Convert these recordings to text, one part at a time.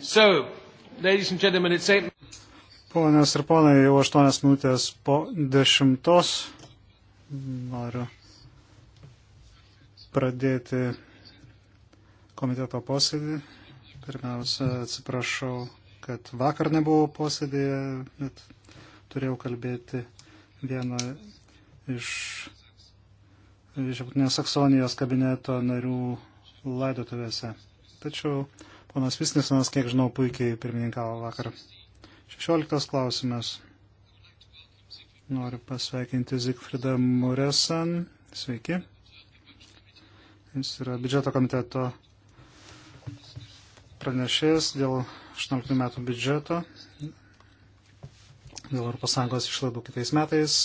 So, ladies and gentlemen, it's eight. Ponios ir ponai, jau 8 minutės po 10 noriu pradėti komiteto posėdį. Pirmiausia, atsiprašau, kad vakar nebuvau posėdėje, bet turėjau kalbėti vieną iš Žemtinės Saksonijos kabineto narių laidotuvėse. Tačiau uh, Ponas Visnisonas, kiek žinau, puikiai pirmininkavo vakar. 16 klausimas. Noriu pasveikinti Zigfridą Muresan. Sveiki. Jis yra biudžeto komiteto pranešėjas dėl 18 metų biudžeto, dėl Europos Sąjungos išlaidų kitais metais.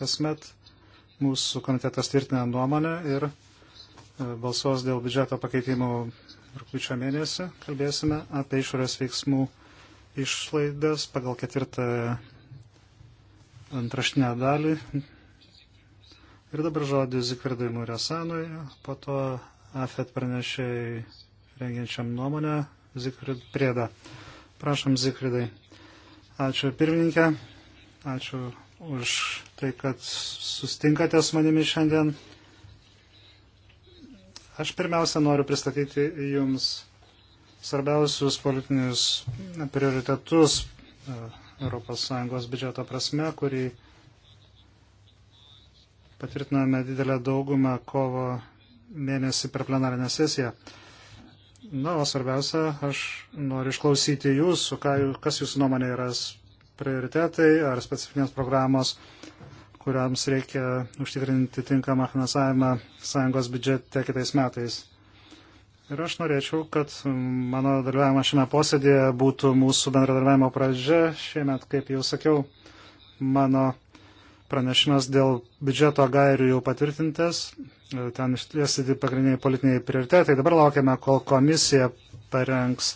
Kasmet mūsų komitetas tvirtina nuomonę ir e, balsuos dėl biudžeto pakeitimų rūpiučio mėnesį kalbėsime apie išorės veiksmų išlaidas pagal ketvirtą antraštinę dalį. Ir dabar žodį Zikvirdui Muresanui, po to AFET pranešiai rengiančiam nuomonę Zikrid priedą. Prašom Zikridai. Ačiū pirmininkė, ačiū už tai, kad sustinkate su manimi šiandien. Aš pirmiausia noriu pristatyti Jums svarbiausius politinius prioritetus ES biudžeto prasme, kurį patvirtinome didelę daugumą kovo mėnesį per plenarinę sesiją. Na, o svarbiausia, aš noriu išklausyti jūsų, ką, kas jūsų nuomonė yra prioritetai ar specifinės programos kuriams reikia užtikrinti tinkamą finansavimą sąjungos biudžete kitais metais. Ir aš norėčiau, kad mano dalyvavimas šiame posėdėje būtų mūsų bendradarbiavimo pradžia. Šiemet, kaip jau sakiau, mano pranešimas dėl biudžeto gairių jau patvirtintas. Ten išdėstyti pagrindiniai politiniai prioritetai. Dabar laukiame, kol komisija parengs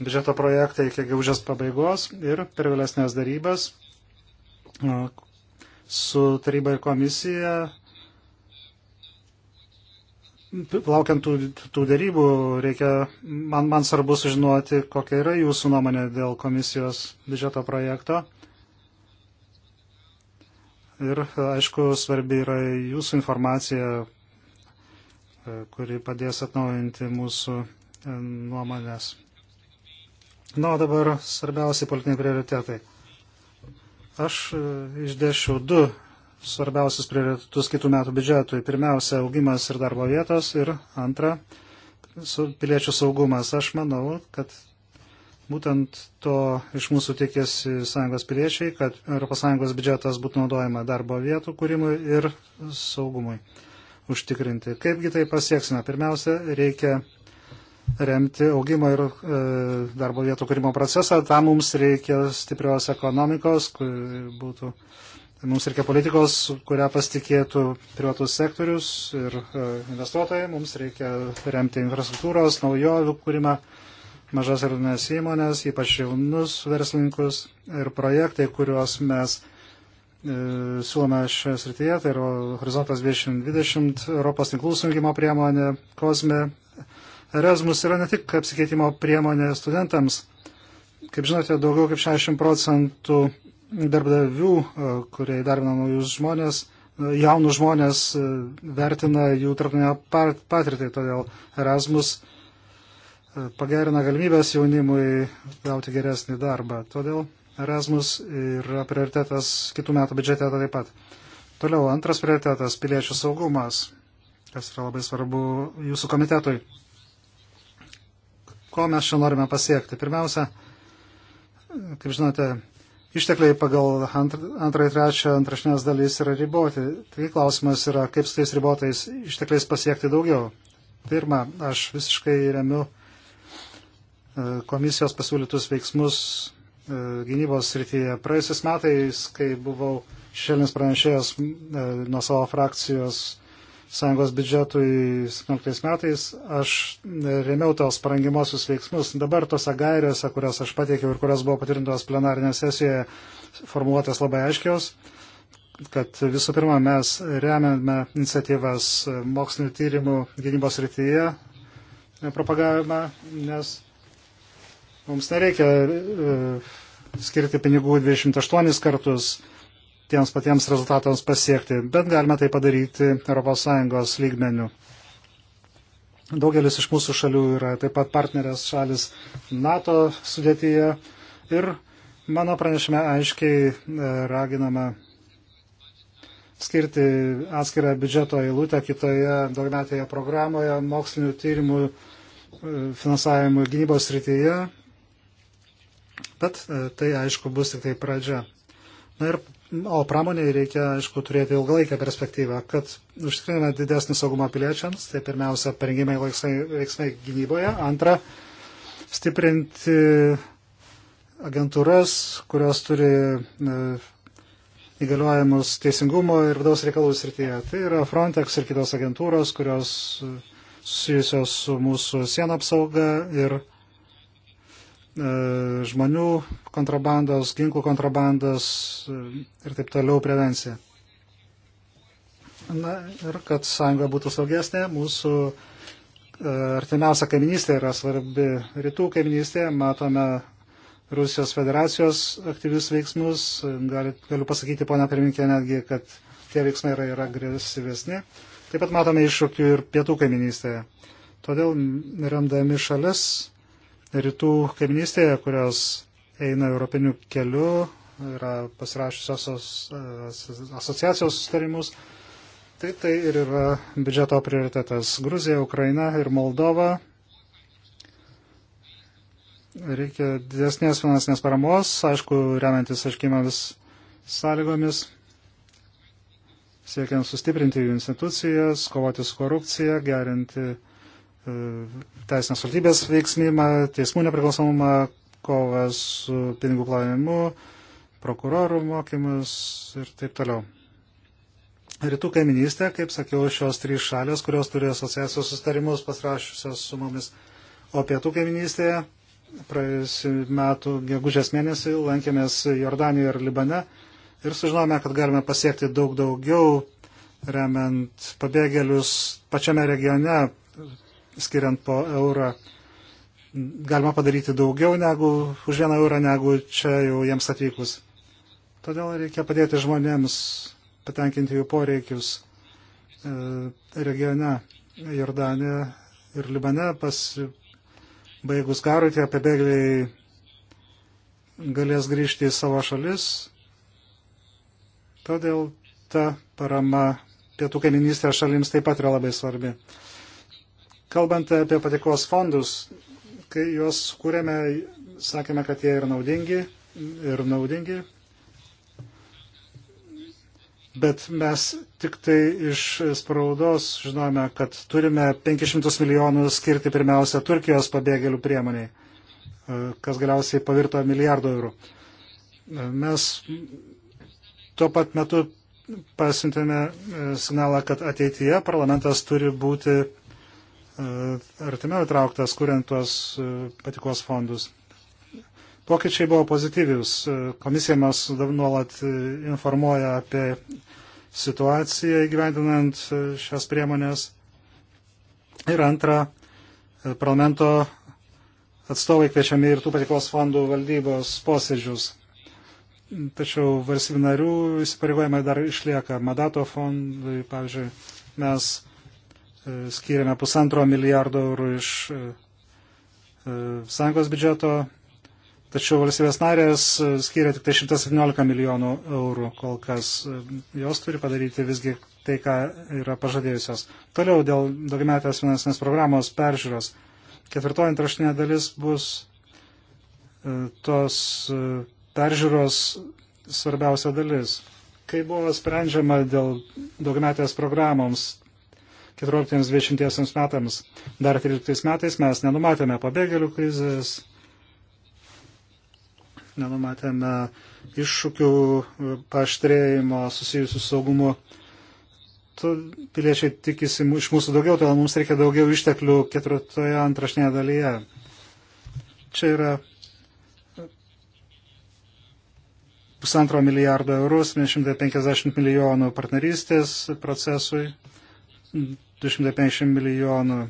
biudžeto projektą iki gegužės pabaigos ir per vėlesnės darybas su taryba ir komisija, laukiant tų, tų darybų, reikia, man, man svarbu sužinoti, kokia yra jūsų nuomonė dėl komisijos biudžeto projekto. Ir, aišku, svarbi yra jūsų informacija, kuri padės atnaujinti mūsų e, nuomonės. Na, nu, o dabar svarbiausi politiniai prioritetai. Aš e, išdėšiau du svarbiausius prioritetus kitų metų biudžetui. Pirmiausia, augimas ir darbo vietos ir antra, piliečių saugumas. Aš manau, kad būtent to iš mūsų tikėsi sąjungos piliečiai, kad ES biudžetas būtų naudojama darbo vietų kūrimui ir saugumui užtikrinti. Kaipgi tai pasieksime? Pirmiausia, reikia remti augimo ir e, darbo vietų kūrimo procesą. Tam mums reikia stiprios ekonomikos, būtų, mums reikia politikos, kurią pasitikėtų privatus sektorius ir e, investuotojai, mums reikia remti infrastruktūros, naujovių kūrimą, mažas ir nes įmonės, ypač jaunus verslininkus ir projektai, kuriuos mes e, siūlome šioje srityje, tai yra Horizontas 2020, Europos tinklų sujungimo priemonė, Kozme Erasmus yra ne tik apsikeitimo priemonė studentams. Kaip žinote, daugiau kaip 60 procentų darbdavių, e, kurie įdarbina naujus žmonės, e, jaunus žmonės e, vertina jų tarptautinę patirtį, todėl Erasmus pagerina galimybės jaunimui gauti geresnį darbą. Todėl Erasmus yra prioritetas kitų metų biudžete taip pat. Toliau antras prioritetas - piliečių saugumas, kas yra labai svarbu jūsų komitetui. Ko mes čia norime pasiekti? Pirmiausia, kaip žinote, ištekliai pagal antrą ir trečią antrašinės dalys yra riboti. Tai klausimas yra, kaip su tais ribotais ištekliais pasiekti daugiau. Pirma, aš visiškai remiu e, komisijos pasiūlytus veiksmus e, gynybos srityje. Praėjusiais metais, kai buvau šešėlinis pranešėjas e, nuo savo frakcijos sąjungos biudžetui 17 metais, aš remiau tos parangimosius veiksmus. Dabar tose gairiuose, kurias aš pateikiau ir kurias buvo patvirtintos plenarinėje sesijoje, formuluotės labai aiškios, kad visų pirma mes remiame iniciatyvas mokslinio tyrimų gynybos rytyje e, propagavimą, nes mums nereikia e, skirti pinigų 28 kartus tiems patiems rezultatams pasiekti, bet galime tai padaryti ES lygmenių. Daugelis iš mūsų šalių yra taip pat partnerės šalis NATO sudėtyje ir mano pranešime aiškiai e, raginama skirti atskirą biudžeto eilutę kitoje daugmetėje programoje mokslinių tyrimų e, finansavimų gynybos rytyje, bet e, tai aišku bus tik tai pradžia. Na ir O pramoniai reikia, aišku, turėti ilgalaikę perspektyvą, kad užtikrinime didesnį saugumą piliečiams, tai pirmiausia, parengimai veiksmai gynyboje. Antra, stiprinti agentūras, kurios turi e, įgaliojimus teisingumo ir vidaus reikalų srityje. Tai yra Frontex ir kitos agentūros, kurios e, susijusios su mūsų sienų apsauga ir E, žmonių kontrabandos, ginklų kontrabandos e, ir taip toliau prevencija. Na ir kad sąjunga būtų saugesnė, mūsų e, artimiausia kaiminystė yra svarbi. Rytų kaiminystėje matome Rusijos federacijos aktyvius veiksmus. Gal, galiu pasakyti, ponia pirminkė, netgi, kad tie veiksmai yra, yra agresyvesni. Taip pat matome iššūkių ir pietų kaiminystėje. Todėl remdami šalis rytų kaiminystėje, kurios eina europiniu keliu, yra pasirašusios eh, asociacijos sustarimus. Tai tai ir yra biudžeto prioritetas. Gruzija, Ukraina ir Moldova. Reikia didesnės finansinės paramos, aišku, remiantis aiškiamis sąlygomis, siekiant sustiprinti jų institucijas, kovoti su korupcija, gerinti E, teisinės valstybės veiksmimą, teismų nepriklausomumą, kovą su pinigų plovimu, prokurorų mokymus ir taip toliau. Rytų kaiminystė, kaip sakiau, šios trys šalės, kurios turi asociacijos sustarimus pasirašiusios su mumis, o pietų kaiminystėje praėjusiu metu gegužės mėnesį lankėmės Jordanijoje ir Libane ir sužinojome, kad galime pasiekti daug daugiau, remiant pabėgėlius pačiame regione, skiriant po eurą, galima padaryti daugiau negu už vieną eurą, negu čia jau jiems atvykus. Todėl reikia padėti žmonėms patenkinti jų poreikius e, regione Jordanė ir Libane pas baigus karui tie pabėgėliai galės grįžti į savo šalis. Todėl ta parama pietų kaiminystės šalims taip pat yra labai svarbi. Kalbant apie patikos fondus, kai juos kūrėme, sakėme, kad jie yra naudingi ir naudingi, bet mes tik tai iš spaudos žinome, kad turime 500 milijonų skirti pirmiausia Turkijos pabėgėlių priemoniai, kas galiausiai pavirto milijardo eurų. Mes tuo pat metu pasiuntėme e, signalą, kad ateityje parlamentas turi būti E, artimiau įtrauktas, kuriant tuos e, patikos fondus. Pokyčiai buvo pozityvius. E, komisija mes nuolat informuoja apie situaciją įgyvendinant šias priemonės. Ir antra, parlamento atstovai kviečiami ir tų patikos fondų valdybos posėdžius. Tačiau valstybių narių įsipareigojimai dar išlieka. Madato fondui, pavyzdžiui, mes skiriame pusantro milijardo eurų iš e, e, sąjungos biudžeto, tačiau valstybės narės e, skiria tik tai 117 milijonų eurų kol kas. Jos turi padaryti visgi tai, ką yra pažadėjusios. Toliau dėl daugiametės finansinės programos peržiūros. Ketvirtoji antraštinė dalis bus tos peržiūros svarbiausia dalis. Kai buvo sprendžiama dėl daugiametės programoms, 14-20 metams. Dar 13 metais mes nenumatėme pabėgėlių krizės, nenumatėme iššūkių e, paštrėjimo susijusių saugumu. Tu, piliečiai tikisi iš mūsų daugiau, todėl mums reikia daugiau išteklių ketvirtoje antrašinėje dalyje. Čia yra pusantro milijardo eurų, 750 milijonų partnerystės procesui, 250 milijonų e,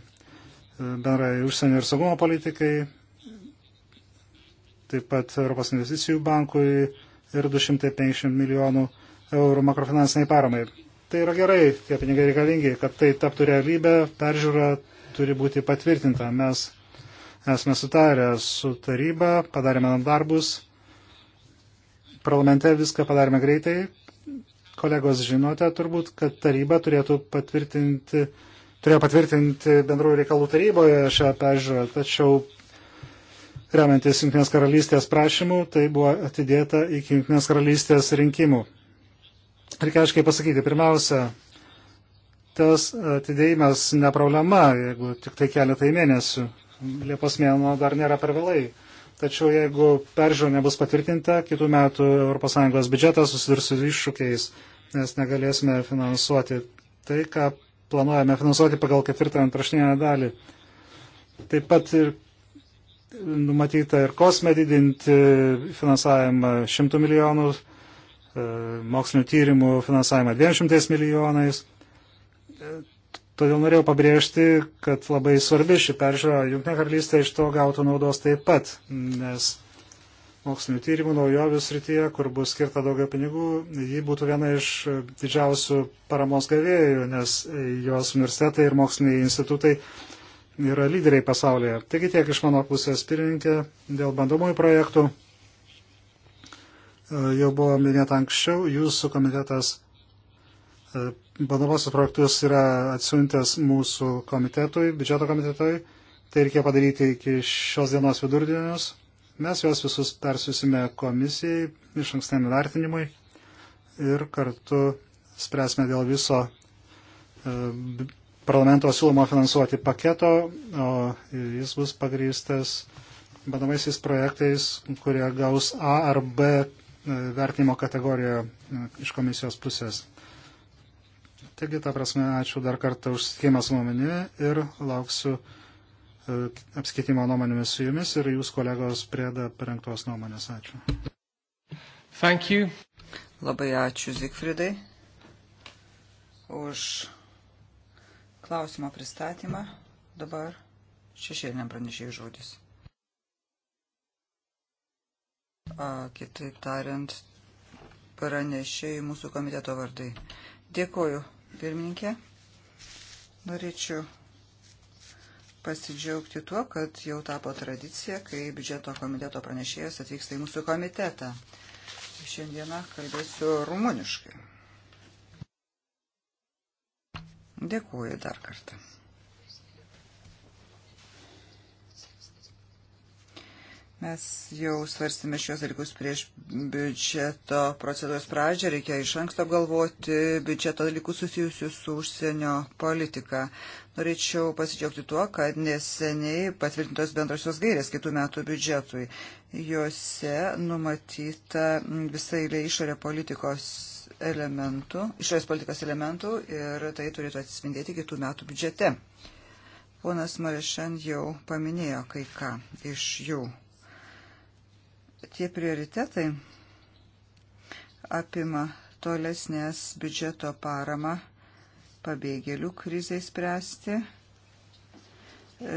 bendrai užsienio ir saugumo politikai, taip pat Europos investicijų bankui ir 250 milijonų eurų makrofinansiniai paramai. Tai yra gerai, tie pinigai reikalingi, kad tai taptų realybę, peržiūra turi būti patvirtinta. Mes esame sutarę su taryba, padarėme darbus, parlamente viską padarėme greitai, Kolegos žinote turbūt, kad taryba turėtų patvirtinti, turėjo patvirtinti bendrųjų reikalų taryboje šią peržiūrą, tačiau remiantis Junktinės karalystės prašymų, tai buvo atidėta iki Junktinės karalystės rinkimų. Reikia aiškiai pasakyti, pirmiausia, tas atidėjimas ne problema, jeigu tik tai keletai mėnesių. Liepos mėno dar nėra per vėlai. Tačiau jeigu peržiūra nebus patvirtinta, kitų metų ES biudžetas susidurs su iššūkiais, nes negalėsime finansuoti tai, ką planuojame finansuoti pagal ketvirtą antrašinę dalį. Taip pat ir numatyta ir kosme didinti finansavimą 100 milijonų, e, mokslinio tyrimų finansavimą 200 milijonais Todėl norėjau pabrėžti, kad labai svarbi ši peržiūra. Junktinė karalystė iš to gautų naudos taip pat, nes mokslinių tyrimų naujovių srityje, kur bus skirta daugiau pinigų, ji būtų viena iš didžiausių paramos gavėjų, nes jos universitetai ir moksliniai institutai yra lyderiai pasaulyje. Taigi tiek iš mano pusės pirmininkė dėl bandomųjų projektų. Jau buvo minėta anksčiau, jūsų komitetas bandomosius projektus yra atsiuntęs mūsų komitetui, biudžeto komitetui. Tai reikia padaryti iki šios dienos vidurdienius. Mes juos visus persiusime komisijai iš ankstiniam vertinimui ir kartu spręsime dėl viso e, parlamento siūlomo finansuoti paketo, o jis bus pagrystas bandomaisiais projektais, kurie gaus A ar B e, vertinimo kategoriją e, iš komisijos pusės. Taigi, ta prasme, ačiū dar kartą už sutikimą su manimi ir lauksiu e, apskaitimo nuomonėmis su jumis ir jūs kolegos prieda parengtos nuomonės. Ačiū. Thank you. Labai ačiū Zigfridai už klausimo pristatymą. Dabar šešėliniam pranešėjai žodis. A, kitaip tariant, pranešėjai mūsų komiteto vardai. Dėkoju, pirmininkė. Norėčiau pasidžiaugti tuo, kad jau tapo tradicija, kai biudžeto komiteto pranešėjas atvyksta į mūsų komitetą. Šiandieną kalbėsiu rumuniškai. Dėkuoju dar kartą. Mes jau svarstėme šios dalykus prieš biudžeto procedūros pradžią, reikia iš anksto apgalvoti biudžeto dalykus susijusius su užsienio politika. Norėčiau pasidžiaugti tuo, kad neseniai patvirtintos bendrosios gairės kitų metų biudžetui. Jose numatyta visai eilė išorė politikos elementų, išorės politikos elementų ir tai turėtų atsispindėti kitų metų biudžete. Ponas Marišan jau paminėjo kai ką iš jų tie prioritetai apima tolesnės biudžeto paramą pabėgėlių krizai spręsti, e, e,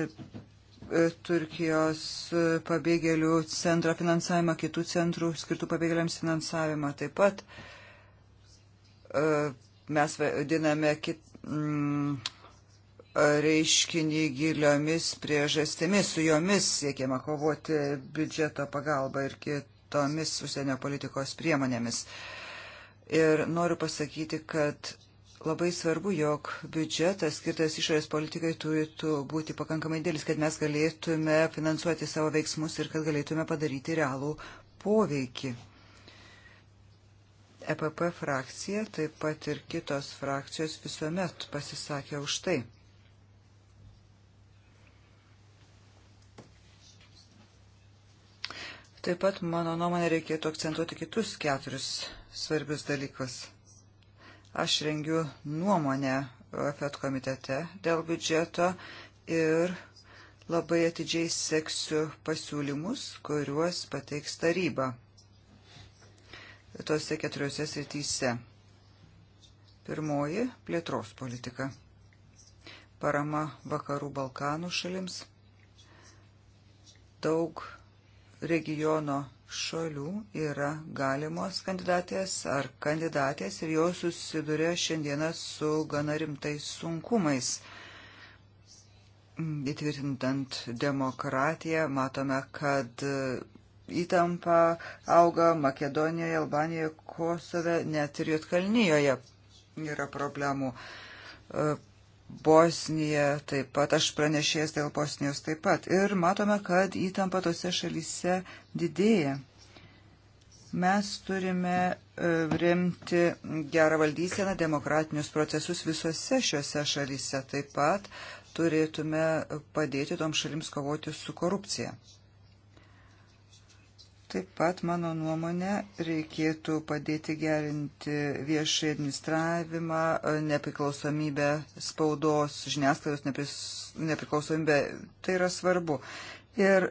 Turkijos pabėgėlių centro finansavimą, kitų centrų skirtų pabėgėliams finansavimą. Taip pat e, mes vadiname kit, mm, reiškinį giliomis priežastimis, su jomis siekiama kovoti biudžeto pagalba ir kitomis užsienio politikos priemonėmis. Ir noriu pasakyti, kad labai svarbu, jog biudžetas skirtas išorės politikai turėtų būti pakankamai dėlis, kad mes galėtume finansuoti savo veiksmus ir kad galėtume padaryti realų poveikį. EPP frakcija, taip pat ir kitos frakcijos visuomet pasisakė už tai. Taip pat, mano nuomonė, reikėtų akcentuoti kitus keturis svarbius dalykus. Aš rengiu nuomonę FED komitete dėl biudžeto ir labai atidžiai seksiu pasiūlymus, kuriuos pateiks taryba tose keturiose srityse. Pirmoji - plėtros politika. Parama vakarų Balkanų šalims. Daug regiono šalių yra galimos kandidatės ar kandidatės ir jau susiduria šiandieną su gana rimtais sunkumais. Įtvirtintant demokratiją, matome, kad įtampa auga Makedonijoje, Albanijoje, Kosove, net ir Jotkalnyjoje yra problemų. Bosnija taip pat, aš pranešėjęs dėl Bosnijos taip pat. Ir matome, kad įtampa tose šalyse didėja. Mes turime e, remti gerą valdyseną, demokratinius procesus visose šiuose šalyse. Taip pat turėtume padėti tom šalims kovoti su korupcija. Taip pat, mano nuomonė, reikėtų padėti gerinti viešai administravimą, nepriklausomybę spaudos, žiniasklaidos nepriklausomybę. Tai yra svarbu. Ir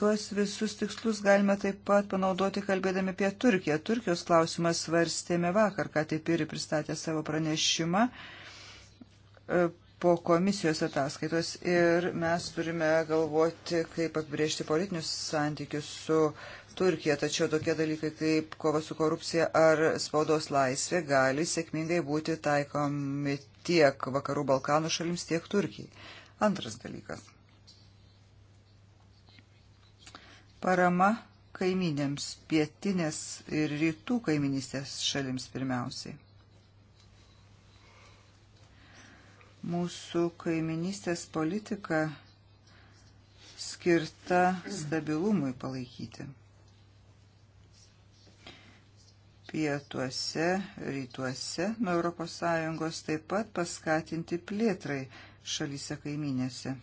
tuos visus tikslus galime taip pat panaudoti kalbėdami apie Turkiją. Turkijos klausimą svarstėme vakar, ką taip ir pristatė savo pranešimą po komisijos ataskaitos ir mes turime galvoti, kaip apibriežti politinius santykius su Turkija, tačiau tokie dalykai kaip kova su korupcija ar spaudos laisvė gali sėkmingai būti taikomi tiek Vakarų Balkanų šalims, tiek Turkijai. Antras dalykas. Parama kaiminėms, pietinės ir rytų kaiminystės šalims pirmiausiai. Mūsų kaiminystės politika skirta stabilumui palaikyti. Pietuose, rytuose nuo ES taip pat paskatinti plėtrai šalyse kaiminėse.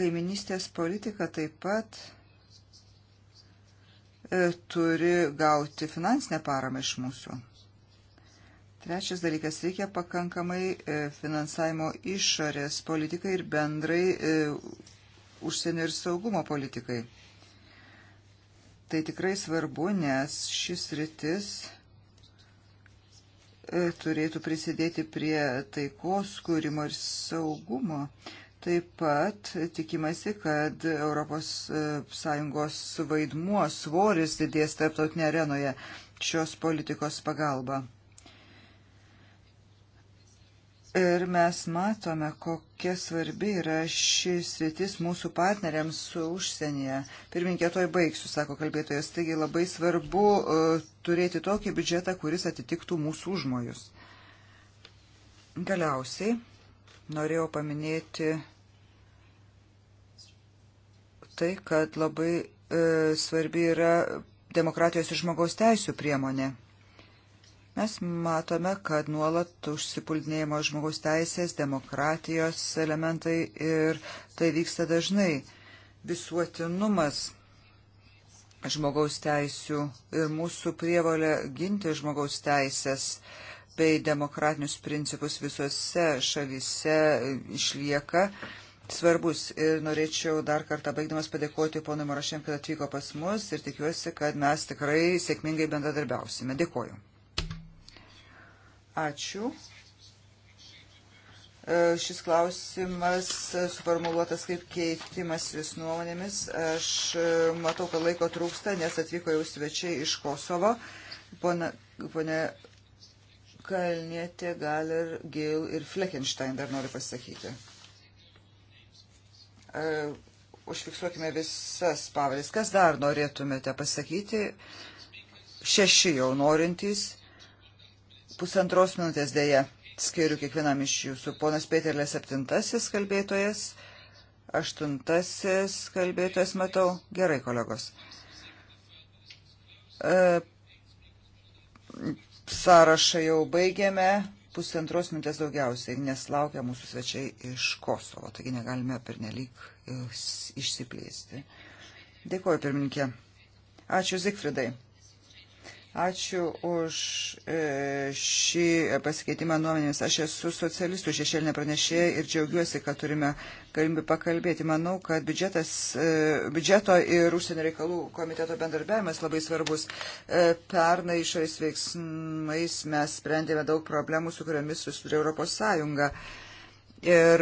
Kaiminystės politika taip pat e, turi gauti finansinę paramą iš mūsų. Trečias dalykas, reikia pakankamai e, finansavimo išorės politikai ir bendrai e, užsienio ir saugumo politikai. Tai tikrai svarbu, nes šis rytis e, turėtų prisidėti prie taikos kūrimo ir saugumo. Taip pat tikimasi, kad ES vaidmuo svoris didės tarptautinė arenoje šios politikos pagalba. Ir mes matome, kokia svarbi yra šis sritis mūsų partneriams su užsienyje. Pirminkė, toj baigsiu, sako kalbėtojas. Taigi labai svarbu uh, turėti tokį biudžetą, kuris atitiktų mūsų užmojus. Galiausiai norėjau paminėti tai, kad labai uh, svarbi yra demokratijos ir žmogaus teisų priemonė. Mes matome, kad nuolat užsipuldinėjimo žmogaus teisės, demokratijos elementai ir tai vyksta dažnai. Visuotinumas žmogaus teisių ir mūsų prievalė ginti žmogaus teisės bei demokratinius principus visose šalyse išlieka svarbus. Ir norėčiau dar kartą baigdamas padėkoti ponui Marašėm, kad atvyko pas mus ir tikiuosi, kad mes tikrai sėkmingai bendradarbiausime. Dėkuoju. Ačiū. E, šis klausimas suformuluotas kaip keitimasis nuomonėmis. Aš e, matau, kad laiko trūksta, nes atvyko jau svečiai iš Kosovo. Pone, pone Kalnietė, Galer, Gil ir Fleckenstein dar noriu pasakyti. E, užfiksuokime visas pavadės. Kas dar norėtumėte pasakyti? Šeši jau norintys Pusantros minutės dėja skiriu kiekvienam iš jūsų. Ponas Peterlė septintasis kalbėtojas, aštuntasis kalbėtojas, matau. Gerai, kolegos. E, sąrašą jau baigėme, pusantros minutės daugiausiai, nes laukia mūsų svečiai iš Kosovo, taigi negalime pernelyg išsiplėsti. Dėkuoju, pirmininkė. Ačiū Zikfridai. Ačiū už e, šį pasikeitimą nuomenėmis. Aš esu socialistų šešėlinė pranešėja ir džiaugiuosi, kad turime galimybę pakalbėti. Manau, kad biudžetas, e, biudžeto ir užsienio reikalų komiteto bendarbiavimas labai svarbus. E, pernai išorės veiksmais mes sprendėme daug problemų, su kuriamis susidurė Europos Sąjunga ir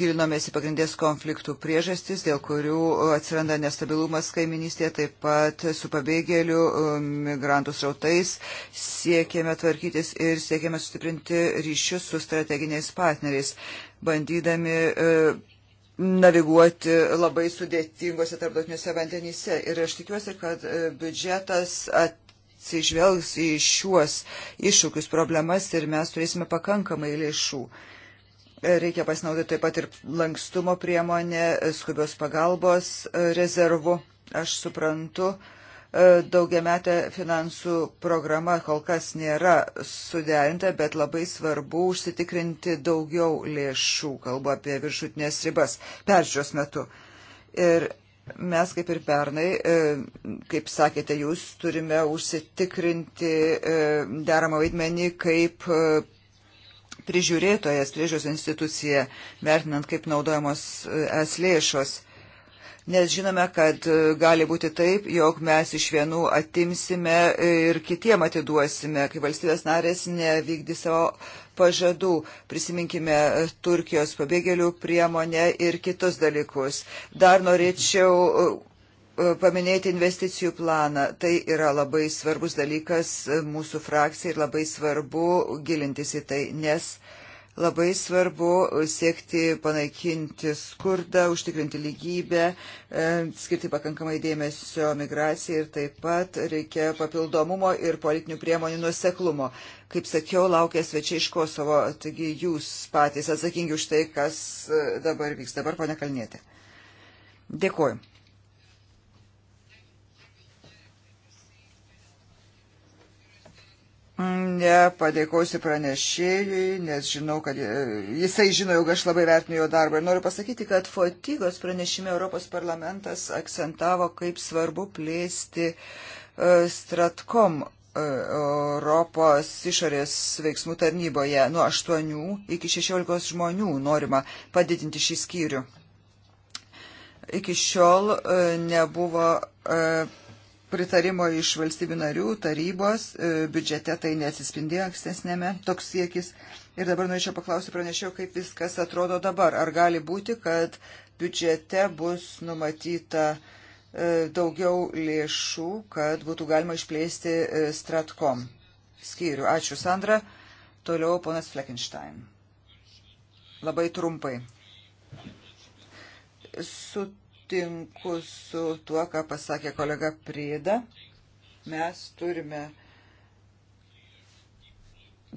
gilinomės į pagrindės konfliktų priežastis, dėl kurių atsiranda nestabilumas kaiminystėje, taip pat su pabėgėlių e, migrantų srautais siekėme tvarkytis ir siekėme sustiprinti ryšius su strateginiais partneriais, bandydami e, naviguoti labai sudėtingose tarptautiniuose vandenyse. Ir aš tikiuosi, kad e, biudžetas atsižvelgs į šiuos iššūkius problemas ir mes turėsime pakankamai lėšų. Reikia pasinaudoti taip pat ir lankstumo priemonė, skubios pagalbos e, rezervu. Aš suprantu, e, daugiametė finansų programa kol kas nėra suderinta, bet labai svarbu užsitikrinti daugiau lėšų, kalbu apie viršutinės ribas, peržiūros metu. Ir mes, kaip ir pernai, e, kaip sakėte jūs, turime užsitikrinti deramą vaidmenį kaip prižiūrėtojas, priežios institucija, vertinant, kaip naudojamos e, es lėšos. Nes žinome, kad e, gali būti taip, jog mes iš vienų atimsime ir kitiem atiduosime, kai valstybės narės nevykdys savo pažadų. Prisiminkime e, Turkijos pabėgėlių priemonę ir kitus dalykus. Dar norėčiau paminėti investicijų planą. Tai yra labai svarbus dalykas mūsų frakcijai ir labai svarbu gilintis į tai, nes labai svarbu siekti panaikinti skurdą, užtikrinti lygybę, e, skirti pakankamai dėmesio migracijai ir taip pat reikia papildomumo ir politinių priemonių nuseklumo. Kaip sakiau, laukia svečiai iš Kosovo, taigi jūs patys atsakingi už tai, kas e, dabar vyks. Dabar, pane Kalnėtė. Dėkuoju. Nepadėkosiu pranešėjui, nes žinau, kad e, jisai žino, jog aš labai vertinu jo darbą. Ir noriu pasakyti, kad Fotygos pranešime Europos parlamentas akcentavo, kaip svarbu plėsti e, Stratkom e, Europos išorės veiksmų tarnyboje nuo 8 iki 16 žmonių norima padidinti šį skyrių. Iki šiol nebuvo pritarimo iš valstybių narių, tarybos, e, biudžete tai neatsispindėjo ankstesnėme toks siekis. Ir dabar norėčiau paklausyti pranešiau, kaip viskas atrodo dabar. Ar gali būti, kad biudžete bus numatyta e, daugiau lėšų, kad būtų galima išplėsti e, Stratkom skyrių. Ačiū, Sandra. Toliau ponas Fleckenstein. Labai trumpai. Su sutinku su tuo, ką pasakė kolega Prieda. Mes turime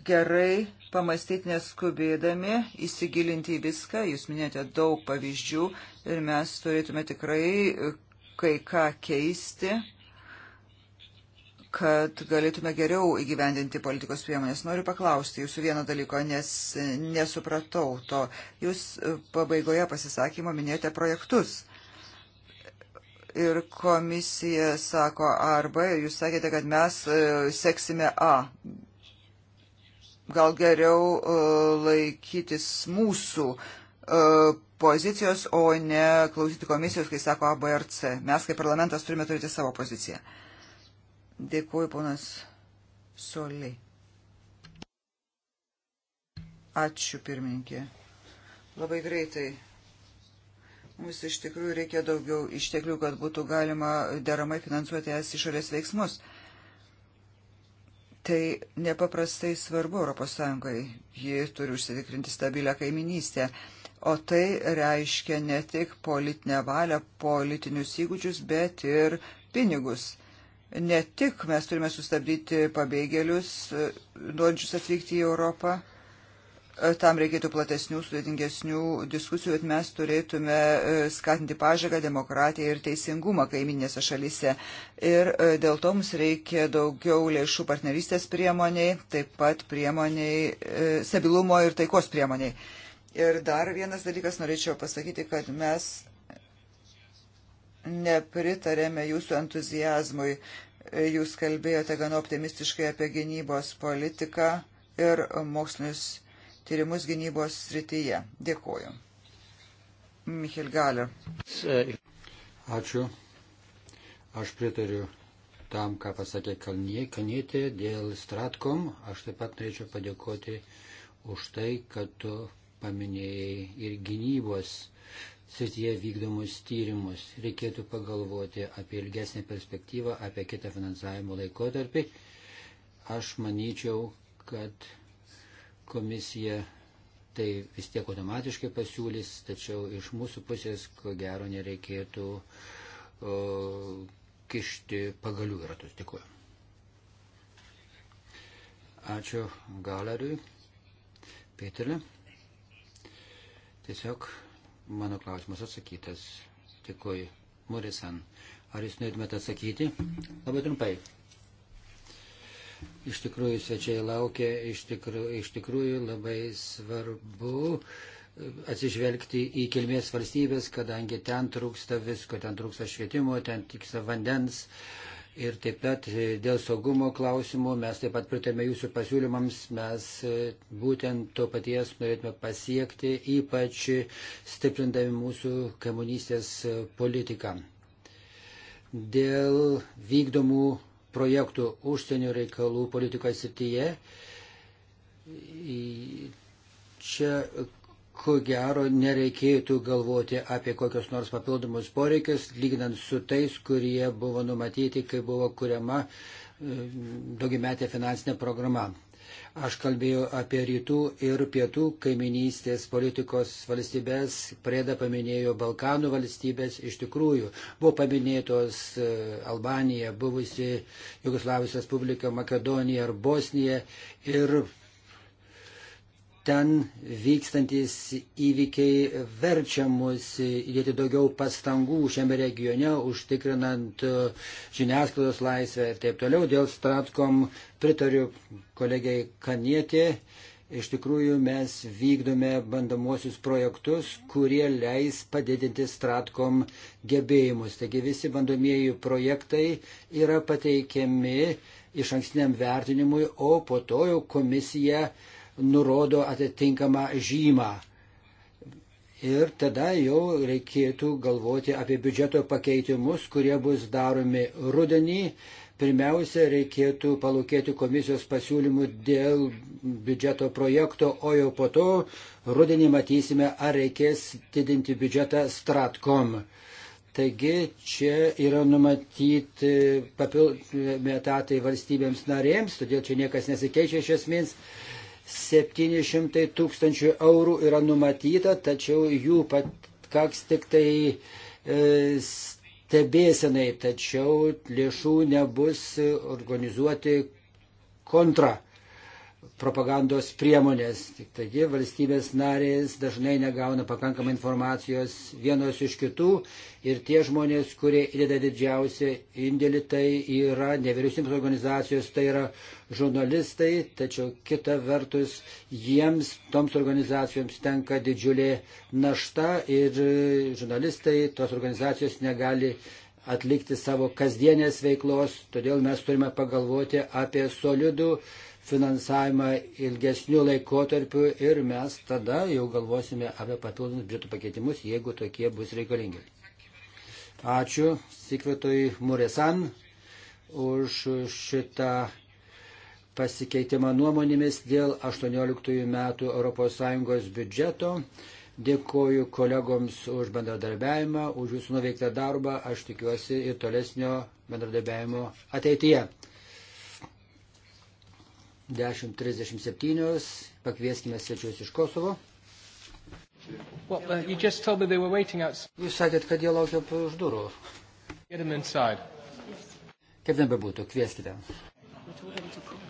gerai pamastyti neskubėdami, įsigilinti į viską. Jūs minėjote daug pavyzdžių ir mes turėtume tikrai kai ką keisti kad galėtume geriau įgyvendinti politikos priemonės. Noriu paklausti jūsų vieno dalyko, nes nesupratau to. Jūs pabaigoje pasisakymo minėjote projektus ir komisija sako arba, ir jūs sakėte, kad mes e, seksime A. Gal geriau e, laikytis mūsų e, pozicijos, o ne klausyti komisijos, kai sako A, B ar C. Mes kaip parlamentas turime turėti savo poziciją. Dėkuoju, ponas Soliai. Ačiū, pirmininkė. Labai greitai Mums iš tikrųjų reikia daugiau išteklių, kad būtų galima deramai finansuoti es išorės veiksmus. Tai nepaprastai svarbu ES. Ji turi užsitikrinti stabilę kaiminystę. O tai reiškia ne tik politinę valią, politinius įgūdžius, bet ir pinigus ne tik mes turime sustabdyti pabėgėlius, e, norinčius atvykti į Europą, E, tam reikėtų platesnių, sudėtingesnių diskusijų, bet mes turėtume e, skatinti pažagą, demokratiją ir teisingumą kaiminėse šalyse. Ir e, dėl to mums reikia daugiau lėšų partnerystės priemoniai, taip pat priemoniai, stabilumo ir taikos priemoniai. Ir dar vienas dalykas norėčiau pasakyti, kad mes nepritarėme jūsų entuzijazmui. Jūs kalbėjote gana optimistiškai apie gynybos politiką ir mokslinius tyrimus gynybos srityje. Dėkuoju. Michel Galer. Ačiū. Aš pritariu tam, ką pasakė Kalnietė dėl Stratkom. Aš taip pat norėčiau padėkoti už tai, kad tu paminėjai ir gynybos srityje vykdomus tyrimus. Reikėtų pagalvoti apie ilgesnį perspektyvą, apie kitą finansavimo laikotarpį. Aš manyčiau, kad komisija tai vis tiek automatiškai pasiūlys, tačiau iš mūsų pusės, ko gero, nereikėtų o, kišti pagalių į ratus. Dėkuoju. Ačiū galeriui. Pėtelė. Tiesiog mano klausimas atsakytas. Dėkuoju. Morisan, ar jūs norėtumėte atsakyti? Labai trumpai. Iš tikrųjų, svečiai laukia, iš tikrųjų, iš tikrųjų labai svarbu e, atsižvelgti į kilmės valstybės, kadangi ten trūksta visko, ten trūksta švietimo, ten tiksta vandens. Ir taip pat e, dėl saugumo klausimų mes taip pat pritėme jūsų pasiūlymams, mes e, būtent to paties norėtume pasiekti, ypač stiprindami mūsų kaimunystės politiką. Dėl vykdomų projektų užsienio reikalų politikos srityje. Čia, ko gero, nereikėtų galvoti apie kokius nors papildomus poreikius, lyginant su tais, kurie buvo numatyti, kai buvo kuriama e, daugiametė finansinė programa. Aš kalbėjau apie rytų ir pietų kaiminystės politikos valstybės, Preda paminėjo Balkanų valstybės, iš tikrųjų buvo paminėtos e, Albanija, buvusi Jugoslavijos Respublika, Makedonija ir Bosnija ir ten vykstantis įvykiai verčia mus įdėti daugiau pastangų šiame regione, užtikrinant e, žiniasklaidos laisvę ir taip toliau. Dėl Stratkom pritariu kolegiai Kanietė. Iš tikrųjų, mes vykdome bandomuosius projektus, kurie leis padidinti Stratkom gebėjimus. Taigi visi bandomieji projektai yra pateikiami iš ankstiniam vertinimui, o po to jau komisija uh, nurodo atitinkamą žymą. Ir tada jau reikėtų galvoti apie biudžeto pakeitimus, kurie bus daromi rudenį. Pirmiausia, reikėtų palūkėti komisijos pasiūlymų dėl biudžeto projekto, o jau po to rudenį matysime, ar reikės didinti biudžetą Stratkom. Taigi čia yra numatyti papildomi etatai valstybėms narėms, todėl čia niekas nesikeičia iš esmės. 700 tūkstančių eurų yra numatyta, tačiau jų pakaks tik tai e, stebėsenai, tačiau lėšų nebus organizuoti kontra propagandos priemonės. Tik taigi valstybės narės dažnai negauna pakankamai informacijos vienos iš kitų ir tie žmonės, kurie įdeda didžiausią indėlį, tai yra nevyriausybės organizacijos, tai yra žurnalistai, tačiau kita vertus jiems, toms organizacijoms tenka didžiulė našta ir žurnalistai, tos organizacijos negali atlikti savo kasdienės veiklos, todėl mes turime pagalvoti apie solidų finansavimą ilgesnių laikotarpių ir mes tada jau galvosime apie papildomus biudžeto pakeitimus, jeigu tokie bus reikalingi. Ačiū Sikvetui Muresan už šitą pasikeitimą nuomonėmis dėl 18 metų ES biudžeto. Dėkoju kolegoms už bendradarbiavimą, už jūsų nuveiktą darbą. Aš tikiuosi ir tolesnio bendradarbiavimo ateityje. 10.37. Pakvieskime svečius iš Kosovo. Well, uh, you just told me they were waiting outside. Jūs sakėt, kad jie laukia už durų. Get them inside. Kaip ten bebūtų, kvieskite. We're talking to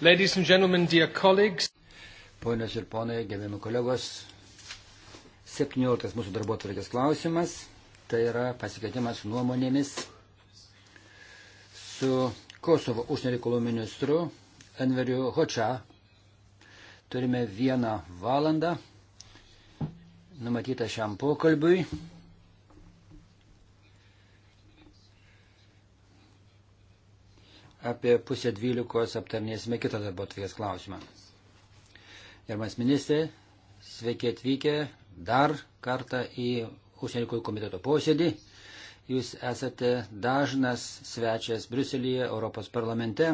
Ladies and gentlemen, dear colleagues. Ponios ir ponai, gerbiami kolegos, 17 mūsų darbo atvarkės klausimas, tai yra pasikeitimas nuomonėmis su Kosovo užsienio reikalų ministru Enveriu Hočia. Turime vieną valandą numatytą šiam pokalbiui. apie pusę dvylikos aptarnėsime kitą darbo atvės klausimą. Gerbiamas ministrė, sveiki atvykę dar kartą į užsienio reikalų komiteto posėdį. Jūs esate dažnas svečias Briuselyje, Europos parlamente.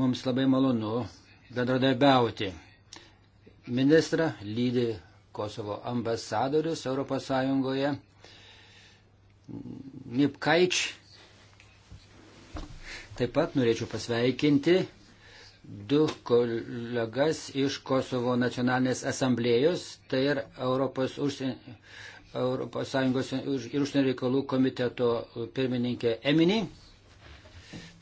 Mums labai malonu bendradarbiauti. Ministra lydi Kosovo ambasadorius Europos Sąjungoje Nipkaič. Taip pat norėčiau pasveikinti du kolegas iš Kosovo nacionalinės asamblėjos, tai ir Europos, užsien... Europos Sąjungos ir užsienio reikalų komiteto pirmininkė Emini.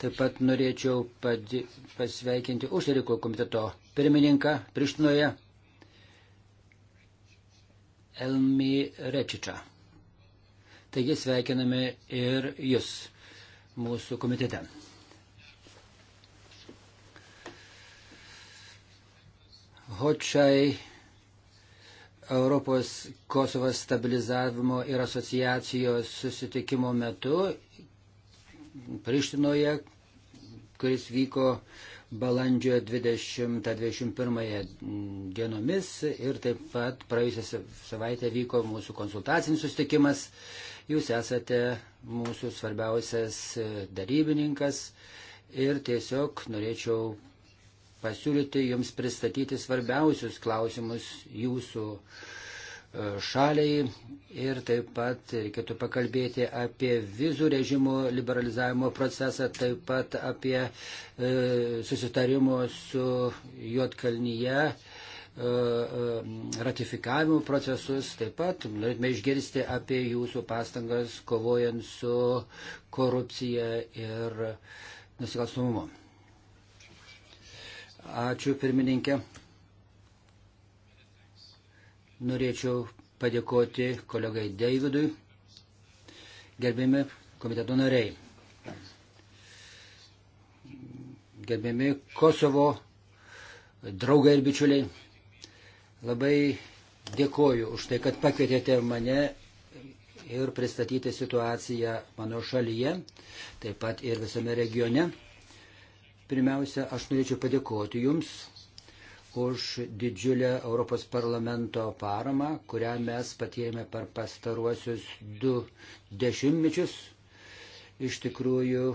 Taip pat norėčiau padi... pasveikinti užsienio reikalų komiteto pirmininką Prištinoje Elmi Rečičą. Taigi sveikiname ir jūs mūsų komitete. Hočiai Europos Kosovas stabilizavimo ir asociacijos susitikimo metu Prištinoje, kuris vyko balandžio 20-21 dienomis ir taip pat praėjusią savaitę vyko mūsų konsultacinis susitikimas Jūs esate mūsų svarbiausias e, darybininkas ir tiesiog norėčiau pasiūlyti jums pristatyti svarbiausius klausimus jūsų e, šaliai ir taip pat reikėtų pakalbėti apie vizų režimo liberalizavimo procesą, taip pat apie e, susitarimo su Jotkalnyje E, e, ratifikavimo procesus, taip pat norėtume išgirsti apie jūsų pastangas kovojant su korupcija ir nusikalstumumu. Ačiū pirmininkė. Norėčiau padėkoti kolegai Davidui, gerbėmi komiteto nariai, gerbėmi Kosovo draugai ir bičiuliai. Labai dėkoju už tai, kad pakvietėte mane ir pristatyti situaciją mano šalyje, taip pat ir visame regione. Pirmiausia, aš norėčiau padėkoti Jums už didžiulę Europos parlamento paramą, kurią mes patyrėme per pastaruosius du dešimtmečius. Iš tikrųjų,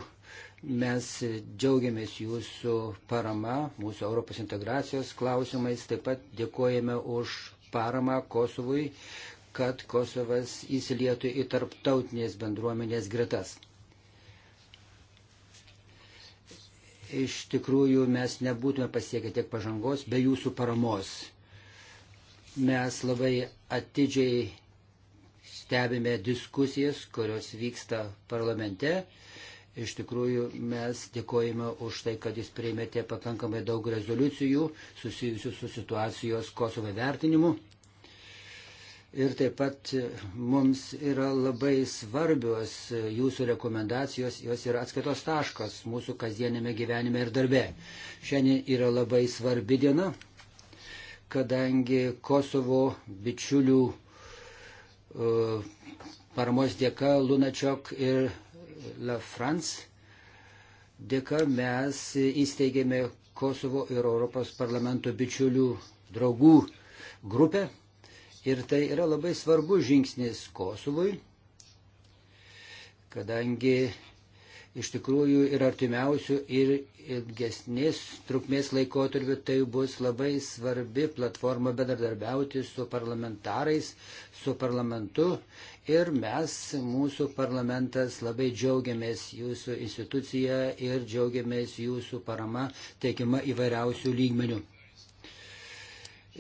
Mes džiaugiamės jūsų parama mūsų Europos integracijos klausimais, taip pat dėkojame už paramą Kosovui, kad Kosovas įsilietų į tarptautinės bendruomenės gretas. Iš tikrųjų, mes nebūtume pasiekę tiek pažangos be jūsų paramos. Mes labai atidžiai stebime diskusijas, kurios vyksta parlamente Iš tikrųjų, mes dėkojame už tai, kad jūs priimėte pakankamai daug rezoliucijų susijusių su situacijos Kosovo vertinimu. Ir taip pat e, mums yra labai svarbios e, jūsų rekomendacijos, jos yra atskaitos taškas mūsų kasdienėme gyvenime ir darbe. Šiandien yra labai svarbi diena, kadangi Kosovo bičiulių e, paramos dėka Lunačiok ir La France dėka mes įsteigėme Kosovo ir Europos parlamento bičiulių draugų grupę. Ir tai yra labai svarbus žingsnis Kosovui, kadangi iš tikrųjų ir artimiausių, ir ilgesnės trukmės laikotarpių tai bus labai svarbi platforma bedarbiauti su parlamentarais, su parlamentu Ir mes, mūsų parlamentas, labai džiaugiamės jūsų institucija ir džiaugiamės jūsų parama teikima įvairiausių lygmenių.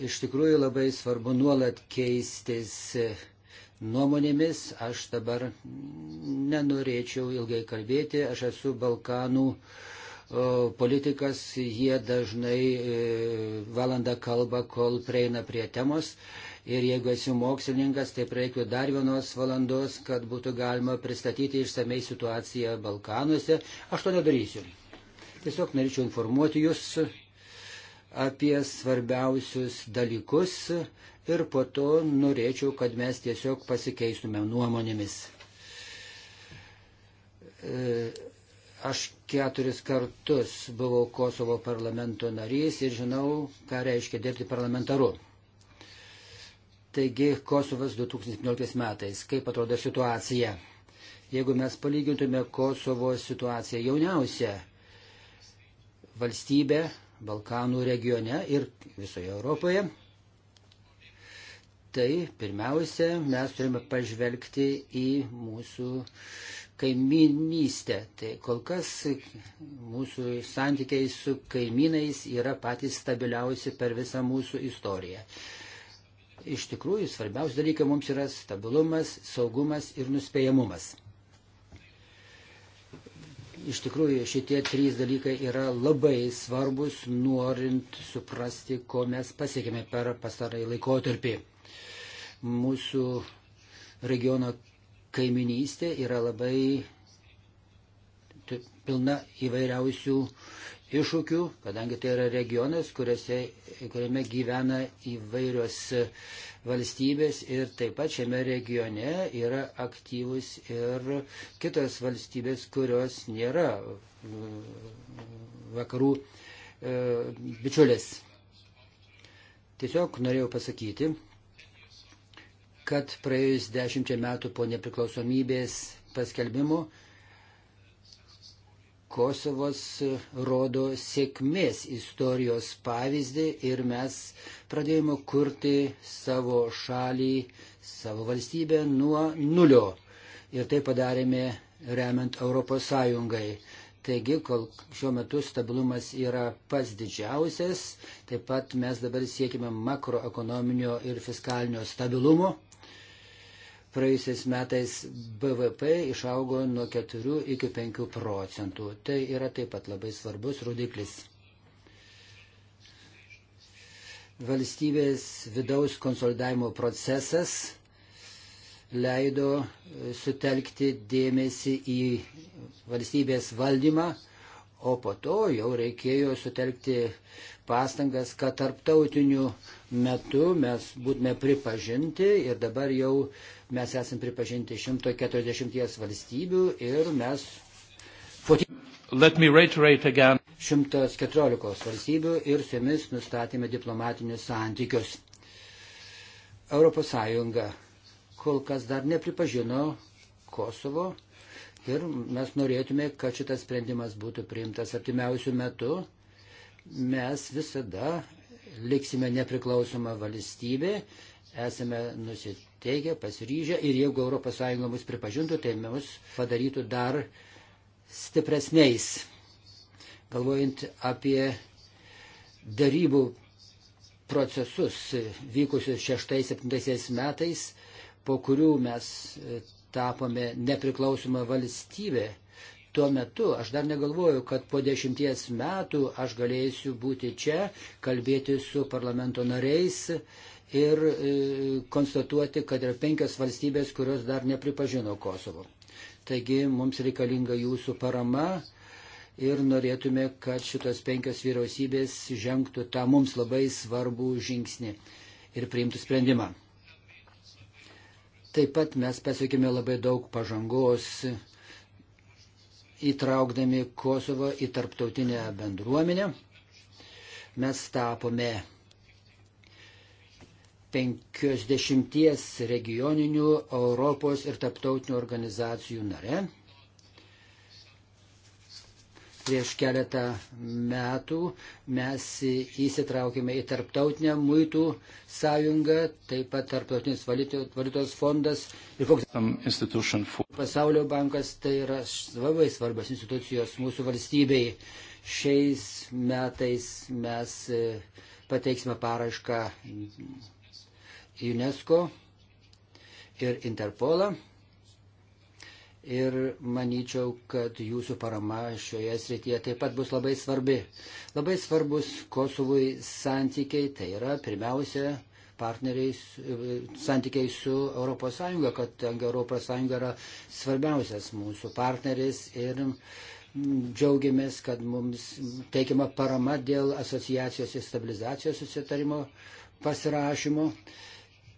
Iš tikrųjų labai svarbu nuolat keistis nuomonėmis. Aš dabar nenorėčiau ilgai kalbėti. Aš esu Balkanų politikas, jie dažnai e, valandą kalba, kol prieina prie temos ir jeigu esi mokslininkas, tai reikia dar vienos valandos, kad būtų galima pristatyti išsamei situaciją Balkanuose. Aš to nedarysiu. Tiesiog norėčiau informuoti jūs apie svarbiausius dalykus ir po to norėčiau, kad mes tiesiog pasikeistume nuomonėmis. E, aš keturis kartus buvau Kosovo parlamento narys ir žinau, ką reiškia dirbti parlamentaru. Taigi Kosovas 2017 metais, kaip atrodo situacija? Jeigu mes palygintume Kosovo situaciją jauniausią valstybę Balkanų regione ir visoje Europoje, tai pirmiausia, mes turime pažvelgti į mūsų kaiminystę. Tai kol kas mūsų santykiai su kaimynais yra patys stabiliausi per visą mūsų istoriją iš tikrųjų svarbiausi dalykai mums yra stabilumas, saugumas ir nuspėjamumas. Iš tikrųjų šitie trys dalykai yra labai svarbus, norint suprasti, ko mes pasiekėme per pastarąjį laikotarpį. Mūsų regiono kaiminystė yra labai pilna įvairiausių iššūkių, kadangi tai yra regionas, kuriuose, kuriame gyvena įvairios valstybės ir taip pat šiame regione yra aktyvus ir kitos valstybės, kurios nėra mm, vakarų e, bičiulės. Tiesiog norėjau pasakyti, kad praėjus dešimčia metų po nepriklausomybės paskelbimo Kosovas e, rodo sėkmės istorijos pavyzdį ir mes pradėjome kurti savo šalį, savo valstybę nuo nulio. Ir tai padarėme remiant Europos Sąjungai. Taigi, kol šiuo metu stabilumas yra pats didžiausias, taip pat mes dabar siekime makroekonominio ir fiskalinio stabilumo. Praėjusiais metais BVP išaugo nuo 4 iki 5 procentų. Tai yra taip pat labai svarbus rodiklis. Valstybės vidaus konsolidavimo procesas leido e, sutelkti dėmesį į valstybės valdymą, o po to jau reikėjo sutelkti pastangas, kad tarptautiniu metu mes būtume pripažinti ir dabar jau Mes esam pripažinti 140 valstybių ir mes 114 valstybių ir su jomis nustatėme diplomatinius santykius. ES kol kas dar nepripažino Kosovo ir mes norėtume, kad šitas sprendimas būtų priimtas artimiausių metų. Mes visada liksime nepriklausoma valstybė, esame nusiteikę nusiteikę, pasiryžę ir jeigu ES mus pripažintų, tai mus padarytų dar stipresniais. Galvojant apie darybų procesus vykusius 6-7 metais, po kurių mes e, tapome nepriklausoma valstybė. Tuo metu aš dar negalvoju, kad po dešimties metų aš galėsiu būti čia, kalbėti su parlamento nariais, ir e, konstatuoti, kad yra penkios valstybės, kurios dar nepripažino Kosovo. Taigi mums reikalinga jūsų parama ir norėtume, kad šitos penkios vyriausybės žengtų tą mums labai svarbų žingsnį ir priimtų sprendimą. Taip pat mes pasiekime labai daug pažangos įtraukdami Kosovo į tarptautinę bendruomenę. Mes tapome 50 regioninių Europos ir taptautinių organizacijų nare. Prieš keletą metų mes įsitraukėme į tarptautinę muitų sąjungą, taip pat tarptautinis valiutos fondas ir koks pasaulio bankas, tai yra labai svarbios institucijos mūsų valstybei. Šiais metais mes e, pateiksime parašką UNESCO ir Interpolą. Ir manyčiau, kad jūsų parama šioje srityje taip pat bus labai svarbi. Labai svarbus Kosovui santykiai, tai yra pirmiausia partneriais, santykiai su ES, kad ES yra svarbiausias mūsų partneris ir džiaugiamės, kad mums teikiama parama dėl asociacijos ir stabilizacijos susitarimo pasirašymo.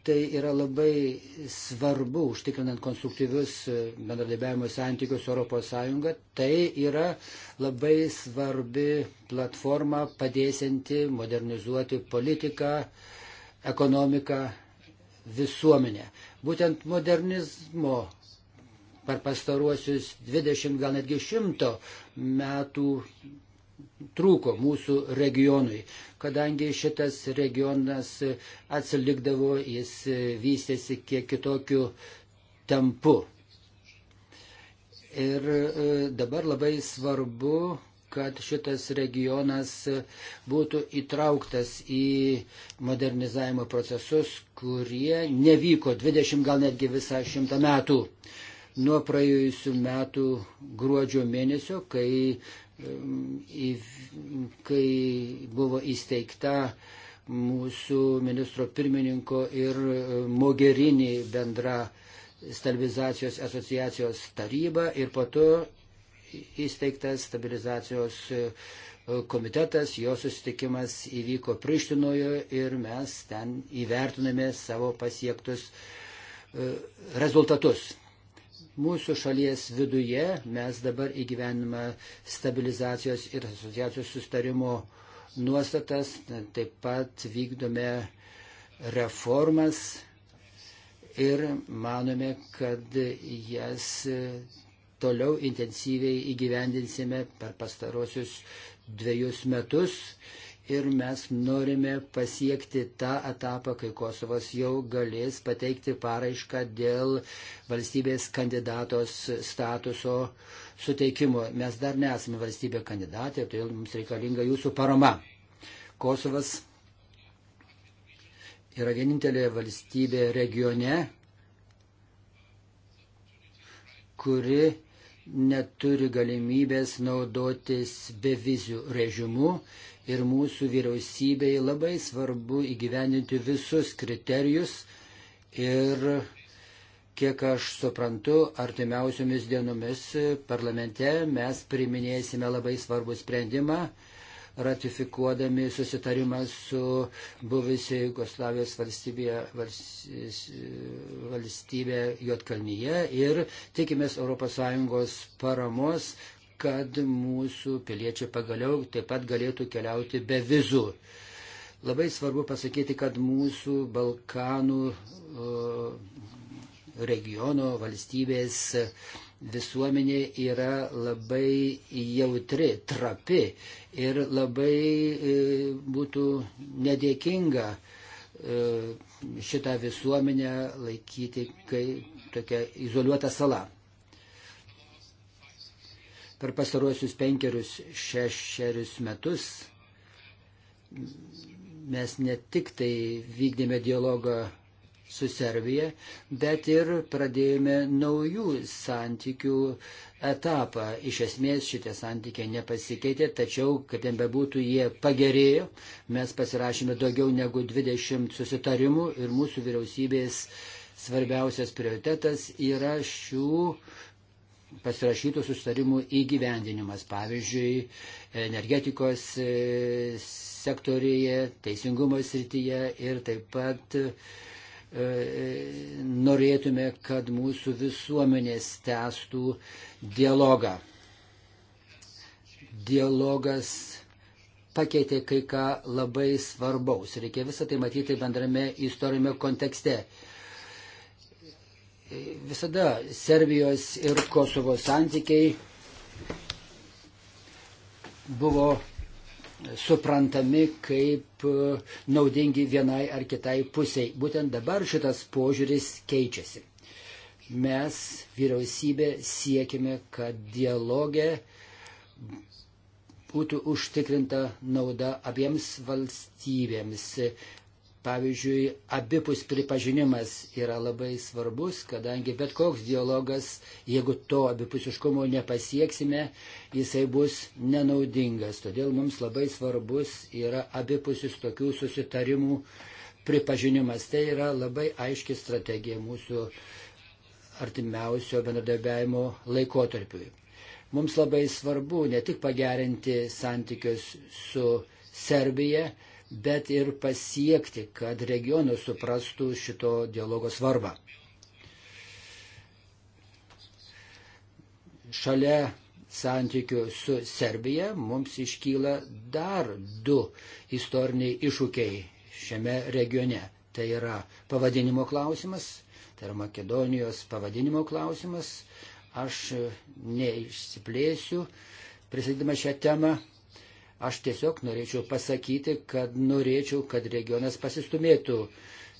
Tai yra labai svarbu užtikrinant konstruktyvius bendradarbiavimo santykius ES. Tai yra labai svarbi platforma padėsinti modernizuoti politiką, ekonomiką, visuomenę. Būtent modernizmo per pastaruosius 20 gal netgi 100 metų trūko mūsų regionui, kadangi šitas regionas atsilikdavo, jis vystėsi kiek kitokiu tempu. Ir e, dabar labai svarbu, kad šitas regionas būtų įtrauktas į modernizavimo procesus, kurie nevyko 20, gal netgi visą šimtą metų. Nuo praėjusių metų gruodžio mėnesio, kai kai buvo įsteigta mūsų ministro pirmininko ir e, Mogerinį bendra stabilizacijos asociacijos taryba ir po to įsteigtas stabilizacijos e, komitetas, jo susitikimas įvyko Prištinoje ir mes ten įvertiname savo pasiektus e, rezultatus. Mūsų šalies viduje mes dabar įgyvenime stabilizacijos ir asociacijos sustarimo nuostatas, taip pat vykdome reformas ir manome, kad jas toliau intensyviai įgyvendinsime per pastarosius dviejus metus ir mes norime pasiekti tą etapą, kai Kosovas jau galės pateikti paraišką dėl valstybės kandidatos statuso suteikimo. Mes dar nesame valstybė kandidatė, todėl mums reikalinga jūsų parama. Kosovas yra vienintelė valstybė regione, kuri neturi galimybės naudotis bevizių režimu ir mūsų vyriausybei labai svarbu įgyveninti visus kriterijus ir kiek aš suprantu, artimiausiomis dienomis parlamente mes priminėsime labai svarbų sprendimą ratifikuodami susitarimą su buvusi Jugoslavijos valstybė, valstybė Jotkalnyje ir tikimės ES paramos kad mūsų piliečiai pagaliau taip pat galėtų keliauti be vizų. Labai svarbu pasakyti, kad mūsų Balkanų regiono valstybės visuomenė yra labai jautri, trapi ir labai e, būtų nedėkinga e, šitą visuomenę laikyti kaip tokia izoliuota sala per pastaruosius penkerius šešerius metus mes ne tik tai vykdėme dialogą su Serbija, bet ir pradėjome naujų santykių etapą. Iš esmės šitie santykiai nepasikeitė, tačiau, kaip ten bebūtų, jie pagerėjo. Mes pasirašėme daugiau negu 20 susitarimų ir mūsų vyriausybės svarbiausias prioritetas yra šių pasirašytų susitarimų įgyvendinimas, pavyzdžiui, energetikos e, sektorėje, teisingumo srityje ir taip pat e, norėtume, kad mūsų visuomenės testų dialogą. Dialogas pakeitė kai ką labai svarbaus. Reikia visą tai matyti bendrame istorinėme kontekste visada Serbijos ir Kosovo santykiai buvo suprantami kaip naudingi vienai ar kitai pusiai. Būtent dabar šitas požiūris keičiasi. Mes, vyriausybė, siekime, kad dialogė būtų užtikrinta nauda abiems valstybėms. Pavyzdžiui, abipus pripažinimas yra labai svarbus, kadangi bet koks dialogas, jeigu to abipusiškumo nepasieksime, jisai bus nenaudingas. Todėl mums labai svarbus yra abipusis tokių susitarimų pripažinimas. Tai yra labai aiški strategija mūsų artimiausio bendradarbiavimo laikotarpiui. Mums labai svarbu ne tik pagerinti santykius su Serbija, bet ir pasiekti, kad regionas suprastų šito dialogo svarbą. Šalia santykių su Serbija mums iškyla dar du istoriniai iššūkiai šiame regione. Tai yra pavadinimo klausimas, tai yra Makedonijos pavadinimo klausimas. Aš neišsiplėsiu, prisidėdama šią temą, Aš tiesiog norėčiau pasakyti, kad norėčiau, kad regionas pasistumėtų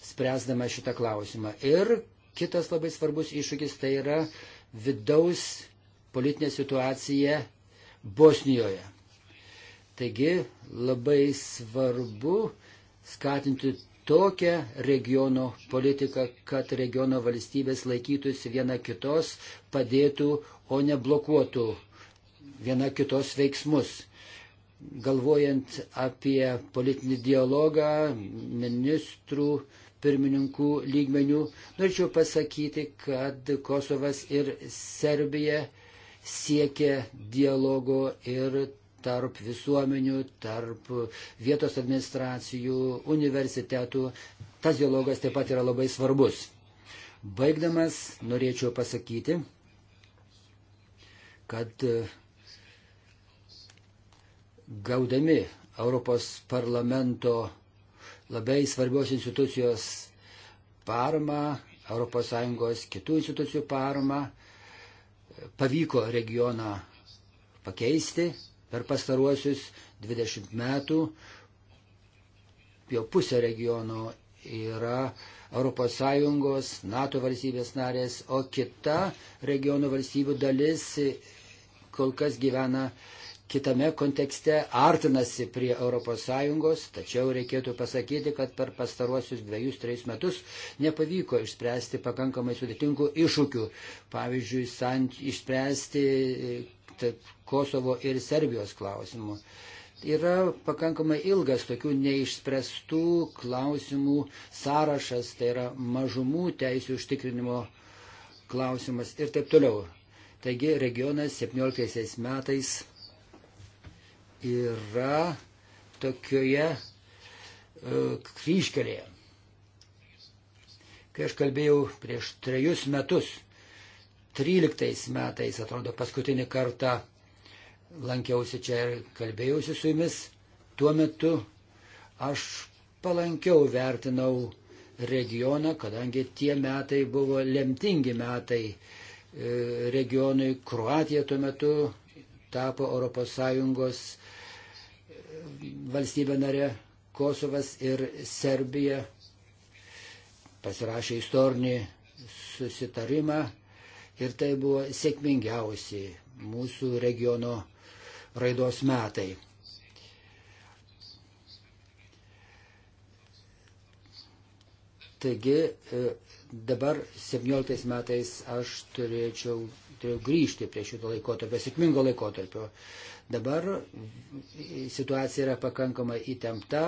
spręsdama šitą klausimą. Ir kitas labai svarbus iššūkis tai yra vidaus politinė situacija Bosnijoje. Taigi labai svarbu skatinti tokią regiono politiką, kad regiono valstybės laikytųsi viena kitos, padėtų, o ne blokuotų viena kitos veiksmus galvojant apie politinį dialogą ministrų pirmininkų lygmenių, norėčiau pasakyti, kad Kosovas ir Serbija siekia dialogo ir tarp visuomenių, tarp vietos administracijų, universitetų. Tas dialogas taip pat yra labai svarbus. Baigdamas norėčiau pasakyti, kad gaudami Europos parlamento labai svarbios institucijos paramą, ES kitų institucijų paramą, pavyko regioną pakeisti per pastaruosius 20 metų. Jau pusė regiono yra ES, NATO valstybės narės, o kita regiono valstybių dalis kol kas gyvena uh, kitame kontekste artinasi prie ES, tačiau reikėtų pasakyti, kad per pastaruosius dviejus, trejus metus nepavyko išspręsti pakankamai sudėtingų iššūkių. Pavyzdžiui, sant, išspręsti e, taip, Kosovo ir Serbijos klausimų. Yra pakankamai ilgas tokių neišspręstų klausimų sąrašas, tai yra mažumų teisų užtikrinimo klausimas ir taip toliau. Taigi regionas 17 metais yra tokioje e, kryškelėje. Kai aš kalbėjau prieš trejus metus, 13 metais, atrodo, paskutinį kartą lankiausi čia ir kalbėjausi su jumis, tuo metu aš palankiau vertinau regioną, kadangi tie metai buvo lemtingi metai e, regionui. Kroatija tuo metu tapo ES valstybė narė Kosovas ir Serbija pasirašė istorinį susitarimą ir tai buvo sėkmingiausi mūsų regiono raidos metai. Taigi e, dabar 17 metais aš turėčiau turėjo grįžti prie šito laikotarpio, sėkmingo laikotarpio. Dabar situacija yra pakankamai įtempta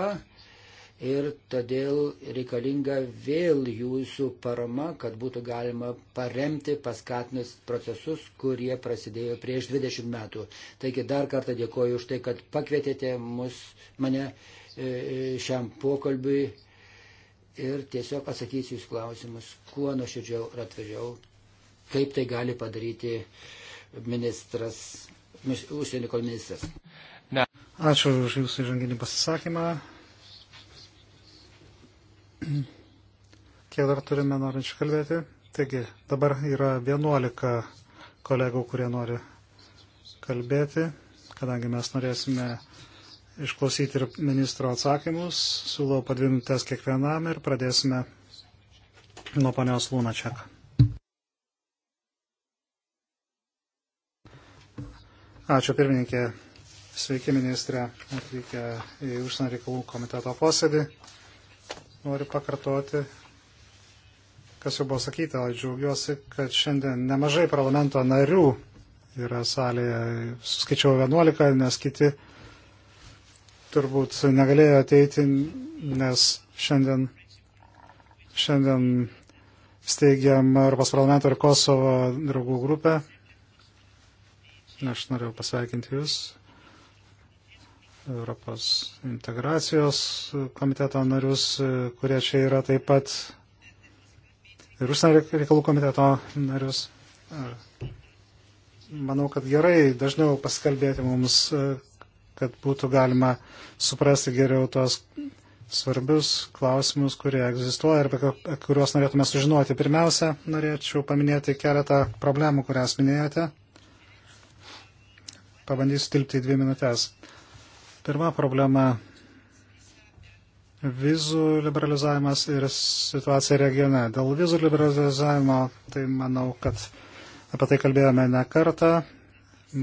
ir todėl reikalinga vėl jūsų parama, kad būtų galima paremti paskatinus procesus, kurie prasidėjo prieš 20 metų. Taigi dar kartą dėkoju už tai, kad pakvietėte mus, mane e, šiam pokalbiui ir tiesiog atsakysiu jūs klausimus, kuo nuoširdžiau ir atvežiau kaip tai gali padaryti ministras, užsienio reikalų ministras. Ne. Ačiū už jūsų įžanginį pasisakymą. Kiek dar turime norinčių kalbėti? Taigi, dabar yra 11 kolegų, kurie nori kalbėti, kadangi mes norėsime išklausyti ir ministro atsakymus. Siūlau padvi minutės kiekvienam ir pradėsime nuo panios Lūnačiak. Ačiū pirmininkė. Sveiki, ministrė, atvykę į užsienio reikalų komiteto posėdį. Noriu pakartoti, kas jau buvo sakyta, džiaugiuosi, kad šiandien nemažai parlamento narių yra salėje. Suskaičiau 11, nes kiti turbūt negalėjo ateiti, nes šiandien, šiandien steigiam Europos parlamento ir Kosovo draugų grupę Aš norėjau pasveikinti Jūs, Europos integracijos komiteto narius, kurie čia yra taip pat ir užsienio reikalų komiteto narius. Manau, kad gerai dažniau pasikalbėti mums, kad būtų galima suprasti geriau tuos svarbius klausimus, kurie egzistuoja ir apie kuriuos norėtume sužinoti. Pirmiausia, norėčiau paminėti keletą problemų, kurias minėjote pabandysiu tilpti į dvi minutės. Pirma problema - vizų liberalizavimas ir situacija regione. Dėl vizų liberalizavimo, tai manau, kad apie tai kalbėjome ne kartą.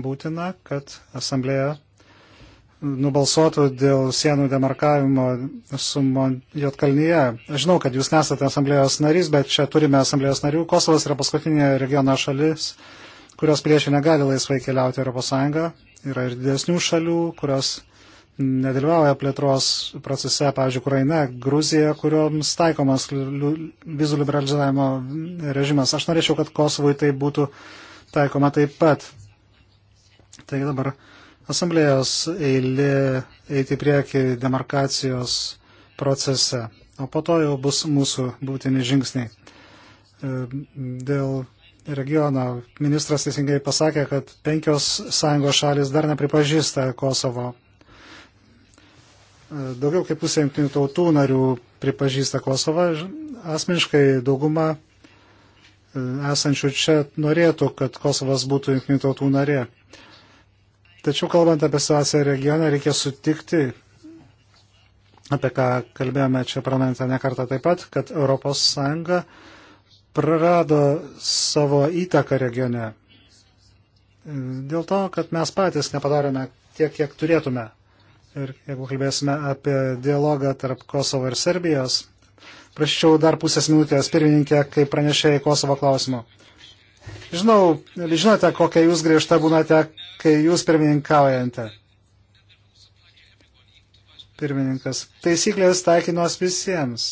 Būtina, kad asamblėje nubalsuotų dėl sienų demarkavimo su Jotkalnyje. Žinau, kad jūs nesate asamblėjos narys, bet čia turime asamblėjos narių. Kosovas yra paskutinė regiono šalis, kurios priešai negali laisvai keliauti Europos Sąjungą. Yra ir didesnių šalių, kurios nedalyvauja plėtros procese, pavyzdžiui, Ukraina, Gruzija, kurioms taikomas vizų liberalizavimo režimas. Aš norėčiau, kad Kosovui tai būtų taikoma taip pat. Taigi dabar asamblėjos eilė eiti prieki demarkacijos procese, o po to jau bus mūsų būtini žingsniai. Ehm, dėl regioną. Ministras teisingai pasakė, kad penkios sąjungos šalis dar nepripažįsta Kosovo. E, daugiau kaip pusė jungtinių tautų narių pripažįsta Kosovą. Asmeniškai dauguma e, esančių čia norėtų, kad Kosovas būtų jungtinių tautų narė. Tačiau kalbant apie situaciją regioną, reikia sutikti, apie ką kalbėjome čia parlamente nekartą taip pat, kad ES prarado savo įtaką regione. Dėl to, kad mes patys nepadarėme tiek, kiek turėtume. Ir jeigu kalbėsime apie dialogą tarp Kosovo ir Serbijos, prašyčiau dar pusės minutės pirmininkę, kai pranešėjai Kosovo klausimu. Žinau, žinote, kokia jūs griežta būnate, kai jūs pirmininkaujate. Pirmininkas. Taisyklės taikinos visiems.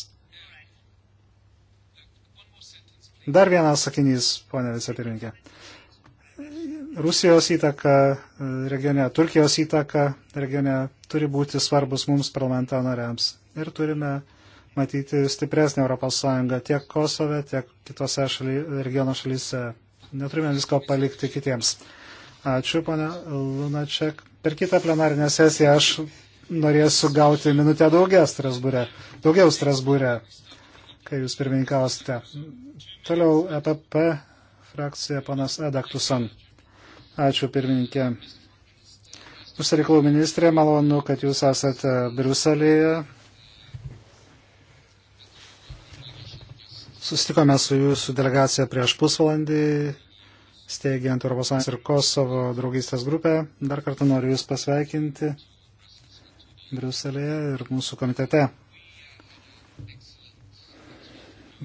Dar vienas sakinys, ponė vicepirinkė. Rusijos įtaka e, regione, Turkijos įtaka regione turi būti svarbus mums parlamento nariams. Ir turime matyti stipresnį Europos Sąjungą tiek Kosove, tiek kitose šaly, regiono šalyse. Neturime visko palikti kitiems. Ačiū, ponė Lunaček. Per kitą plenarinę sesiją aš norėsiu gauti minutę daugiau Strasbūrė. Daugiau Strasbūrė kai jūs pirmininkausite. Toliau EPP frakcija panas Edaktusan. Ačiū pirmininkė. Užsienio reikalų ministrė, malonu, kad jūs esate Briuselėje. Susitikome su jūsų delegacija prieš pusvalandį, steigiant ES ir Kosovo draugystės grupę. Dar kartą noriu jūs pasveikinti Briuselėje ir mūsų komitete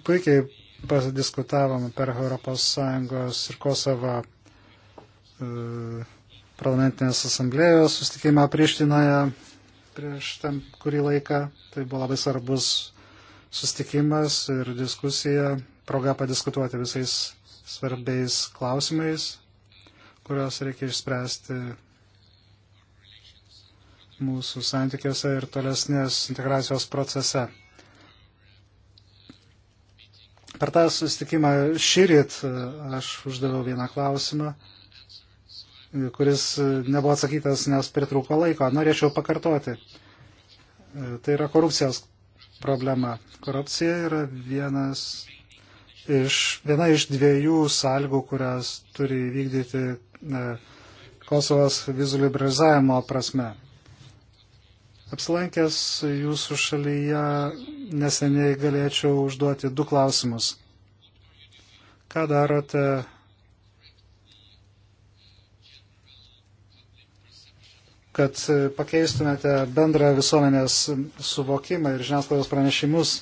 puikiai pasidiskutavom per ES ir Kosovo e, parlamentinės asamblėjos sustikimą Prištinoje prieš tam kurį laiką. Tai buvo labai svarbus sustikimas ir diskusija, proga padiskutuoti visais svarbiais klausimais, kuriuos reikia išspręsti mūsų santykiuose ir tolesnės integracijos procese. Per tą susitikimą šyrit e, aš uždaviau vieną klausimą, e, kuris e, nebuvo atsakytas, nes pritrūko laiko. Norėčiau pakartoti. Tai yra korupcijos problema. Korupcija yra vienas iš, viena iš dviejų sąlygų, kurias turi vykdyti Kosovas vizų liberalizavimo prasme. Apsilankęs jūsų šalyje neseniai galėčiau užduoti du klausimus. Ką darote kad pakeistumėte bendrą visuomenės suvokimą ir žiniasklaidos pranešimus,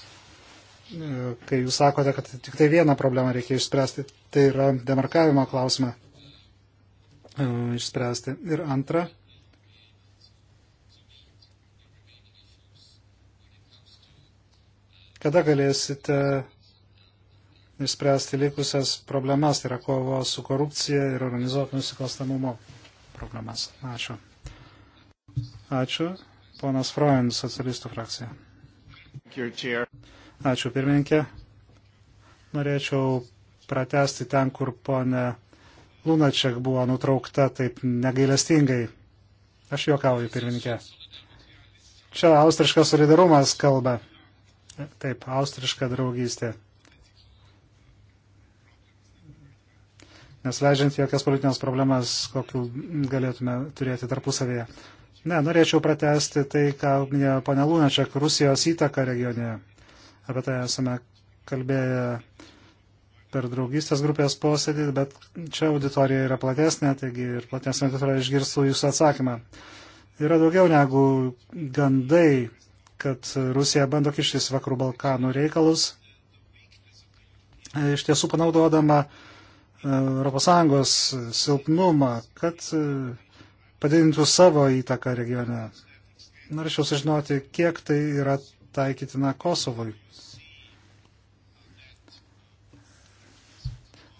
kai jūs sakote, kad tik tai vieną problemą reikia išspręsti, tai yra demarkavimo klausimą e, išspręsti. Ir antra, Kada galėsite išspręsti likusias problemas, tai yra kovo su korupcija ir organizuotų nusikalstamumo problemas? Ačiū. Ačiū. Ponas Froen, socialistų frakcija. Ačiū, pirmininkė. Norėčiau pratesti ten, kur ponė Lunačiak buvo nutraukta taip negailestingai. Aš juokauju, pirmininkė. Čia austriškas solidarumas kalba taip, austriška draugystė. Nesleidžiant jokias politinės problemas, kokiu galėtume turėti tarpusavėje. Ne, norėčiau pratesti tai, ką minėjo pane Lūnečiak, Rusijos įtaka regione. Apie tai esame kalbėję per draugystės grupės posėdį, bet čia auditorija yra platesnė, taigi ir platesnė auditorija išgirstų jūsų atsakymą. Yra daugiau negu gandai kad Rusija bando kištis vakarų Balkanų reikalus, iš tiesų panaudodama ES silpnumą, kad e, padidintų savo įtaką regione. Norėčiau sužinoti, kiek tai yra taikytina Kosovui.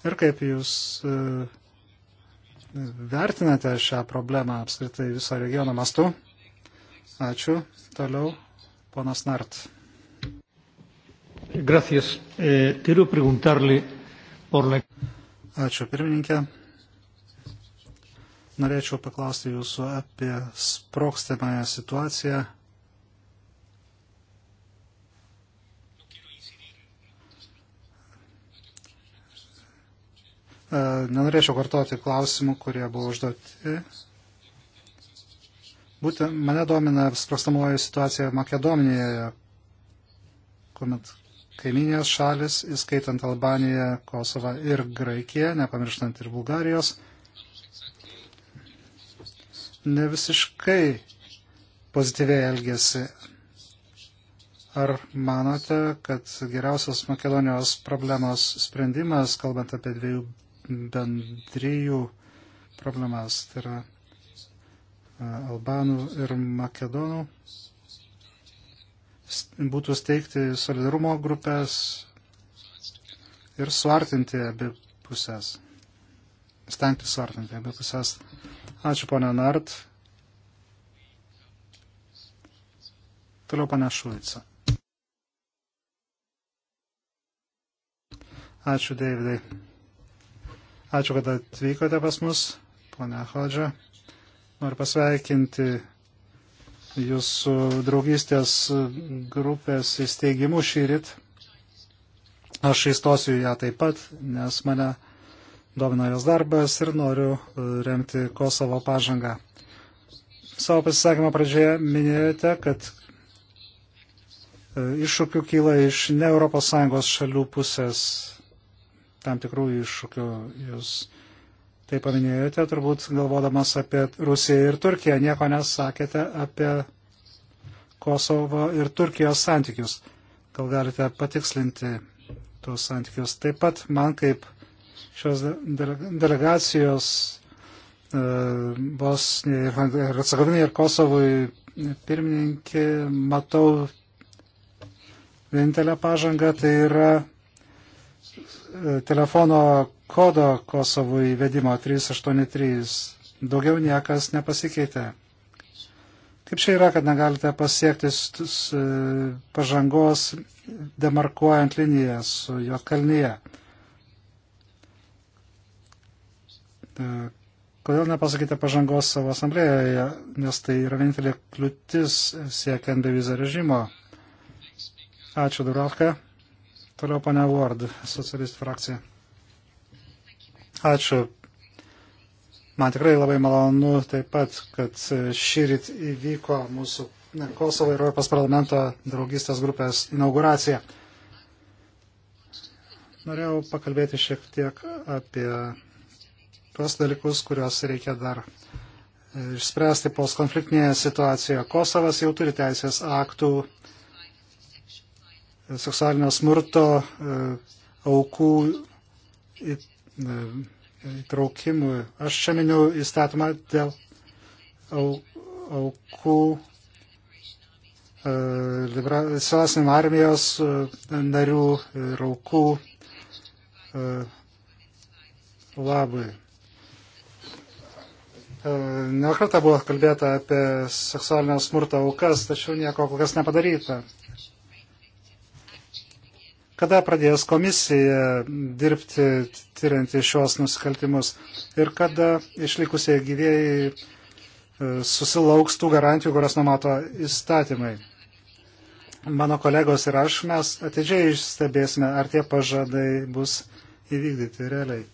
Ir kaip jūs e, vertinate šią problemą apskritai viso regiono mastu? Ačiū. Toliau Ponas Nart. Gracias. E, eh, turiu preguntarli por la. Ačiū pirmininkė. Norėčiau paklausti jūsų apie sprokstamąją situaciją. E, nenorėčiau kartoti klausimų, kurie buvo užduoti Būtent mane domina sprastamoji situacija Makedonijoje, kuomet kaiminės šalis, įskaitant Albaniją, Kosovą ir Graikiją, nepamirštant ir Bulgarijos, ne visiškai pozityviai elgesi. Ar manote, kad geriausias Makedonijos problemos sprendimas, kalbant apie dviejų bendryjų problemas, tai yra albanų ir makedonų, būtų steigti solidarumo grupės ir suartinti abi pusės. Stengti suartinti abi pusės. Ačiū, ponia Nart. Toliau ponia Šuica. Ačiū, Davidai. Ačiū, kad atvykote pas mus, ponia Hodžia. Noriu pasveikinti jūsų draugystės grupės įsteigimu šį ryt. Aš įstosiu ją taip pat, nes mane domina jos darbas ir noriu remti Kosovo pažangą. Savo pasisakymą pradžioje minėjote, kad e, iššūkių kyla iš ne ES šalių pusės tam tikrų iššūkių. Jūs tai paminėjote, turbūt galvodamas apie Rusiją ir Turkiją, nieko nesakėte apie Kosovo ir Turkijos santykius. Gal galite patikslinti tuos santykius. Taip pat man kaip šios delegacijos e, Bosnijai ir Hercegovinai ir Kosovui pirmininkė, matau vienintelę pažangą, tai yra e, telefono kodo Kosovo įvedimo 383. Daugiau niekas nepasikeitė. Kaip čia yra, kad negalite pasiekti e, pažangos demarkuojant liniją su Jotkalnyje? E, kodėl nepasakyti pažangos savo asamblėjoje, nes tai yra vienintelė kliūtis siekiant bevizą režimo? Ačiū, Durovka. Toliau ponia Ward, socialistų frakcija. Ačiū. Man tikrai labai malonu taip pat, kad šyrit įvyko mūsų Kosovo ir Europos parlamento draugystės grupės inauguracija. Norėjau pakalbėti šiek tiek apie tuos dalykus, kuriuos reikia dar išspręsti postkonfliktinėje situacijoje. Kosovas jau turi teisės aktų seksualinio smurto e, aukų e, įtraukimui. Aš čia miniu įstatymą dėl au, aukų e, Selasinimo armijos e, narių ir aukų e, labai. Nekartą buvo kalbėta apie seksualinio smurto aukas, tačiau nieko kol kas nepadaryta. Kada pradės komisija dirbti, tyrianti šios nusikaltimus ir kada išlikusiai gyvėjai e, susilauks tų garantijų, kurias numato įstatymai. Mano kolegos ir aš mes atidžiai stebėsime, ar tie pažadai bus įvykdyti realiai.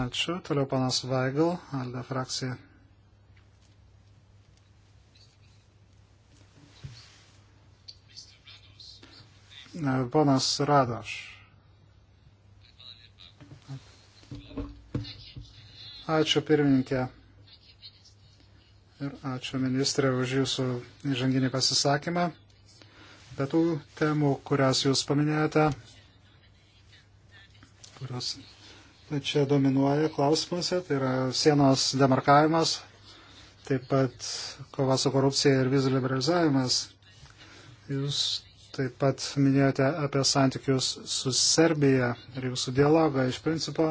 Ačiū. Toliau panas Vaigl, Alda frakcija. Ponas Radoš. Ačiū pirmininkė. Ir ačiū ministrė už jūsų įžanginį pasisakymą. Be tų temų, kurias jūs paminėjote, kurios čia dominuoja klausimuose, tai yra sienos demarkavimas, taip pat kova su korupcija ir vizų liberalizavimas. Jūs Taip pat minėjote apie santykius su Serbija ir jūsų dialogą. Iš principo,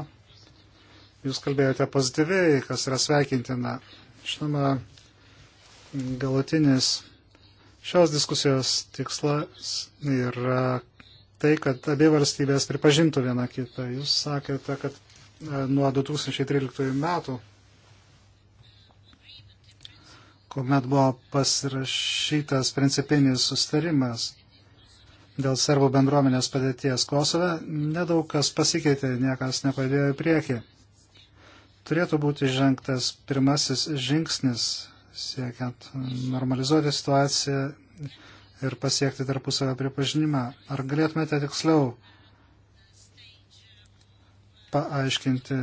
jūs kalbėjote pozityviai, kas yra sveikintina. Žinoma, galutinis šios diskusijos tikslas yra tai, kad abi valstybės pripažintų vieną kitą. Jūs sakėte, kad e, nuo 2013 metų, kuomet buvo pasirašytas principinis sustarimas, dėl servų bendruomenės padėties Kosove, nedaug kas pasikeitė, niekas nepadėjo į priekį. Turėtų būti žengtas pirmasis žingsnis siekiant normalizuoti situaciją ir pasiekti tarpusavio pripažinimą. Ar galėtumėte tiksliau paaiškinti,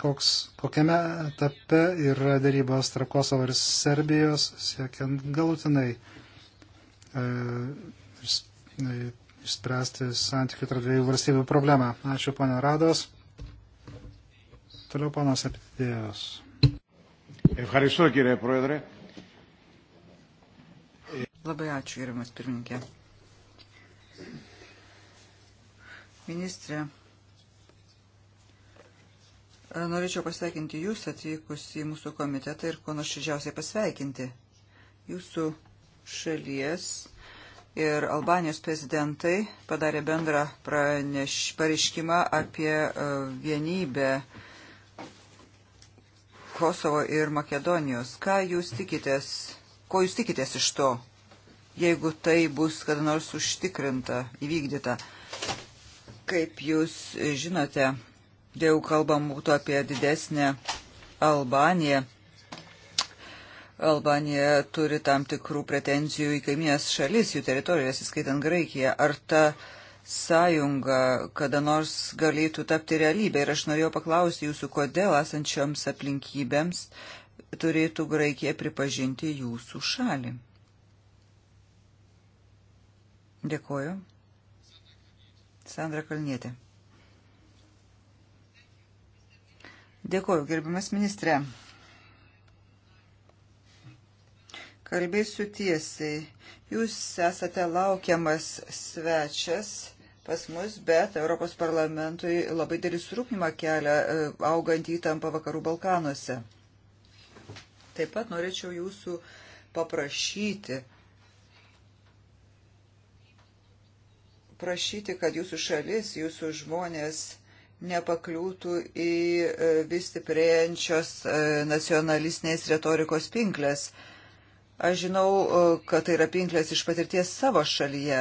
koks, kokiame etape yra darybos tarp Kosovo ir Serbijos siekiant galutinai e, išspręsti santykių tarp dviejų valstybių problemą. Ačiū, pana Rados. Toliau panas Epitėjos. Ευχαριστώ, κύριε Πρόεδρε. Labai ačiū, gerbiamas pirmininkė. Ministrė, norėčiau pasveikinti Jūs atvykus į mūsų komitetą ir ko nuoširdžiausiai pasveikinti. Jūsų šalies ir Albanijos prezidentai padarė bendrą praneš, pareiškimą apie e, vienybę Kosovo ir Makedonijos. Ką jūs tikitės, ko jūs tikitės iš to, jeigu tai bus kada nors užtikrinta, įvykdyta? Kaip jūs žinote, jau kalbam būtų apie didesnę Albaniją Albanija turi tam tikrų pretenzijų į kaiminės šalis, jų teritorijas, įskaitant Graikiją. Ar ta sąjunga kada nors galėtų tapti realybę? Ir aš norėjau paklausti jūsų, kodėl esančioms aplinkybėms turėtų Graikija pripažinti jūsų šalį. Dėkuoju. Sandra Kalnietė. Dėkuoju, gerbiamas ministrė. Kalbėsiu tiesiai. Jūs esate laukiamas svečias pas mus, bet Europos parlamentui labai dėlis rūpnimą kelia e, augant įtampą vakarų Balkanuose. Taip pat norėčiau jūsų paprašyti, prašyti, kad jūsų šalis, jūsų žmonės nepakliūtų į e, vis stiprėjančios e, nacionalistinės retorikos pinklės. Aš žinau, e, kad tai yra pinklės iš patirties savo šalyje,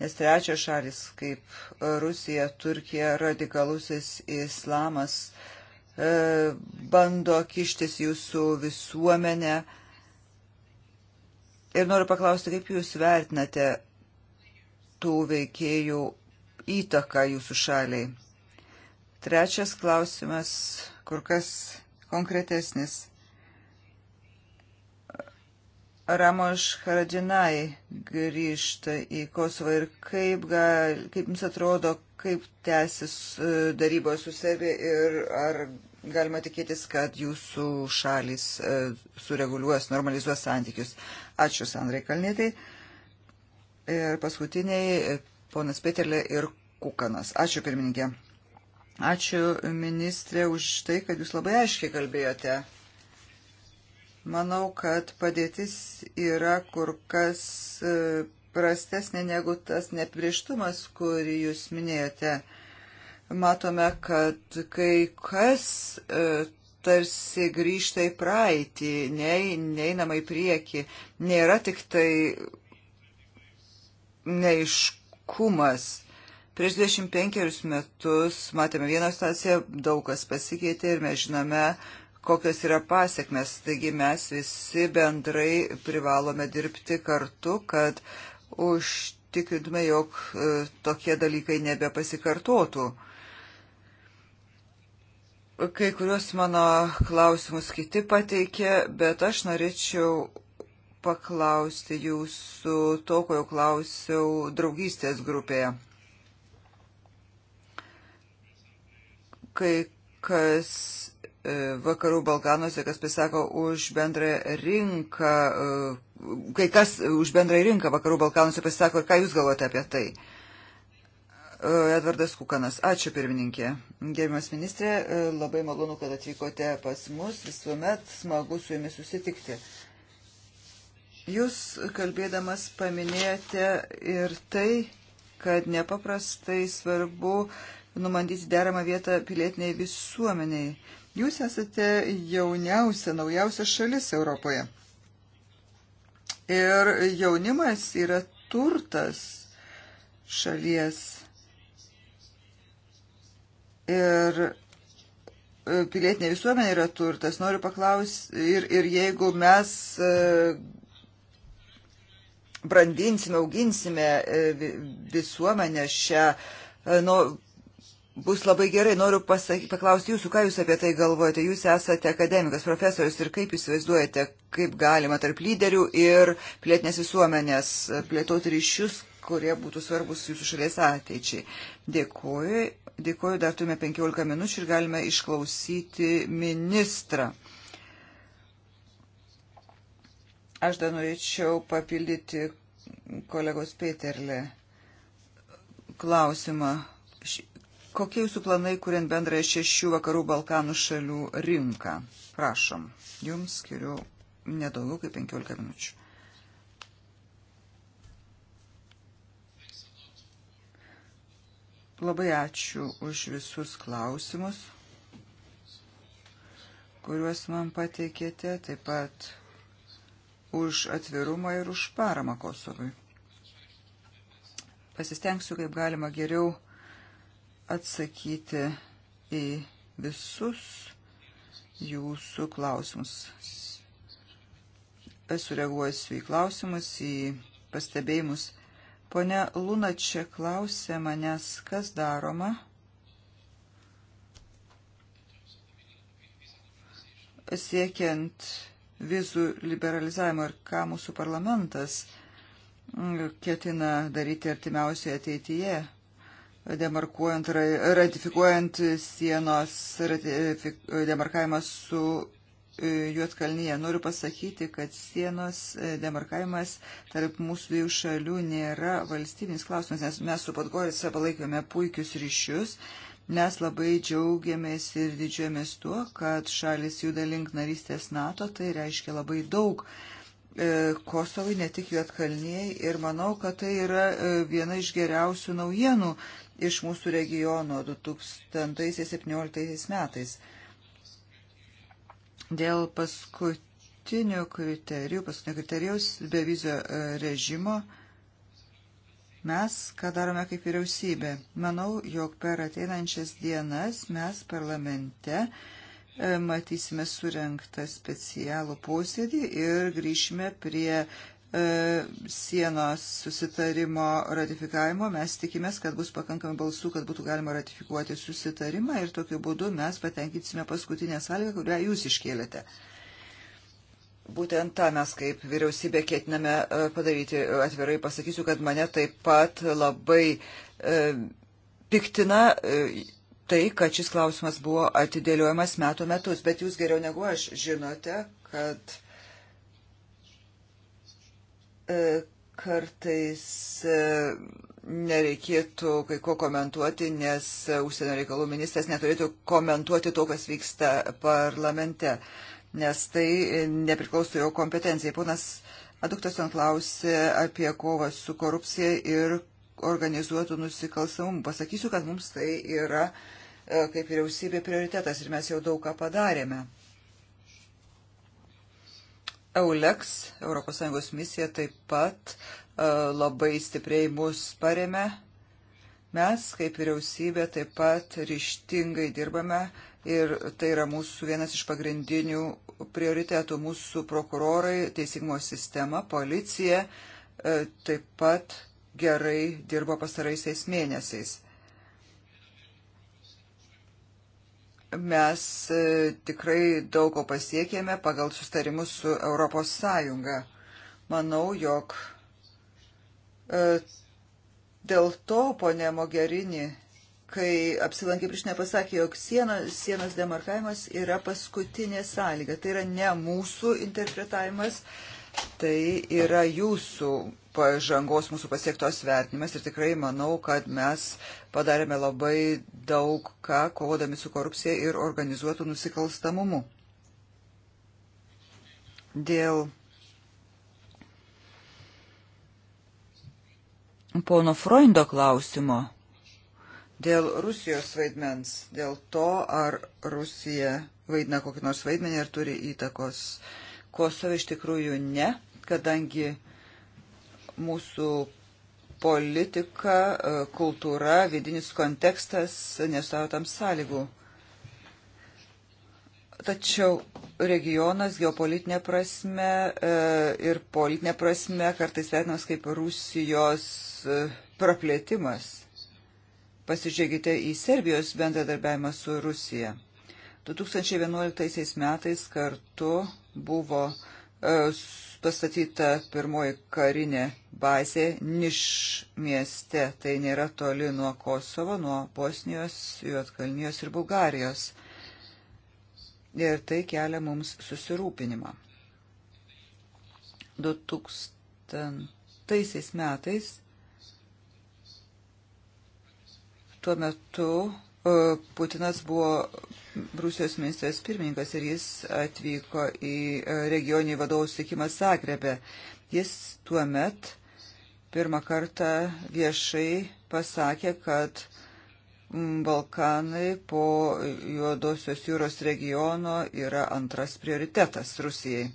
nes trečios šalis kaip Rusija, Turkija, radikalusis islamas e, bando kištis jūsų visuomenę. Ir noriu paklausti, kaip jūs vertinate tų veikėjų įtaką jūsų šaliai. Trečias klausimas, kur kas konkretesnis. Ramoš Haradžinai grįžta į Kosovą ir kaip, gal, kaip jums atrodo, kaip tęsis e, darybos su Serbija ir ar galima tikėtis, kad jūsų šalis e, sureguliuos, normalizuos santykius. Ačiū Sandrai Kalnėtai. Ir paskutiniai e, ponas Peterlė ir Kukanas. Ačiū pirmininkė. Ačiū ministrė už tai, kad jūs labai aiškiai kalbėjote Manau, kad padėtis yra kur kas e, prastesnė negu tas neprieštumas, kurį jūs minėjote. Matome, kad kai kas e, tarsi grįžta į praeitį, nei, neinama į priekį. Nėra tik tai neiškumas. Prieš 25 metus matėme vieną situaciją, daug kas pasikeitė ir mes žinome, uh, kokios yra pasiekmes. Taigi mes visi bendrai privalome dirbti kartu, kad užtikrintume, jog e, tokie dalykai nebepasikartotų. Kai kuriuos mano klausimus kiti pateikė, bet aš norėčiau paklausti jūsų to, ko jau klausiau draugystės grupėje. Kai kas E, vakarų Balkanuose, kas pasisako už bendrą rinką, e, kai kas už bendrą rinką vakarų Balkanuose pasisako ir ką jūs galvojate apie tai? E, Edvardas Kukanas. Ačiū pirmininkė. Gerbiamas ministrė, labai malonu, kad atvykote pas mus. Visuomet smagu su jumis susitikti. Jūs kalbėdamas paminėjote ir tai, kad nepaprastai svarbu numatyti deramą vietą pilietiniai visuomeniai. Jūs esate jauniausia, naujausia šalis Europoje. Ir jaunimas yra turtas šalies. Ir e, pilietinė visuomenė yra turtas. Noriu paklausti, ir, ir jeigu mes e, brandinsime, auginsime e, visuomenę šią, nu, bus labai gerai. Noriu pasaky, paklausti jūsų, ką jūs apie tai galvojate. Jūs esate akademikas, profesorius ir kaip įsivaizduojate, kaip galima tarp lyderių ir plėtinės visuomenės plėtoti ryšius, kurie būtų svarbus jūsų šalies ateičiai. Dėkuoju. Dėkuoju, dar turime 15 minučių ir galime išklausyti ministrą. Aš dar norėčiau papildyti kolegos Peterle klausimą Kokie jūsų planai, kuriant bendrąją šešių vakarų Balkanų šalių rinką? Prašom, jums skiriu nedaugiau kaip 15 minučių. Labai ačiū už visus klausimus, kuriuos man pateikėte, taip pat už atvirumą ir už paramą Kosovui. Pasistengsiu, kaip galima geriau atsakyti į visus jūsų klausimus. Sureaguosiu į klausimus, į pastebėjimus. Pone Luna čia klausė manęs, kas daroma. Siekiant vizų liberalizavimo ir ką mūsų parlamentas ketina daryti artimiausioje ateityje demarkuojant, ratifikuojant sienos ratifik, demarkavimą su e, Juotkalnyje. Noriu pasakyti, kad sienos e, demarkavimas tarp mūsų dviejų šalių nėra valstybinis klausimas, nes mes su Podgorica palaikėme puikius ryšius. Mes labai džiaugiamės ir didžiuojamės tuo, kad šalis juda link narystės NATO, tai reiškia labai daug. E, Kosovai, ne tik Juotkalniai ir manau, kad tai yra viena iš geriausių naujienų iš mūsų regiono 2017 metais. Dėl paskutinių kriterijų, paskutinio kriterijaus bevizio e, režimo mes, ką darome kaip vyriausybė. Manau, jog per ateinančias dienas mes parlamente e, matysime surenktą specialų posėdį ir grįšime prie E, sienos susitarimo ratifikavimo. Mes tikimės, kad bus pakankamai balsų, kad būtų galima ratifikuoti susitarimą ir tokiu būdu mes patenkinsime paskutinę sąlygą, kurią jūs iškėlėte. Būtent tą mes kaip vyriausybė ketiname e, padaryti. Atvirai pasakysiu, kad mane taip pat labai e, piktina tai, kad šis klausimas buvo atidėliojamas metų metus, bet jūs geriau negu aš žinote, kad uh, E, kartais e, nereikėtų kai ko komentuoti, nes užsienio reikalų ministras neturėtų komentuoti to, kas vyksta parlamente, nes tai nepriklauso jo kompetencijai. Ponas Aduktason klausė apie kovą su korupcija ir organizuotų nusikalstamumų. Pasakysiu, kad mums tai yra e, kaip vyriausybė prioritetas ir mes jau daug ką padarėme. EULEX, ES misija, taip pat e, labai stipriai mus paremė. Mes, kaip vyriausybė, taip pat ryštingai dirbame ir tai yra mūsų vienas iš pagrindinių prioritetų. Mūsų prokurorai, teisingumo sistema, policija e, taip pat gerai dirbo pastaraisiais mėnesiais. mes e, tikrai daug ko pasiekėme pagal sustarimus su Europos Sąjunga. Manau, jog e, dėl to ponė Mogerini, kai apsilankė prieš nepasakė, jog sieno, sienos demarkavimas yra paskutinė sąlyga. Tai yra ne mūsų interpretavimas, tai yra jūsų pažangos mūsų pasiektos vertinimas ir tikrai manau, kad mes padarėme labai daug ką kovodami su korupcija ir organizuotų nusikalstamumu. Dėl pono Freundo klausimo, dėl Rusijos vaidmens, dėl to, ar Rusija vaidina kokį nors vaidmenį ir turi įtakos Kosovai iš tikrųjų ne, kadangi uh, mūsų politika, e, kultūra, vidinis kontekstas nesudaro tam sąlygų. Tačiau regionas geopolitinė prasme e, ir politinė prasme kartais vertinamas kaip Rusijos e, praplėtimas. Pasižiūrėkite į Serbijos bendradarbiavimą su Rusija. 2011 metais kartu buvo pastatyta pirmoji karinė bazė Niš mieste. Tai nėra toli nuo Kosovo, nuo Bosnijos, Juotkalnijos ir Bulgarijos. Ir tai kelia mums susirūpinimą. 2000 metais tuo metu Putinas buvo Rusijos ministras pirmininkas ir jis atvyko į e, regioninį vadovų sutikimą Zagrebę. Jis tuo met pirmą kartą viešai pasakė, kad Balkanai po Juodosios jūros regiono yra antras prioritetas Rusijai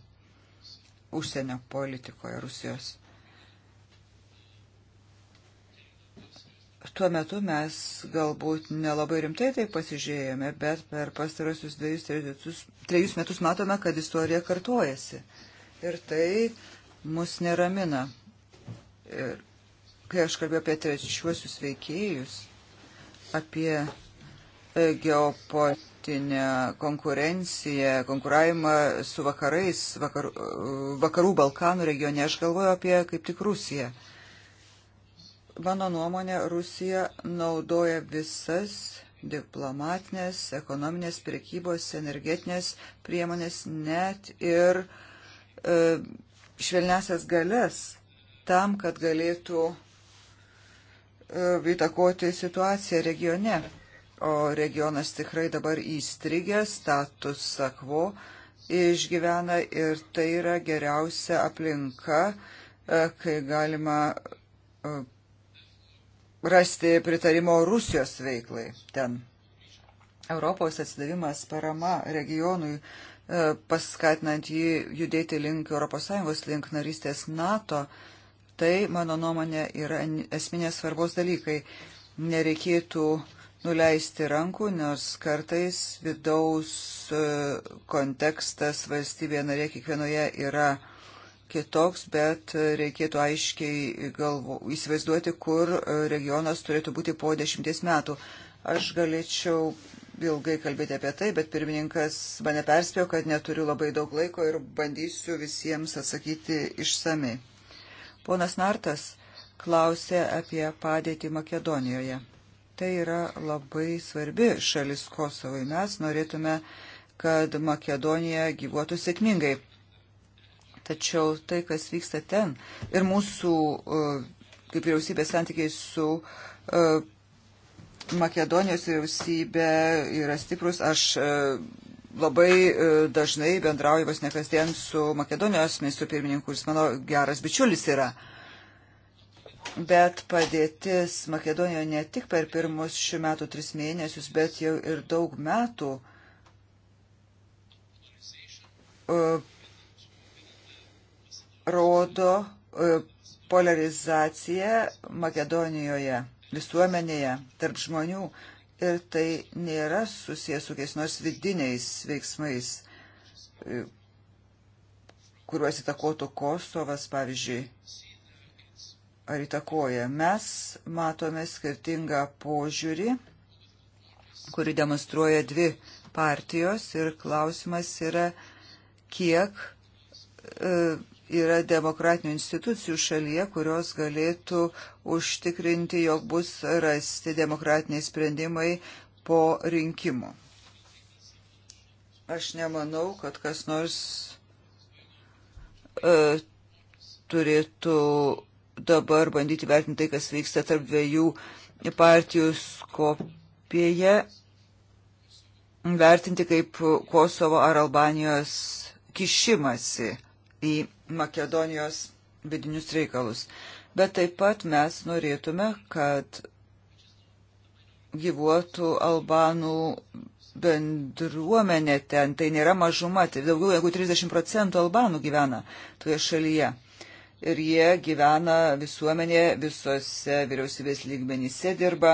užsienio politikoje Rusijos. Tuo metu mes galbūt nelabai rimtai tai pasižiūrėjome, bet per pastarosius dviejus, trejus, trejus metus matome, kad istorija kartuojasi. Ir tai mus neramina. Ir kai aš kalbėjau apie trečiuosius veikėjus, apie e, geopolitinę konkurenciją, konkuravimą su vakarais, vakarų, e, vakarų Balkanų regione, aš galvoju apie kaip tik Rusiją. Uh, mano nuomonė, Rusija naudoja visas diplomatinės, ekonominės, priekybos, energetinės priemonės, net ir e, švelnesias galės tam, kad galėtų e, įtakoti situaciją regione. O regionas tikrai dabar įstrigęs, status sakvo išgyvena ir tai yra geriausia aplinka, e, kai galima e, rasti pritarimo Rusijos veiklai ten. Europos atsidavimas parama regionui, e, paskatinant jį judėti link ES, link narystės NATO, tai, mano nuomonė, yra esminės svarbos dalykai. Nereikėtų nuleisti rankų, nors kartais vidaus e, kontekstas valstybėje narė kiekvienoje yra uh, kitoks, bet reikėtų aiškiai galvo, įsivaizduoti, kur regionas turėtų būti po dešimties metų. Aš galėčiau ilgai kalbėti apie tai, bet pirmininkas mane perspėjo, kad neturiu labai daug laiko ir bandysiu visiems atsakyti išsamei. Ponas Nartas klausė apie padėtį Makedonijoje. Tai yra labai svarbi šalis Kosovai. Mes norėtume, kad Makedonija gyvuotų sėkmingai. Tačiau tai, kas vyksta ten ir mūsų e, kaip vyriausybės santykiai su e, Makedonijos vyriausybė yra stiprus. Aš e, labai dažnai bendrauju vos ne kasdien su Makedonijos ministru pirmininku, jis mano geras bičiulis yra. Bet padėtis Makedonijoje ne tik per pirmus šių metų tris mėnesius, bet jau ir daug metų rodo e, polarizacija Makedonijoje, visuomenėje, tarp žmonių ir tai nėra susijęs su kiais nors vidiniais veiksmais, e, kuriuos įtakotų Kosovas, pavyzdžiui, ar įtakoja. Mes matome skirtingą požiūrį, kuri demonstruoja dvi partijos ir klausimas yra, kiek e, yra demokratinių institucijų šalyje, kurios galėtų užtikrinti, jog bus rasti demokratiniai sprendimai po rinkimų. Aš nemanau, kad kas nors e, turėtų dabar bandyti vertinti tai, kas vyksta tarp dviejų partijų Skopijoje, vertinti kaip Kosovo ar Albanijos kišimasi į Makedonijos vidinius reikalus. Bet taip pat mes norėtume, kad gyvuotų albanų bendruomenė ten, tai nėra mažuma, tai daugiau negu 30 procentų albanų gyvena toje šalyje. Ir jie gyvena visuomenėje, visose vyriausybės lygmenyse dirba.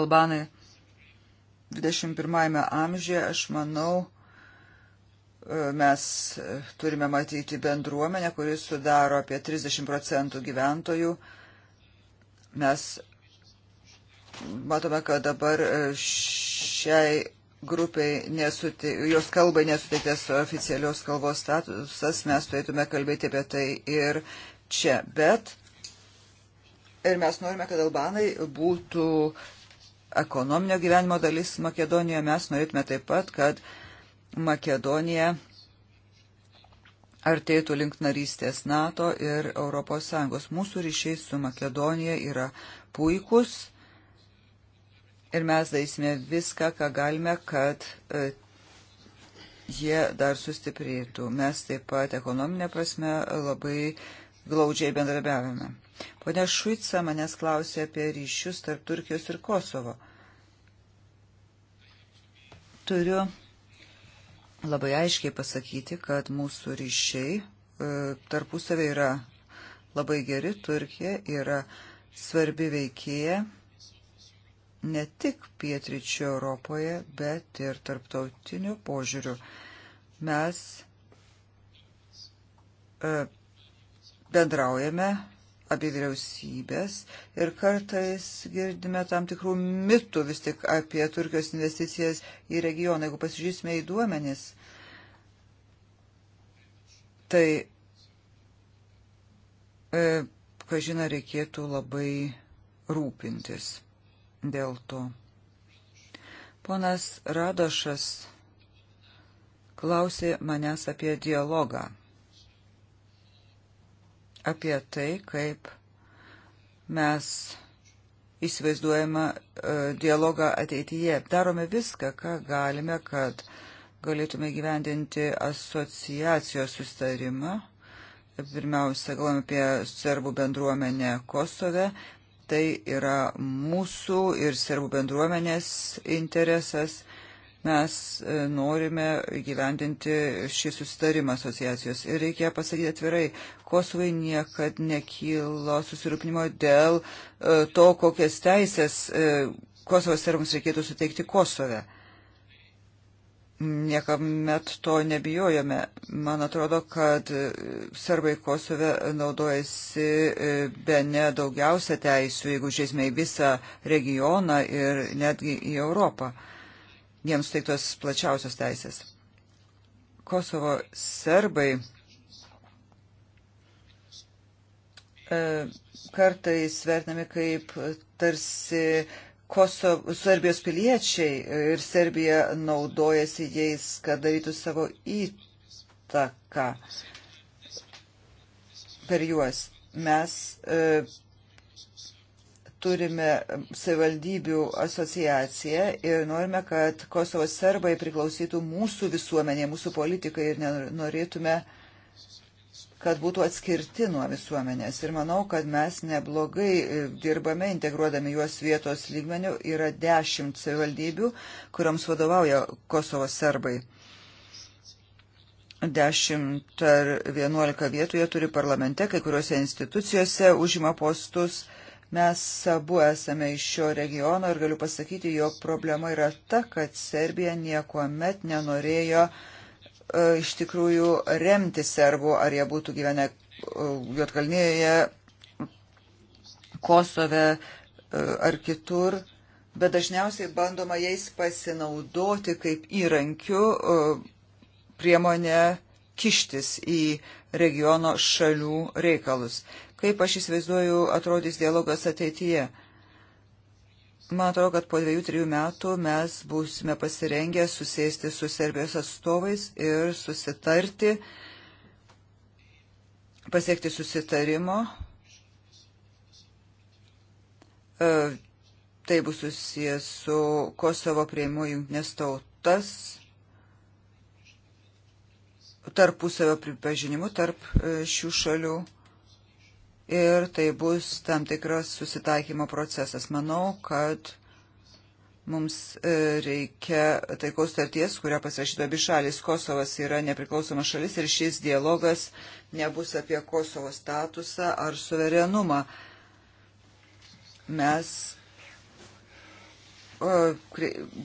Albanai 21 amžiuje, aš manau, Mes e, turime matyti bendruomenę, kuris sudaro apie 30 procentų gyventojų. Mes matome, kad dabar e, šiai grupiai, nesute, jos kalbai nesuteiktas oficialios kalbos statusas, mes turėtume kalbėti apie tai ir čia. Bet ir mes norime, kad albanai būtų ekonominio gyvenimo dalis Makedonijoje, mes norėtume taip pat, kad uh, Makedonija artėtų link narystės NATO ir ES. Mūsų ryšiai su Makedonija yra puikus ir mes darysime viską, ką galime, kad e, jie dar sustiprėtų. Mes taip pat ekonominė prasme labai glaudžiai bendrabiavime. Pone Šuica manęs klausė apie ryšius tarp Turkijos ir Kosovo. Turiu labai aiškiai pasakyti, kad mūsų ryšiai e, tarpusavė yra labai geri, Turkija yra svarbi veikėja ne tik pietričio Europoje, bet ir tarptautiniu požiūriu. Mes e, bendraujame abi vyriausybės ir kartais girdime tam tikrų mitų vis tik apie Turkijos investicijas į regioną. Jeigu pasižiūrėsime į duomenis, tai, e, ką žina, reikėtų labai rūpintis dėl to. Ponas Radošas klausė manęs apie dialogą apie tai, kaip mes įsivaizduojame e, dialogą ateityje. Darome viską, ką galime, kad galėtume gyvendinti asociacijos sustarimą. Pirmiausia, galvojame apie serbų bendruomenę Kosove. Tai yra mūsų ir serbų bendruomenės interesas mes e, norime gyvendinti šį susitarimą asociacijos. Ir reikia pasakyti atvirai, Kosovai niekad nekylo susirūpinimo dėl e, to, kokias teisės e, Kosovos serbams reikėtų suteikti Kosove. Niekam met to nebijojame. Man atrodo, kad serbai Kosove naudojasi be ne daugiausia teisų, jeigu žiūrėsime į visą regioną ir netgi į Europą. Uh, jiems suteiktos plačiausios teisės. Kosovo serbai e, kartais vertinami kaip tarsi Kosovo, Serbijos piliečiai ir Serbija naudojasi jais, kad darytų savo įtaką per juos. Mes e, turime savivaldybių asociaciją ir norime, kad Kosovo serbai priklausytų mūsų visuomenė, mūsų politikai ir norėtume, kad būtų atskirti nuo visuomenės. Ir manau, kad mes neblogai e, dirbame, integruodami juos vietos lygmenių. Yra dešimt savivaldybių, kuriams vadovauja Kosovo serbai. 10 ar 11 vietų jie turi parlamente, kai kuriuose institucijose užima postus. Uh, Mes abu esame iš šio regiono ir galiu pasakyti, jog problema yra ta, kad Serbija niekuomet nenorėjo e, iš tikrųjų remti serbų, ar jie būtų gyvenę e, Jotkalnyje, Kosove e, ar kitur bet dažniausiai bandoma jais pasinaudoti kaip įrankiu e, priemonę kištis į regiono šalių reikalus. Kaip aš įsivaizduoju, atrodys dialogas ateityje? Man atrodo, kad po dviejų, trijų metų mes būsime pasirengę susėsti su Serbijos atstovais ir susitarti, pasiekti susitarimo. E, tai bus susijęs su Kosovo prieimu jungtinės tautas tarpusavio pripažinimu tarp e, šių šalių ir tai bus tam tikras susitaikymo procesas. Manau, kad mums e, reikia taikos starties, kurią pasirašytų abi šalis. Kosovas yra nepriklausoma šalis ir šis dialogas nebus apie Kosovo statusą ar suverenumą. Mes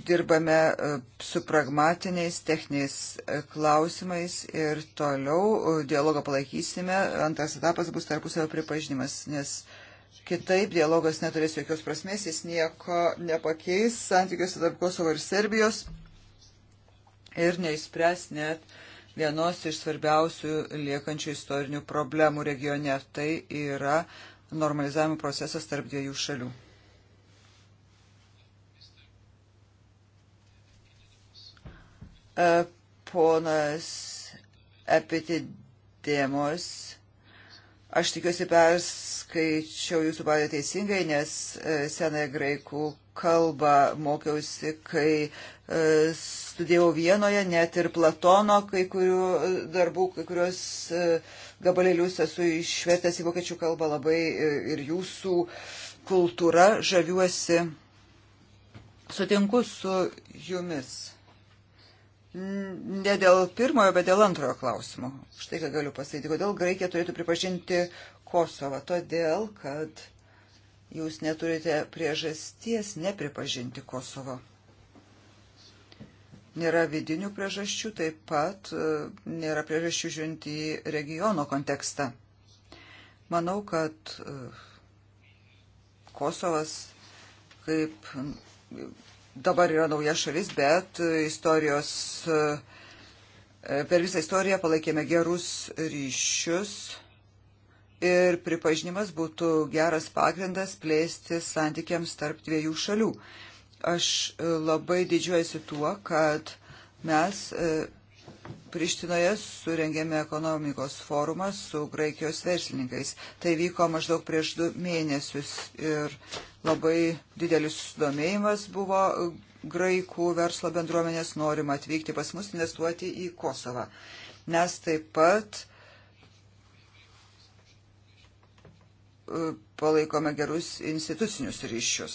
dirbame su pragmatiniais techniniais e, klausimais ir toliau dialogą palaikysime. Antras etapas bus tarpusavio pripažinimas, nes kitaip dialogas neturės jokios prasmės, jis nieko nepakeis santykiuose tarp Kosovo ir Serbijos ir neįspręs net vienos iš svarbiausių liekančių istorinių problemų regione. Tai yra normalizavimo procesas tarp dviejų šalių. E, ponas Epitidėmos, aš tikiuosi perskaičiau jūsų padę teisingai, nes e, senąją graikų kalbą mokiausi, kai e, studijavau Vienoje, net ir Platono kai kurių darbų, kai kurios gabalėlius esu išvertęs į vokiečių kalbą labai ir jūsų kultūra žaviuosi. Sutinku su jumis ne dėl pirmojo, bet dėl antrojo klausimo. Štai ką galiu pasakyti. Kodėl Graikija turėtų pripažinti Kosovą? Todėl, kad jūs neturite priežasties nepripažinti Kosovo. Nėra vidinių priežasčių, taip pat e, nėra priežasčių žiūrint į regiono kontekstą. Manau, kad e, Kosovas kaip dabar yra nauja šalis, bet e, istorijos, e, e, per visą istoriją palaikėme gerus ryšius ir pripažinimas būtų geras pagrindas plėsti santykiams tarp dviejų šalių. Aš labai didžiuojasi tuo, kad mes Prištinoje surengėme ekonomikos forumą su Graikijos verslininkais. Tai vyko maždaug prieš du mėnesius ir Labai didelis susidomėjimas buvo e, graikų verslo bendruomenės norima atvykti pas mus investuoti į Kosovą. Mes taip pat e, palaikome gerus institucinius ryšius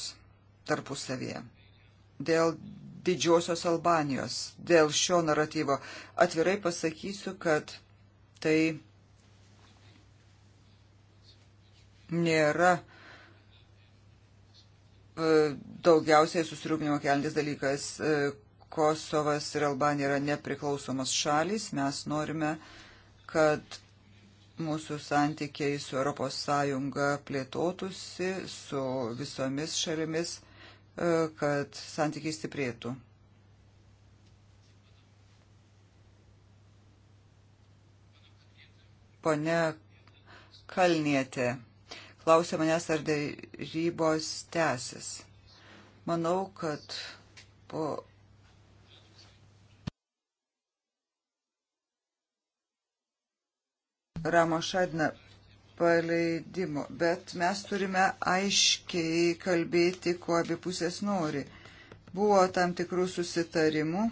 tarpusavyje. Dėl didžiosios Albanijos, dėl šio naratyvo atvirai pasakysiu, kad tai nėra E, daugiausiai susirūpinimo keliantis dalykas. E, Kosovas ir Albanija yra nepriklausomas šalis. Mes norime, kad mūsų santykiai su Europos Sąjunga plėtotųsi, su visomis šalimis, e, kad santykiai stiprėtų. Pone Kalnietė klausė manęs, ar darybos tęsis. Manau, kad po. Ramo Šadina paleidimo, bet mes turime aiškiai kalbėti, ko abi pusės nori. Buvo tam tikrų susitarimų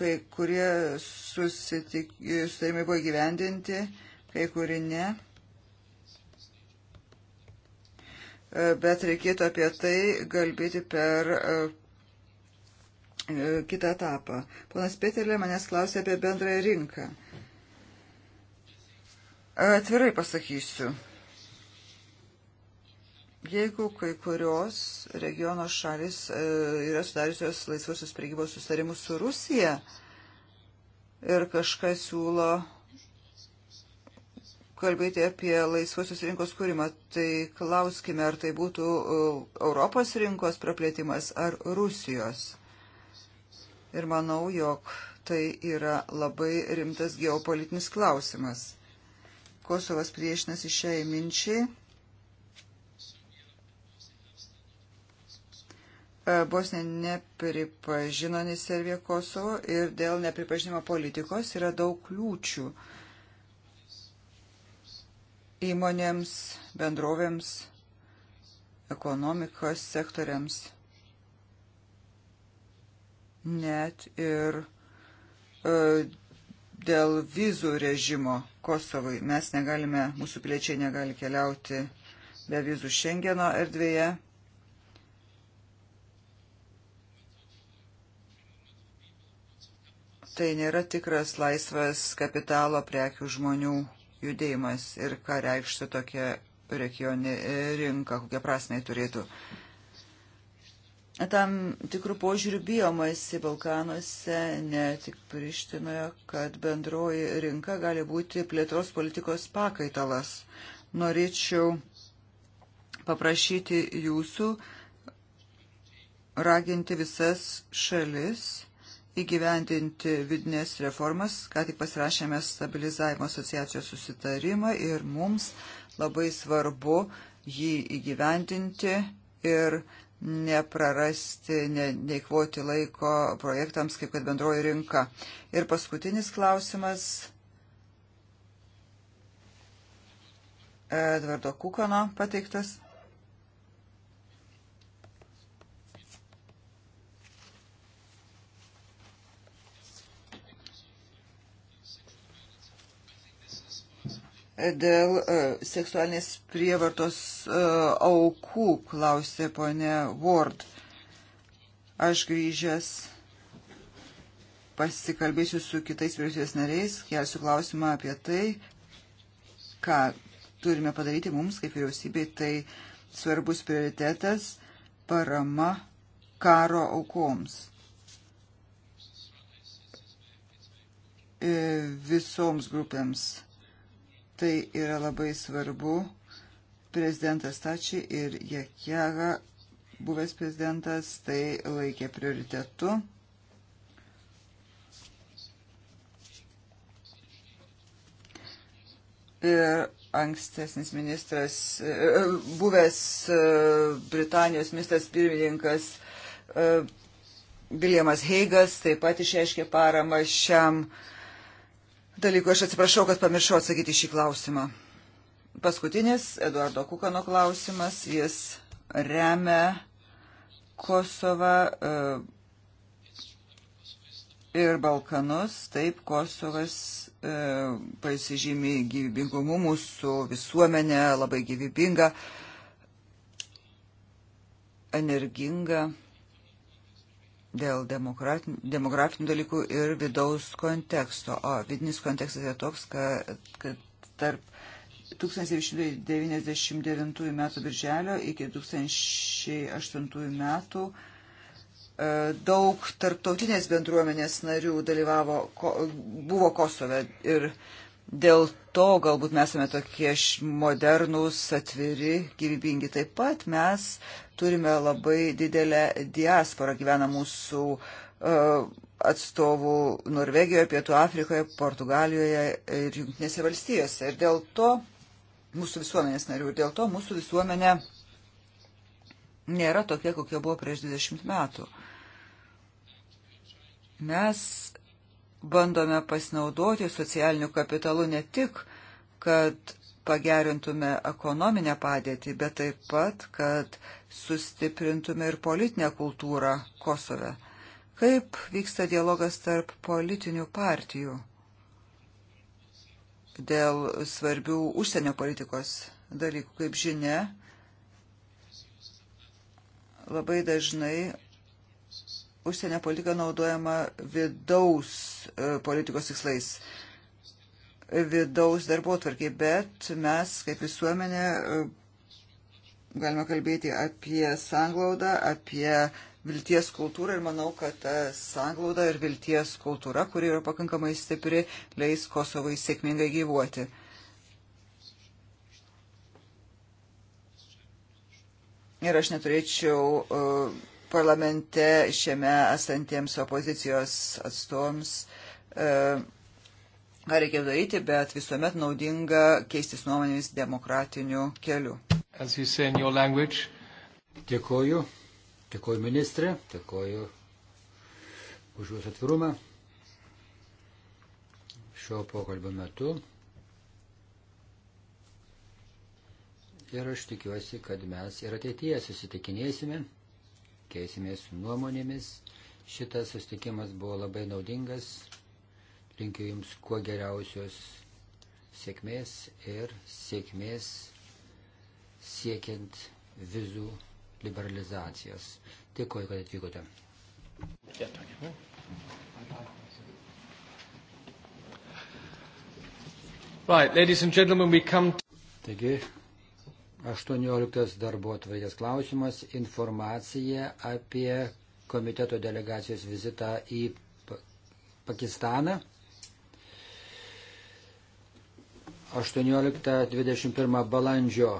Kai kurie susitarimai buvo gyvendinti, kai kurie ne. E, bet reikėtų apie tai kalbėti per e, e, kitą etapą. Ponas Petelė manęs klausė apie bendrąją rinką. Atvirai pasakysiu. Jeigu kai kurios regiono šalis e, yra sudariusios laisvosios priegybos sustarimus su Rusija ir kažkas siūlo kalbėti apie laisvosios rinkos kūrimą, tai klauskime, ar tai būtų e, Europos rinkos praplėtimas ar Rusijos. Ir manau, jog tai yra labai rimtas geopolitinis klausimas. Kosovas priešinasi šiai minčiai E, Bosnija nepripažino nei Serbija Kosovo ir dėl nepripažinimo politikos yra daug kliūčių įmonėms, bendrovėms, ekonomikos sektoriams, net ir e, dėl vizų režimo Kosovui. Mes negalime, mūsų piliečiai negali keliauti be vizų Šengeno erdvėje tai nėra tikras laisvas kapitalo prekių žmonių judėjimas ir ką reikštų tokia regioninė e, rinka, kokią prasme turėtų. Tam tikrų požiūrių bijomasi Balkanuose, ne tik Prištinoje, kad bendroji rinka gali būti plėtros politikos pakaitalas. Norėčiau paprašyti jūsų raginti visas šalis įgyvendinti vidinės reformas, ką tik pasirašėme stabilizavimo asociacijos susitarimą ir mums labai svarbu jį įgyvendinti ir neprarasti, ne, neikvoti laiko projektams, kaip kad bendroji rinka. Ir paskutinis klausimas Edvardo Kukano pateiktas. dėl e, seksualinės prievartos e, aukų, klausė ponė Ward. Aš grįžęs pasikalbėsiu su kitais vyriausybės nariais, kelsiu klausimą apie tai, ką turime padaryti mums kaip vyriausybei. Tai svarbus prioritetas - parama karo aukoms. E, visoms grupėms Tai yra labai svarbu. Prezidentas Tačiai ir Jekiaga, buvęs prezidentas, tai laikė prioritetu. Ir ankstesnis ministras, e, buvęs e, Britanijos ministras pirmininkas Viljamas e, Heigas taip pat išreiškė paramą šiam uh, dalykų. Aš atsiprašau, kad pamiršau atsakyti šį klausimą. Paskutinis Eduardo Kukano klausimas. Jis remia Kosovą e, ir Balkanus. Taip, Kosovas e, pasižymi gyvybingumu mūsų visuomenė, labai gyvybinga, energinga dėl demografinių dalykų ir vidaus konteksto. O vidinis kontekstas yra toks, kad, kad tarp 1999 metų birželio iki 2008 metų e, daug tarptautinės bendruomenės narių dalyvavo, buvo Kosove ir Dėl to galbūt mes esame tokie modernūs, atviri, gyvybingi. Taip pat mes turime labai didelę diasporą gyvena mūsų uh, atstovų Norvegijoje, Pietų Afrikoje, Portugalijoje ir Junktinėse valstijose. Ir dėl to mūsų visuomenės narių, ir dėl to mūsų visuomenė nėra tokia, kokia buvo prieš 20 metų. Mes bandome pasinaudoti socialiniu kapitalu ne tik, kad pagerintume ekonominę padėtį, bet taip pat, kad sustiprintume ir politinę kultūrą Kosove. Kaip vyksta dialogas tarp politinių partijų dėl svarbių užsienio politikos dalykų? Kaip žinia, labai dažnai užsienio politika naudojama vidaus e, politikos tikslais vidaus darbo tvarkiai, bet mes kaip visuomenė e, galime kalbėti apie sanglaudą, apie vilties kultūrą ir manau, kad ta sanglauda ir vilties kultūra, kuri yra pakankamai stipri, leis Kosovai sėkmingai gyvuoti. Ir aš neturėčiau uh, parlamente šiame esantiems opozicijos atstovams. E, ką reikia daryti, bet visuomet naudinga keistis nuomonėmis demokratiniu keliu. Dėkoju. Dėkoju ministrė, dėkoju už jūsų atvirumą. Šio pokalbio metu. Ir aš tikiuosi, kad mes ir ateityje susitikinėsime keisimės nuomonėmis. Šitas sustikimas buvo labai naudingas. Linkiu Jums kuo geriausios sėkmės ir sėkmės siekiant vizų liberalizacijos. Dėkuoju, kad atvykote. Right, ladies and gentlemen, we come to... Taigi, 18 darbo atvaizdas klausimas - informacija apie komiteto delegacijos vizitą į Pakistaną. 18-21 balandžio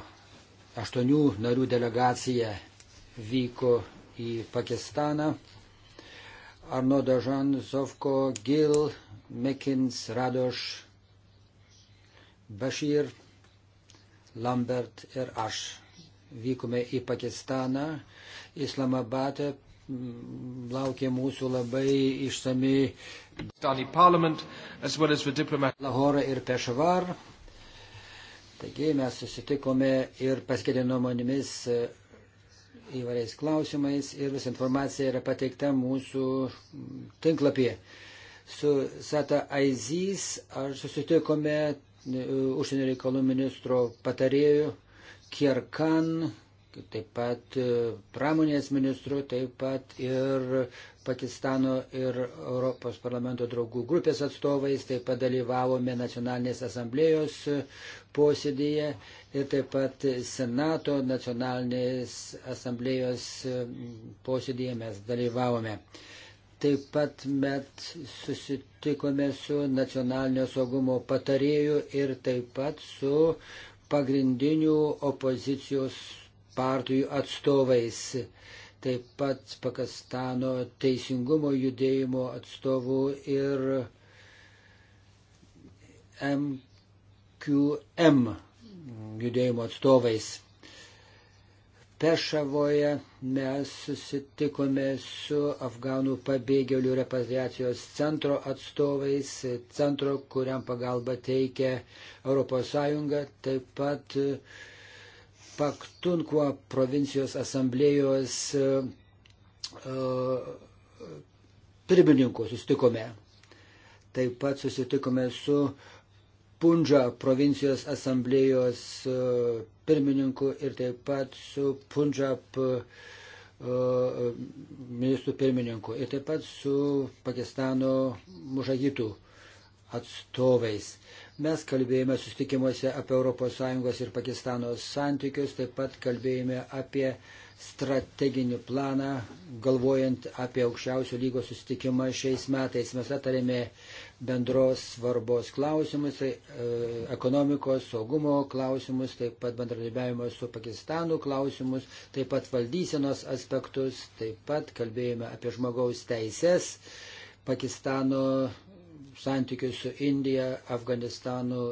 8 narių delegacija vyko į Pakistaną. Arno Dažan, Zovko, Gil, Mekins, Radoš, Bashir, Lambert ir aš vykome į Pakistaną, Islamabatą mm, laukė mūsų labai išsami Lahora ir Pešavar. Taigi mes susitikome ir paskėdė nuomonėmis e, įvairiais klausimais ir visa informacija yra pateikta mūsų tinklapyje. Su Sata Aizys aš susitikome E, užsienio reikalų ministro patarėjų Kierkan, taip pat e, pramonės ministru, taip pat ir Pakistano ir Europos parlamento draugų grupės atstovais, taip pat dalyvavome nacionalinės asamblėjos posėdėje ir taip pat Senato nacionalinės asamblėjos e, posėdėje mes dalyvavome. Taip pat met susitikome su nacionalinio saugumo patarėju ir taip pat su pagrindinių opozicijos partijų atstovais. Taip pat Pakistano teisingumo judėjimo atstovų ir MQM judėjimo atstovais. Pešavoje mes susitikome su Afganų pabėgėlių repatriacijos centro atstovais, centro, kuriam pagalba teikia ES, taip pat Paktunkuo provincijos asamblėjos e, pirmininku susitikome. Taip pat susitikome su Punža provincijos asamblėjos e, pirmininku ir taip pat su Punžap e, ministrų pirmininku ir taip pat su Pakistano mužagitų atstovais. Mes kalbėjome susitikimuose apie ES ir Pakistano santykius, taip pat kalbėjome apie strateginį planą, galvojant apie aukščiausio lygos susitikimą šiais metais. Mes atarėme uh, bendros svarbos klausimus, tai, e, ekonomikos, saugumo klausimus, taip pat bendradarbiavimo su Pakistanu klausimus, taip pat valdysenos aspektus, taip pat kalbėjome apie žmogaus teises, Pakistano santykius su Indija, Afganistanu,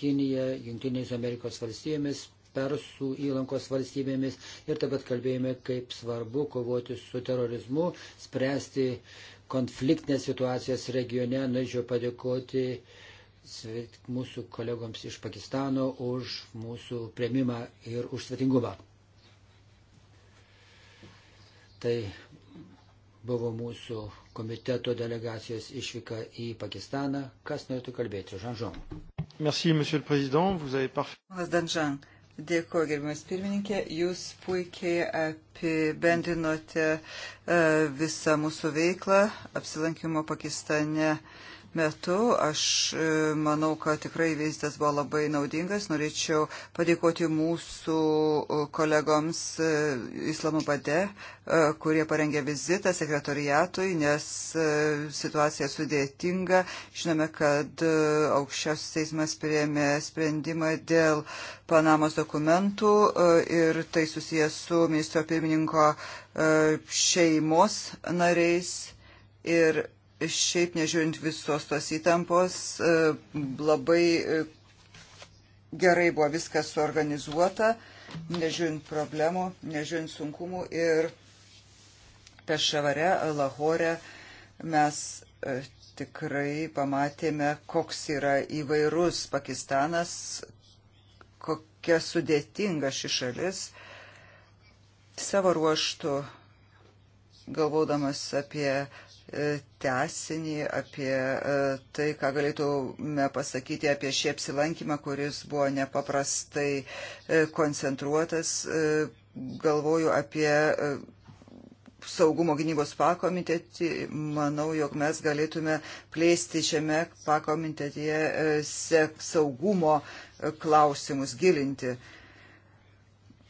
Kinija, Junktinėmis Amerikos valstybėmis, Persų įlankos valstybėmis ir taip pat kalbėjome, kaip svarbu kovoti su terorizmu, spręsti konfliktinės situacijos regione. Norėčiau padėkoti mūsų kolegoms iš Pakistano už mūsų prieimimą ir už svetingumą. Tai buvo mūsų komiteto delegacijos išvyka į Pakistaną. Kas norėtų kalbėti? Žanžon. Merci, monsieur le président. Vous avez parfait. Dėkuoju, gerbiamas pirmininkė. Jūs puikiai apibendrinote e, visą mūsų veiklą apsilankimo Pakistane metu. Aš e, manau, kad tikrai vizitas buvo labai naudingas. Norėčiau padėkoti mūsų e, kolegoms e, Islamabade, kurie parengė vizitą sekretoriatui, nes situacija sudėtinga. Žinome, kad aukščiausias teismas prieėmė sprendimą dėl Panamos dokumentų ir tai susijęs su ministro pirmininko šeimos nariais. Ir šiaip nežiūrint visos tos įtampos, e, labai e, gerai buvo viskas suorganizuota, nežiūrint problemų, nežiūrint sunkumų ir Pešavare, Lahore mes e, tikrai pamatėme, koks yra įvairus Pakistanas, kokia sudėtinga ši šalis. Savo ruoštų, galvodamas apie E, tesinį, apie e, tai, ką galėtume pasakyti apie šį apsilankymą, kuris buvo nepaprastai e, koncentruotas. Galvoju apie saugumo gynybos pakomitetį. Manau, jog mes galėtume plėsti šiame pakomitetyje saugumo klausimus, gilinti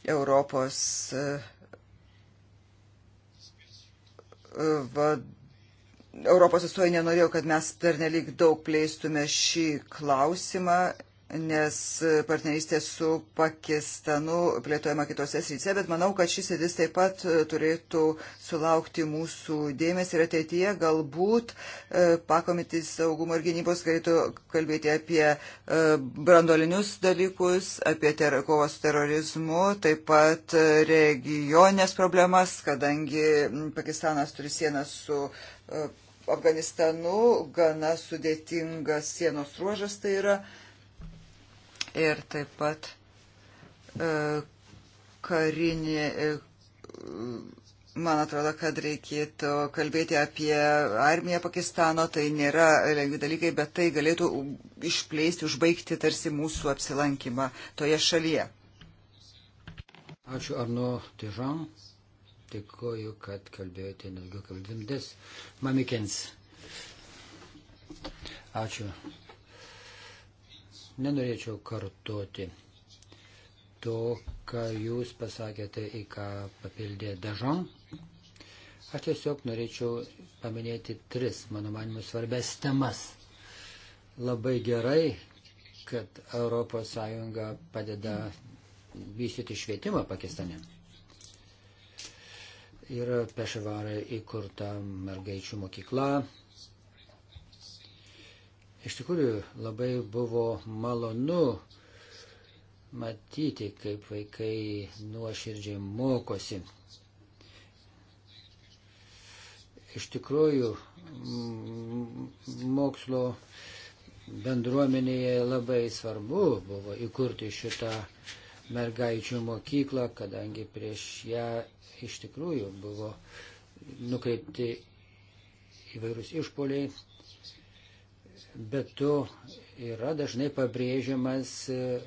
Europos vadovą Europos atstovai nenorėjo, kad mes pernelyg daug plėstume šį klausimą nes partnerystė su Pakistanu plėtojama kitose srityse, bet manau, kad šis sėdis taip pat turėtų sulaukti mūsų dėmesį ir ateityje galbūt e, pakomitis saugumo ir gynybos galėtų kalbėti apie e, brandolinius dalykus, apie ter kovą su terorizmu, taip pat e, regionės problemas, kadangi Pakistanas turi sieną su Afganistanu, gana sudėtingas sienos ruožas tai yra ir taip pat e, karinį, e, man atrodo, kad reikėtų kalbėti apie armiją Pakistano, tai nėra lengvi dalykai, bet tai galėtų išplėsti, užbaigti tarsi mūsų apsilankymą toje šalyje. Ačiū Arno Težan, dėkoju, kad kalbėjote daugiau kaip dvimdes. Mamikens. Ačiū Nenorėčiau kartoti to, ką jūs pasakėte, į ką papildė Dažon. Aš tiesiog norėčiau paminėti tris, mano manimu, svarbės temas. Labai gerai, kad ES padeda vystyti švietimą Pakistane. Yra Pešavarą įkurta mergaičių mokykla, Iš tikrųjų, labai buvo malonu matyti, kaip vaikai nuoširdžiai mokosi. Iš tikrųjų, mokslo bendruomenėje labai svarbu buvo įkurti šitą mergaičių mokyklą, kadangi prieš ją iš tikrųjų buvo nukreipti įvairūs išpoliai, bet to yra dažnai pabrėžiamas e,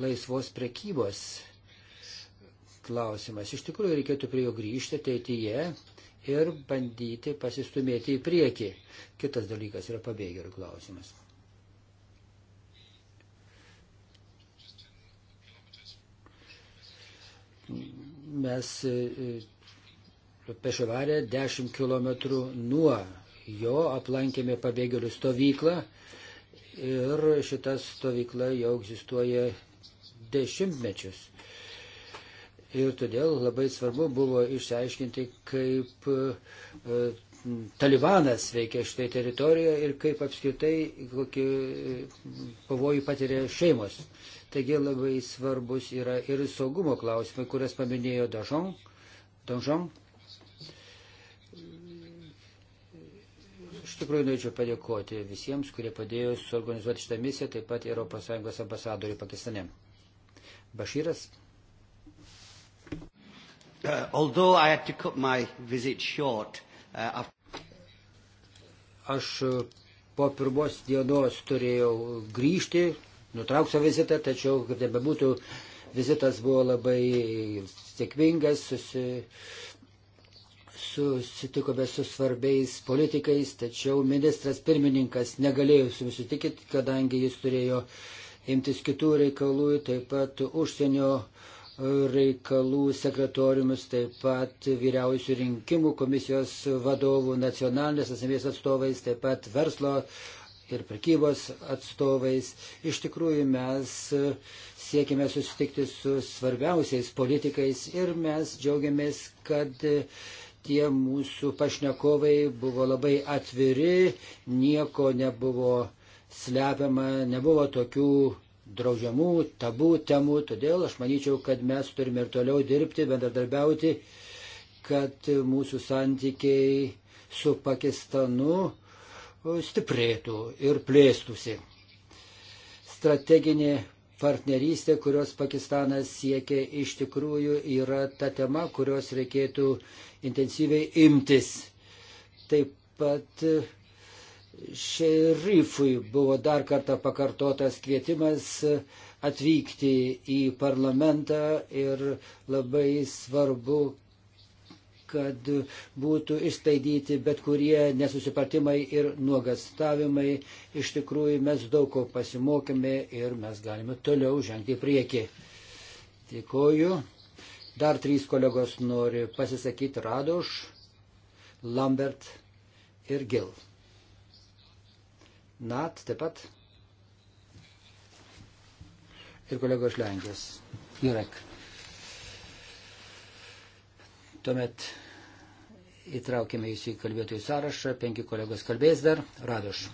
laisvos prekybos klausimas. Iš tikrųjų, reikėtų prie jo grįžti ateityje ir bandyti pasistumėti į priekį. Kitas dalykas yra pabėgėlių klausimas. Mes e, e, pešavarė 10 km nuo jo, aplankėme pabėgėlių stovyklą ir šita stovykla jau egzistuoja dešimtmečius. Ir todėl labai svarbu buvo išsiaiškinti, kaip e, Talibanas veikia šitai teritorijoje ir kaip apskritai kokį e, pavojų patiria šeimos. Taigi labai svarbus yra ir saugumo klausimai, kurias paminėjo Dažon. Dažon Iš tikrųjų, norėčiau padėkoti visiems, kurie padėjo suorganizuoti šitą misiją, taip pat ES ambasadoriui Pakistane. Bashiras. Uh, although I had to cut my visit short, uh, after... Aš uh, po pirmos dienos turėjau grįžti, nutrauksiu vizitą, tačiau, kaip nebebūtų, vizitas buvo labai sėkmingas, susi, susitikome su svarbiais politikais, tačiau ministras pirmininkas negalėjo susitikti, kadangi jis turėjo imtis kitų reikalų, taip pat užsienio reikalų sekretoriumus, taip pat vyriausių rinkimų komisijos vadovų, nacionalinės asamblės atstovais, taip pat verslo ir prekybos atstovais. Iš tikrųjų mes siekime susitikti su svarbiausiais politikais ir mes džiaugiamės, kad tie mūsų pašnekovai buvo labai atviri, nieko nebuvo slepiama, nebuvo tokių draudžiamų, tabų temų, todėl aš manyčiau, kad mes turime ir toliau dirbti, bendradarbiauti, kad mūsų santykiai su Pakistanu stiprėtų ir plėstųsi. Strateginė partnerystė, kurios Pakistanas siekia, iš tikrųjų yra ta tema, kurios reikėtų intensyviai imtis. Taip pat šerifui buvo dar kartą pakartotas kvietimas atvykti į parlamentą ir labai svarbu, kad būtų išsklaidyti bet kurie nesusipratimai ir nuogastavimai. Iš tikrųjų, mes daug ko pasimokėme ir mes galime toliau žengti į priekį. Dėkoju. Dar trys kolegos nori pasisakyti Radoš, Lambert ir Gil. Nat taip pat. Ir kolegos Lenkijos. Jurek. Tuomet įtraukėme jūs į kalbėtojų sąrašą, penki kolegos kalbės dar, Radoš.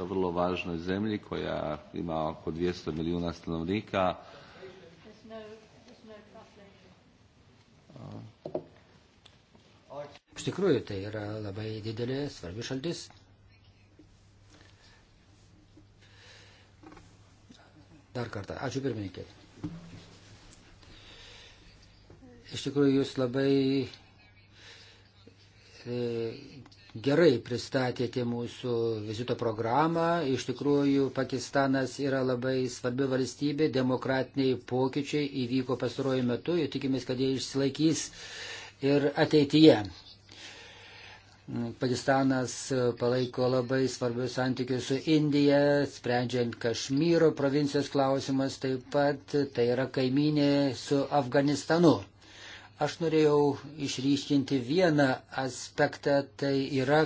o vrlo važnoj zemlji koja ima oko 200 milijuna stanovnika. Iš tikrųjų, tai yra labai didelė svarbi šaltis. Dar kartą. Ačiū pirmininkė. Iš tikrųjų, jūs labai e, gerai pristatėte mūsų vizito programą. Iš tikrųjų, Pakistanas yra labai svarbi valstybė, demokratiniai pokyčiai įvyko pastaruoju metu ir tikimės, kad jie išsilaikys ir ateityje. Mm, Pakistanas e, palaiko labai svarbius santykius su Indija, sprendžiant Kašmyro provincijos klausimas taip pat, tai yra kaiminė su Afganistanu. Aš norėjau išryškinti vieną aspektą, tai yra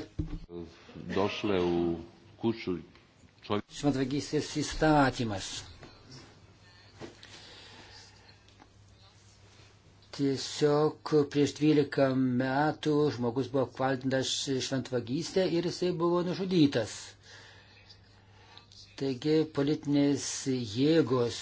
šventvagystės įstatymas. Tiesiog prieš 12 metų žmogus buvo apkaltintas šventvagystę ir jisai buvo nužudytas. Taigi politinės jėgos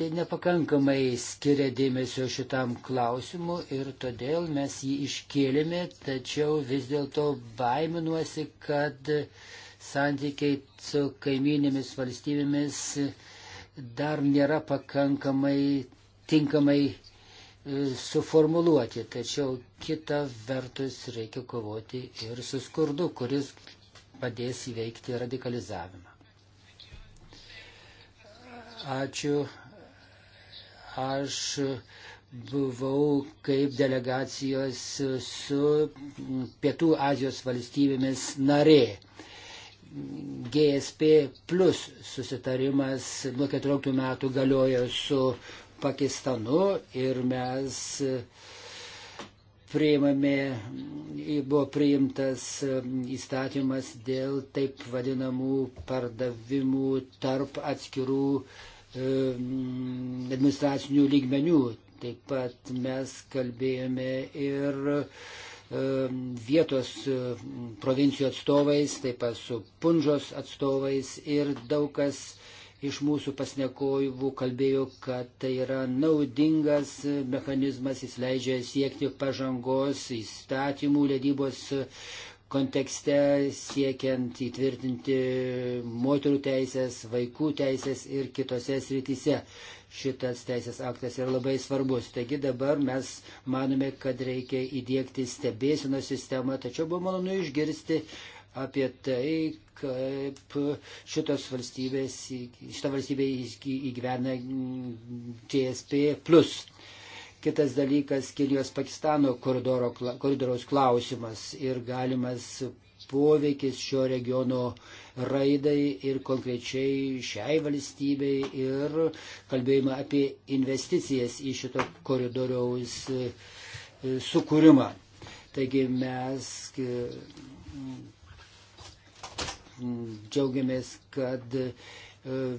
tai nepakankamai skiria dėmesio šitam klausimu ir todėl mes jį iškėlėme, tačiau vis dėlto baiminuosi, kad santykiai su kaiminėmis valstybėmis dar nėra pakankamai tinkamai e, suformuluoti. Tačiau kita vertus reikia kovoti ir su skurdu, kuris padės įveikti radikalizavimą. Ačiū. Aš buvau kaip delegacijos su Pietų Azijos valstybėmis narė. GSP plus susitarimas nuo 14 metų galiojo su Pakistanu ir mes e, priimame, buvo priimtas e, įstatymas dėl taip vadinamų pardavimų tarp atskirų e, administracinių lygmenių. Taip pat mes kalbėjome ir vietos provincijų atstovais, taip pat su punžos atstovais ir daug kas iš mūsų pasnekovų kalbėjo, kad tai yra naudingas mechanizmas, jis leidžia siekti pažangos įstatymų ledybos kontekste, siekiant įtvirtinti moterų teisės, vaikų teisės ir kitose srityse. Šitas teisės aktas yra labai svarbus. Taigi dabar mes manome, kad reikia įdėkti stebėsino sistemą, tačiau buvo malonu išgirsti apie tai, kaip šitos valstybės, šitą valstybę įgyvena GSP. Kitas dalykas - Kinijos-Pakistano koridoriaus klausimas ir galimas poveikis šio regiono raidai ir konkrečiai šiai valstybei ir kalbėjimą apie investicijas į šito koridoriaus e, sukūrimą. Taigi mes Džiaugiamės, kad e,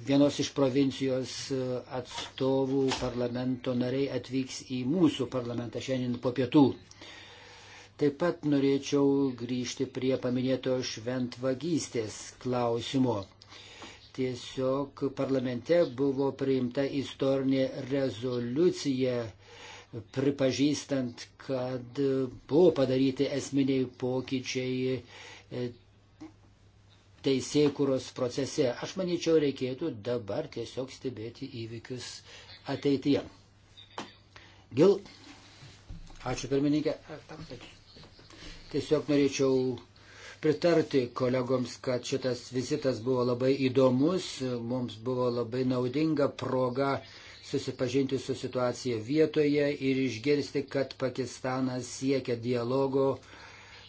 vienos iš provincijos e, atstovų parlamento nariai atvyks į mūsų parlamentą šiandien po pietų. Taip pat norėčiau grįžti prie paminėto šventvagystės klausimo. Tiesiog parlamente buvo priimta istorinė rezoliucija pripažįstant, kad e, buvo padaryti esminiai pokyčiai teisėkuros procese. Aš manyčiau, reikėtų dabar tiesiog stebėti įvykius ateityje. Gil, ačiū pirmininkė. Tiesiog norėčiau pritarti kolegoms, kad šitas vizitas buvo labai įdomus, mums buvo labai naudinga proga susipažinti su situacija vietoje ir išgirsti, kad Pakistanas siekia dialogo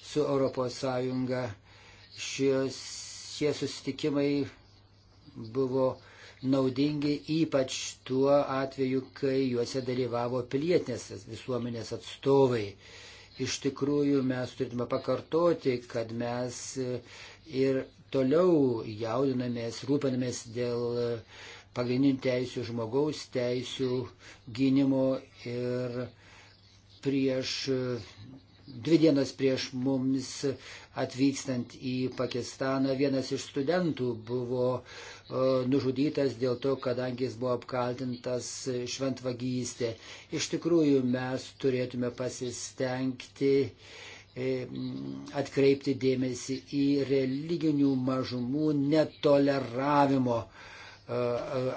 su ES. Šios šie susitikimai buvo naudingi ypač tuo atveju, kai juose dalyvavo pilietinės visuomenės atstovai. Iš tikrųjų mes turėtume pakartoti, kad mes ir toliau jaudinamės, rūpinamės dėl pagrindinių teisių, žmogaus teisių gynimo ir prieš dvi dienos prieš mums atvykstant į Pakistaną vienas iš studentų buvo e, nužudytas dėl to, kadangi jis buvo apkaltintas šventvagystė. Iš tikrųjų mes turėtume pasistengti e, atkreipti dėmesį į religinių mažumų netoleravimo e,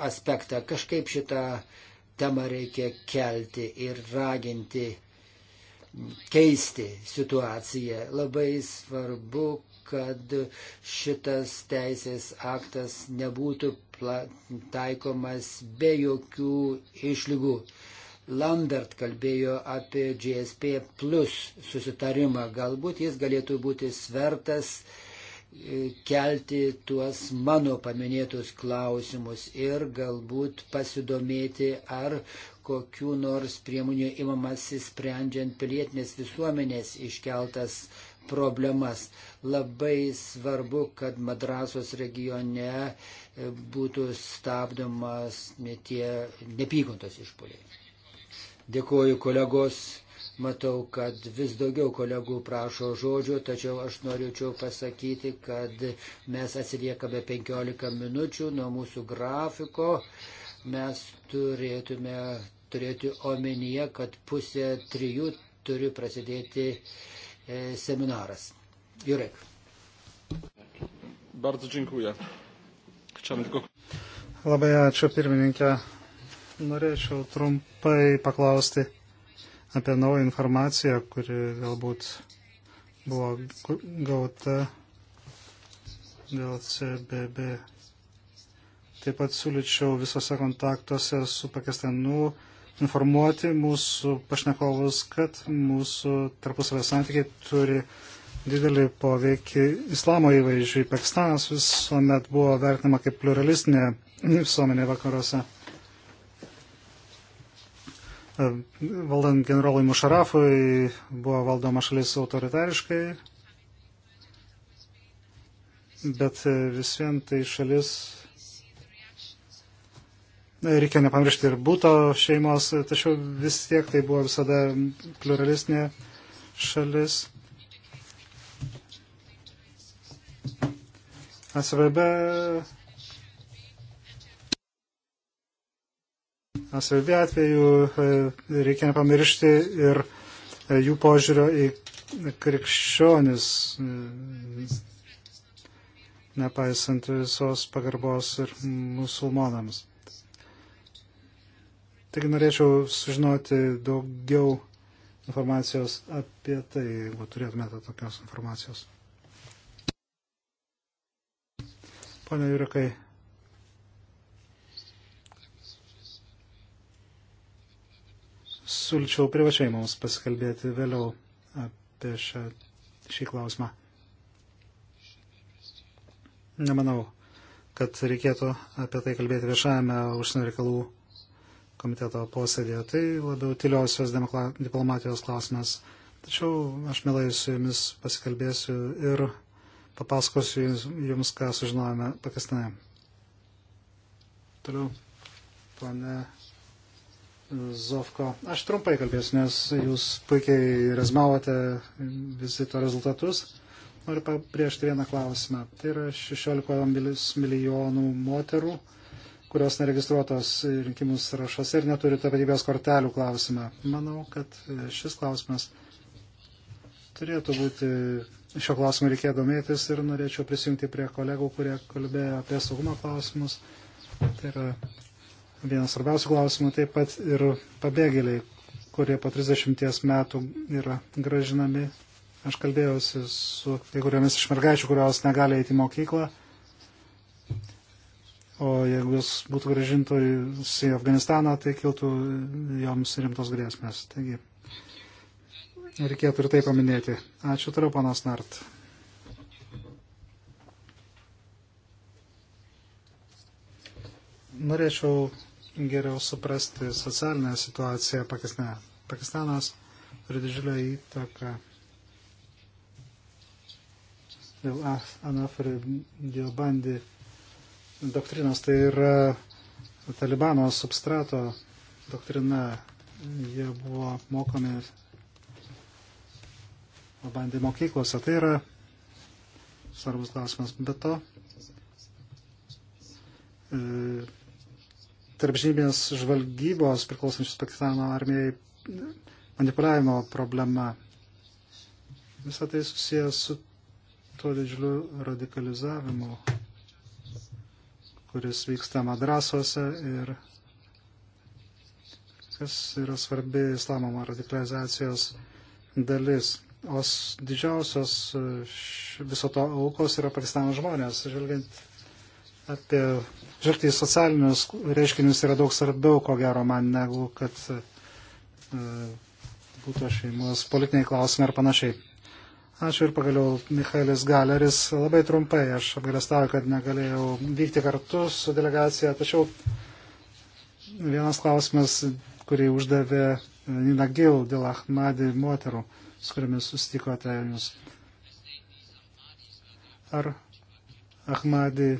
aspektą. Kažkaip šitą temą reikia kelti ir raginti keisti situaciją. Labai svarbu, kad šitas teisės aktas nebūtų taikomas be jokių išlygų. Lambert kalbėjo apie GSP plus susitarimą. Galbūt jis galėtų būti svertas e, kelti tuos mano paminėtus klausimus ir galbūt pasidomėti, ar kokiu nors priemonių imamasi sprendžiant pilietinės visuomenės iškeltas problemas. Labai svarbu, kad Madrasos regione e, būtų stabdomas netie nepykantos išpoliai. Dėkuoju kolegos. Matau, kad vis daugiau kolegų prašo žodžių, tačiau aš norėčiau pasakyti, kad mes atsiliekame 15 minučių nuo mūsų grafiko. Mes turėtume turėti omenyje, kad pusė trijų turi prasidėti e, seminaras. Jurek. Bardzo dziękuję. Chciałem tylko... Labai ačiū pirmininkė. Norėčiau trumpai paklausti apie naują informaciją, kuri galbūt buvo gauta dėl CBB. Taip pat siūlyčiau visose kontaktuose su Pakistanu informuoti mūsų pašnekovus, kad mūsų tarpusavio santykiai turi didelį poveikį islamo įvaizdžiui. Pakistanas visuomet buvo vertinama kaip pluralistinė visuomenė vakaruose. Valdant generolui Mušarafui buvo valdoma šalis autoritariškai, bet vis vien tai šalis Reikia nepamiršti ir būto šeimos, tačiau vis tiek tai buvo visada pluralistinė šalis. ASVB. ASVB atveju e, reikia nepamiršti ir e, jų požiūrio į krikščionis, e, nepaisant visos pagarbos ir musulmonams. Taigi norėčiau sužinoti daugiau informacijos apie tai, jeigu turėtumėte tokios informacijos. Pane Jurikai. Sulčiau privačiai mums pasikalbėti vėliau apie šią, šį klausimą. Nemanau, kad reikėtų apie tai kalbėti viešajame užsienio reikalų komiteto posėdėje. Tai labiau tyliosios diplomatijos klausimas. Tačiau aš mielai su jumis pasikalbėsiu ir papasakosiu jums, ką sužinojome Pakistane. Toliau, pane Zovko. Aš trumpai kalbėsiu, nes jūs puikiai rezmavote vizito rezultatus. Noriu pabrėžti vieną klausimą. Tai yra 16 milijonų moterų kurios neregistruotos rinkimų sąrašose ir neturi tapatybės kortelių klausimą. Manau, kad e, šis klausimas turėtų būti, šio klausimo reikėjo domėtis ir norėčiau prisijungti prie kolegų, kurie kalbėjo apie saugumo klausimus. Tai yra vienas svarbiausių klausimų, taip pat ir pabėgėliai, kurie po 30 metų yra gražinami. Aš kalbėjausi su kai kuriomis iš mergaičių, kurios negali eiti į mokyklą o jeigu jis būtų gražintos į Afganistaną, tai kiltų joms rimtos grėsmės. Taigi reikėtų ir tai paminėti. Ačiū toliau, panas Nart. Norėčiau geriau suprasti socialinę situaciją Pakistane. Pakistanas turi didžiulę įtaką dėl Anafri, dėl bandį doktrinos, tai yra Talibano substrato doktrina. Jie buvo mokomi bandė mokyklose. Tai yra svarbus klausimas. Be to, e, tarpžinybės žvalgybos priklausančios Pakistano armijai manipuliavimo problema. Visą tai susijęs su tuo didžiuliu radikalizavimu kuris vyksta madrasose ir kas yra svarbi islamo radikalizacijos dalis. O didžiausios viso to aukos yra Pakistano žmonės. Žvelgiant apie žvelgti į socialinius reiškinius yra daug svarbiau, ko gero man, negu kad e, būtų šeimos politiniai klausimai ar panašiai. Ačiū ir pagaliau Michaelis Galeris. Labai trumpai, aš apgailestauju, kad negalėjau vykti kartu su delegacija, tačiau vienas klausimas, kurį uždavė Nina Gil dėl Ahmadi moterų, su kuriamis susitikote jūs. Ar Ahmadi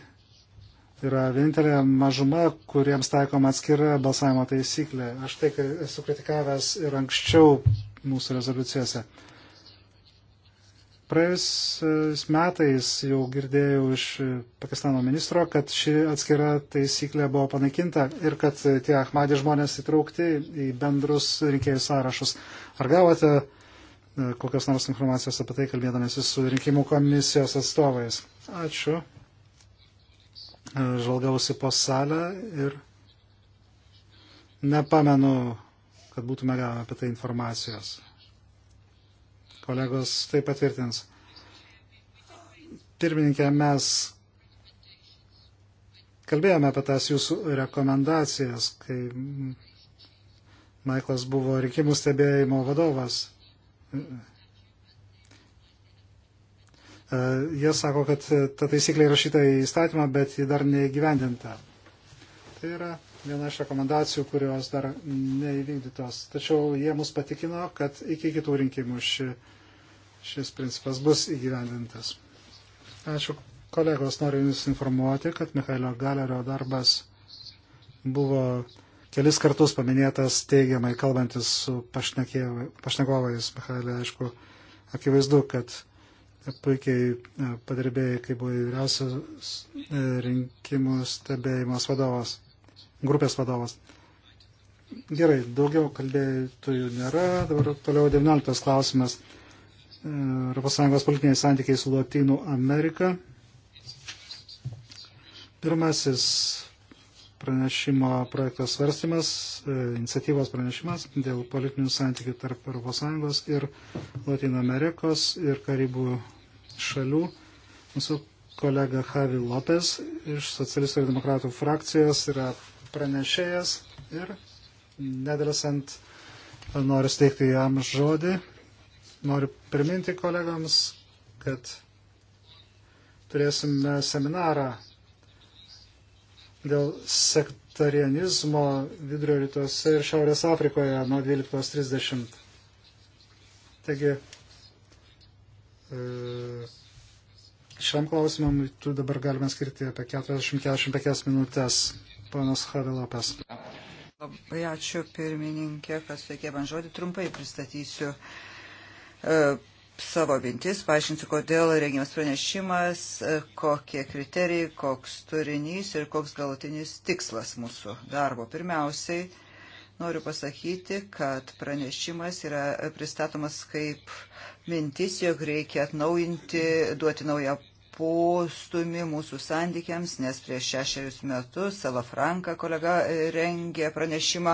yra vienintelė mažuma, kuriems taikoma atskira balsavimo taisyklė? Aš tai esu kritikavęs ir anksčiau mūsų rezoliucijose. Praėjus metais jau girdėjau iš Pakistano ministro, kad ši atskira taisyklė buvo panaikinta ir kad tie Ahmadė žmonės įtraukti į bendrus rinkėjų sąrašus. Ar gavote e, kokios nors informacijos apie tai, kalbėdamėsi su rinkimų komisijos atstovais? Ačiū. E, žvalgausi po salę ir nepamenu, kad būtume gavę apie tai informacijos. Kolegos tai patvirtins. Pirmininkė, mes kalbėjome apie tas jūsų rekomendacijas, kai Maiklas buvo rinkimų stebėjimo vadovas. E, jie sako, kad ta taisyklė įrašyta į įstatymą, bet ji dar neįgyvendinta. Tai yra viena iš rekomendacijų, kurios dar neįvykdytos. Tačiau jie mus patikino, kad iki kitų rinkimų ši šis principas bus įgyvendintas. Ačiū kolegos, noriu Jūs informuoti, kad Michaelio Galerio darbas buvo kelis kartus paminėtas teigiamai kalbantis su pašnekovais. Michaelė, aišku, akivaizdu, kad puikiai e, padirbėjai, kai buvo vyriausias e, rinkimų stebėjimos vadovas, grupės vadovas. Gerai, daugiau kalbėtojų nėra, dabar toliau 19 klausimas. ES politiniai santykiai su Latinų Amerika. Pirmasis pranešimo projektos svarstymas, e, iniciatyvos pranešimas dėl politinių santykių tarp ES ir Latino Amerikos ir Karibų šalių. Mūsų kolega Javi Lopez iš Socialistų ir Demokratų frakcijos yra pranešėjas ir nedėlsant noriu steigti jam žodį Noriu priminti kolegams, kad turėsime seminarą dėl sektarianizmo vidurio rytuose ir Šiaurės Afrikoje nuo 12.30. Taigi, e, šiam klausimam tu dabar galime skirti apie 40-45 minutės, ponas Havilopas. Labai ačiū pirmininkė, kad sveikė man žodį, trumpai pristatysiu E, savo mintis, paaiškinsiu, kodėl rengiamas pranešimas, e, kokie kriterijai, koks turinys ir koks galutinis tikslas mūsų darbo. Pirmiausiai noriu pasakyti, kad pranešimas yra pristatomas kaip mintis, jog reikia atnaujinti, duoti naują postumį mūsų santykiams, nes prieš šešerius metus Salafranka kolega e, rengė pranešimą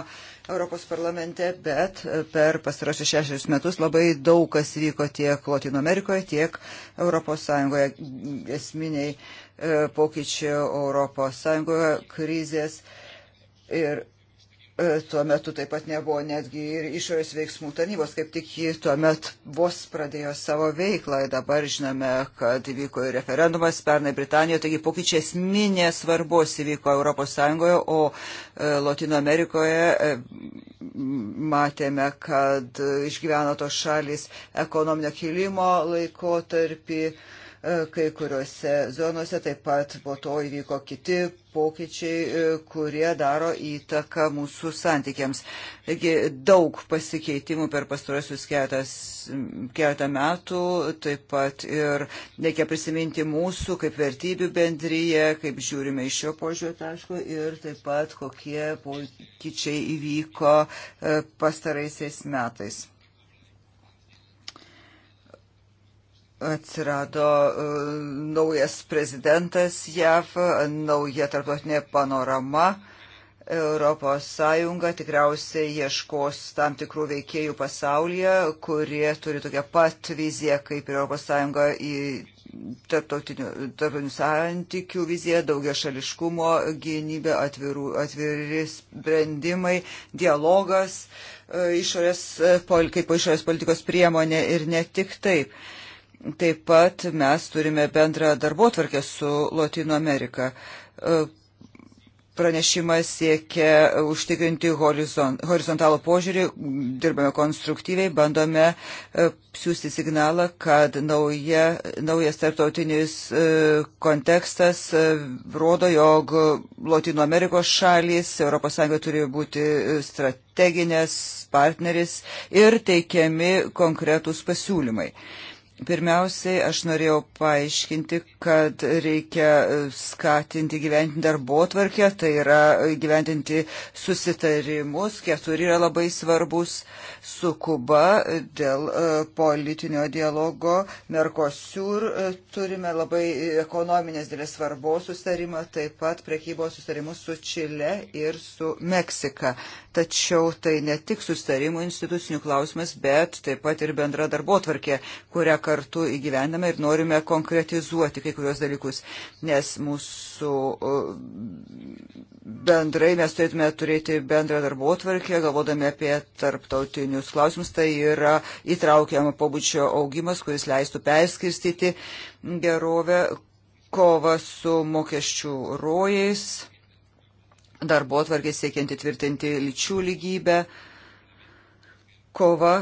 Europos parlamente, bet e, per pastarosius šešerius metus labai daug kas vyko tiek Latino Amerikoje, tiek Europos Sąjungoje esminiai e, pokyčiai Europos Sąjungoje krizės. Ir E, tuo metu taip pat nebuvo netgi ir išorės veiksmų tarnybos, kaip tik ji tuo metu vos pradėjo savo veiklą. Dabar žinome, kad įvyko ir referendumas pernai Britanijoje, taigi pokyčiai esminė svarbos įvyko ES, o e, Latino Amerikoje e, matėme, kad išgyveno tos šalis ekonominio kilimo laikotarpį E, kai kuriuose zonuose, taip pat po to įvyko kiti pokyčiai, e, kurie daro įtaką mūsų santykiams. Taigi daug pasikeitimų per pastarosius keletą metų, taip pat ir reikia prisiminti mūsų kaip vertybių bendryje, kaip žiūrime iš šio požiūrio taško ir taip pat kokie pokyčiai įvyko e, pastaraisiais metais. Atsirado e, naujas prezidentas JAV, nauja tarptautinė panorama. Europos Sąjunga tikriausiai ieškos tam tikrų veikėjų pasaulyje, kurie turi tokią pat viziją kaip ir Europos Sąjunga į tarptautinių, tarptautinių santykių viziją, daugia šališkumo gynybę, atvirų, atviri sprendimai, dialogas, e, išorės, e, kaip išorės politikos priemonė ir ne tik taip. Taip pat mes turime bendrą darbo tvarkę su Latino Amerika. E, pranešimas siekia užtikrinti horizontalų požiūrį, dirbame konstruktyviai, bandome e, siūsti signalą, kad nauja, naujas tarptautinis e, kontekstas rodo, jog Latino Amerikos šalys, ES turi būti strateginės partneris ir teikiami konkretūs pasiūlymai. Pirmiausiai aš norėjau paaiškinti, kad reikia skatinti gyventinti darbo tvarkę, tai yra gyventinti susitarimus, keturi yra labai svarbus. Uh, su Kuba dėl e, politinio dialogo. Merkosiur e, turime labai ekonominės dėlės svarbos sustarimą, taip pat prekybos sustarimus su Čile ir su Meksika. Tačiau tai ne tik sustarimų institucinių klausimas, bet taip pat ir bendra darbo tvarkė, kurią kartu įgyvendame ir norime konkretizuoti kai kurios dalykus, nes mūsų e, bendrai mes turėtume turėti bendrą darbo tvarkę, galvodami apie tarptautinių socialinius klausimus, tai yra įtraukiamo pobūdžio augimas, kuris leistų perskirstyti gerovę, kova su mokesčių rojais, darbo atvarkės siekiant įtvirtinti lyčių lygybę, kova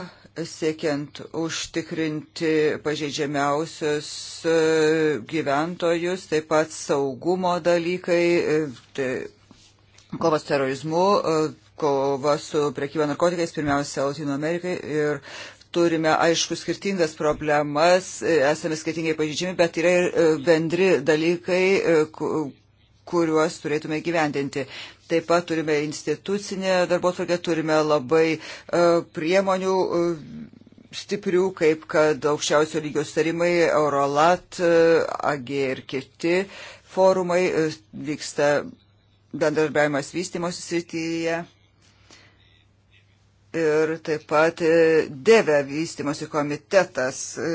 siekiant užtikrinti pažeidžiamiausius e, gyventojus, taip pat saugumo dalykai, e, tai kovas terorizmu, e, kova su prekyba narkotikais, pirmiausia, Latino Amerikai ir turime, aišku, skirtingas problemas, e, esame skirtingai pažydžiami, bet yra ir e, bendri dalykai, e, kuriuos turėtume gyvendinti. Taip pat turime institucinę darbotvarkę, turime labai priemonių stiprių, kaip kad aukščiausio lygio starimai, Eurolat, AG ir kiti forumai, vyksta bendradarbiavimas vystimosi srityje ir taip pat e, dėvė vystimosi komitetas e,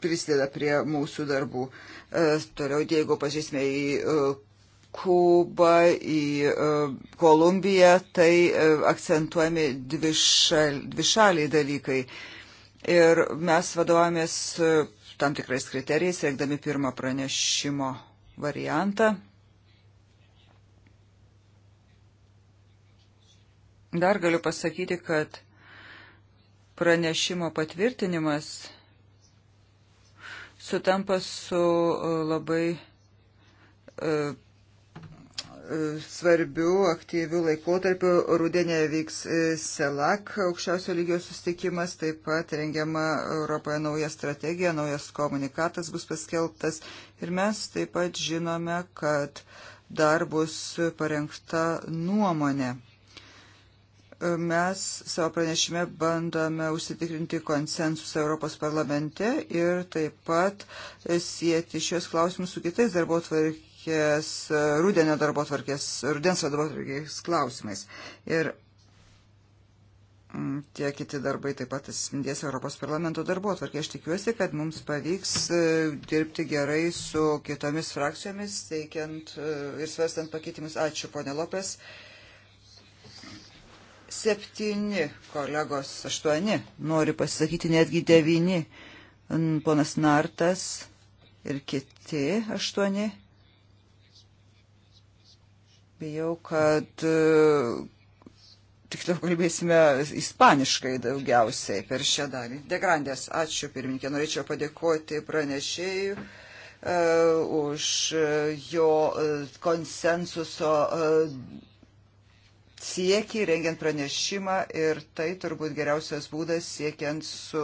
prisideda prie mūsų darbų. E, toliau, jeigu pažiūrėsime į Kubą, į Kolumbiją, tai akcentuojami dvišal, dvišaliai dalykai. Ir mes vadovavomės tam tikrais kriterijais, siekdami pirmą pranešimo variantą. Dar galiu pasakyti, kad pranešimo patvirtinimas sutampa su e, labai e, e, svarbių, aktyvių laikotarpių. Rūdienė vyks SELAK aukščiausio lygio sustikimas, taip pat rengiama Europoje nauja strategija, naujas komunikatas bus paskelbtas. Ir mes taip pat žinome, kad dar bus parengta nuomonė Mes savo pranešime bandome užsitikrinti konsensusą Europos parlamente ir taip pat sieti šios klausimus su kitais darbo tvarkės, rudenio darbo tvarkės, rudens darbo tvarkės klausimais. Ir mm, tie kiti darbai taip pat atspindės Europos parlamento darbo atvarkė. Aš tikiuosi, kad mums pavyks e, dirbti gerai su kitomis frakcijomis, teikiant e, ir svarstant pakeitimus. Ačiū, ponė Lopes. Septyni kolegos, aštuoni, nori pasakyti netgi devyni, ponas Nartas ir kiti aštuoni. Bijau, kad e, tiksliau kalbėsime ispaniškai daugiausiai per šią dalį. Degrandės, ačiū pirmininkė, norėčiau padėkoti pranešėjų uh, e, už jo e, konsensuso uh, siekį, rengiant pranešimą ir tai turbūt geriausias būdas siekiant su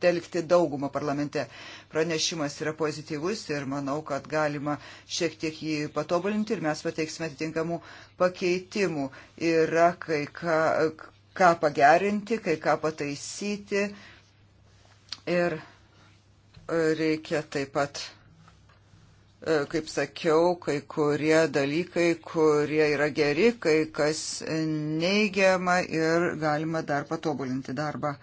telkti daugumą parlamente. Pranešimas yra pozityvus ir manau, kad galima šiek tiek jį patobulinti ir mes pateiksime atitinkamų pakeitimų. Yra kai ką, ką pagerinti, kai ką pataisyti ir reikia taip pat E, kaip sakiau, kai kurie dalykai, kurie yra geri, kai kas neigiama ir galima dar patobulinti darbą.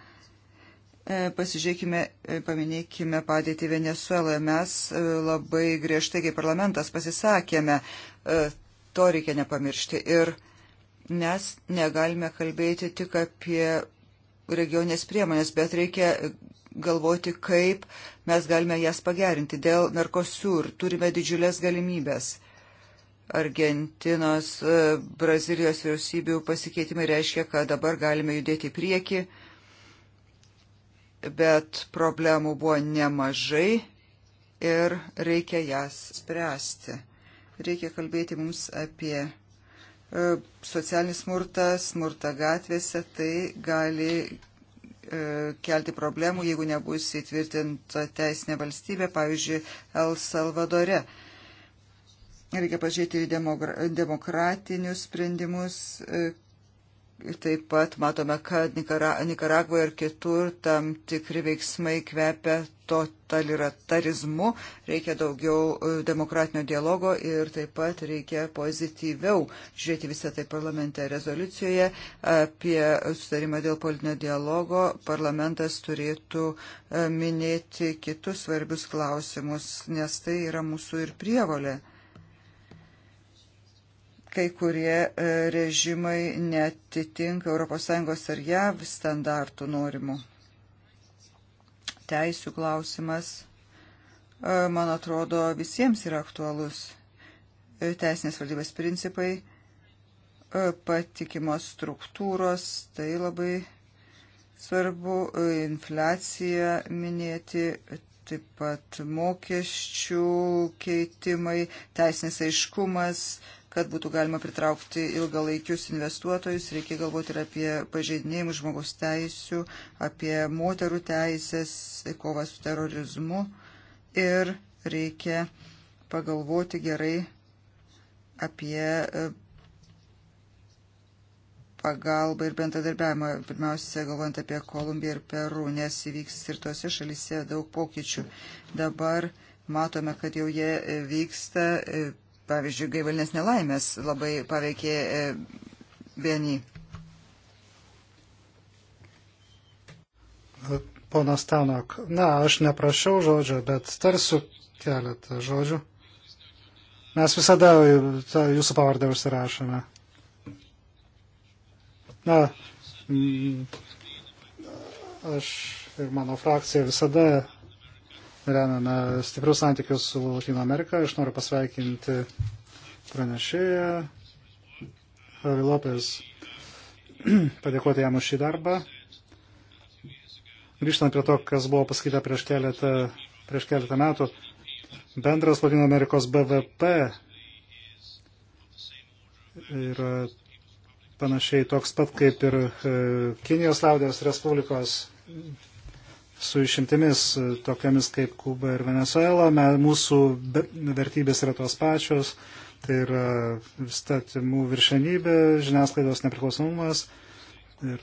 E, pasižiūrėkime, e, paminėkime padėtį Venezuelą. Mes labai griežtai, kaip parlamentas, pasisakėme, to reikia nepamiršti. Ir mes negalime kalbėti tik apie regionės priemonės, bet reikia galvoti, kaip mes galime jas pagerinti. Dėl Mercosur turime didžiulės galimybės. Argentinos, e, Brazilijos vyriausybių pasikeitimai reiškia, kad dabar galime judėti į priekį, bet problemų buvo nemažai ir reikia jas spręsti. Reikia kalbėti mums apie e, socialinį smurtą, smurtą gatvėse, tai gali E, kelti problemų, jeigu nebus įtvirtinta teisinė valstybė, pavyzdžiui, El Salvadore. Reikia pažiūrėti ir demokratinius sprendimus, e, Taip pat matome, kad Nikara, Nikaragvoje ir kitur tam tikri veiksmai kvepia totalitarizmu. Reikia daugiau e, demokratinio dialogo ir taip pat reikia pozityviau žiūrėti visą tai parlamente. Rezoliucijoje apie sustarimą dėl politinio dialogo parlamentas turėtų e, minėti kitus svarbius klausimus, nes tai yra mūsų ir prievolė kai kurie e, režimai netitinka ES ar JAV standartų norimų. Teisių klausimas, e, man atrodo, visiems yra aktualus. E, teisinės valdybės principai, patikimos struktūros, tai labai svarbu, infliacija minėti, taip pat mokesčių keitimai, teisinės aiškumas, Kad būtų galima pritraukti ilgalaikius investuotojus, reikia galvoti ir apie pažeidinėjimus žmogaus teisių, apie moterų teisės, kovą su terorizmu ir reikia pagalvoti gerai apie e, pagalbą ir bendradarbiavimą, pirmiausia, galvojant apie Kolumbiją ir Peru, nes įvyks ir tose šalyse daug pokyčių. Dabar matome, kad jau jie vyksta, e, pavyzdžiui, gaivalinės nelaimės labai paveikė vieni. E, ponas Tanok, na, aš neprašiau žodžio, bet tarsiu keletą žodžių. Mes visada jūsų pavardę užsirašome. Na, aš ir mano frakcija visada remiame stiprius santykius su Latino Amerika. Aš noriu pasveikinti pranešėją Ravi Lopez, padėkoti jam už šį darbą. Grįžtant prie to, kas buvo pasakyta prieš keletą, prieš keletą metų, bendras Latino Amerikos BVP yra panašiai toks pat kaip ir e, Kinijos liaudės Respublikos su išimtimis e, tokiamis kaip Kuba ir Venezuela. Mūsų vertybės yra tos pačios. Tai yra statymų viršenybė, žiniasklaidos nepriklausomumas. Ir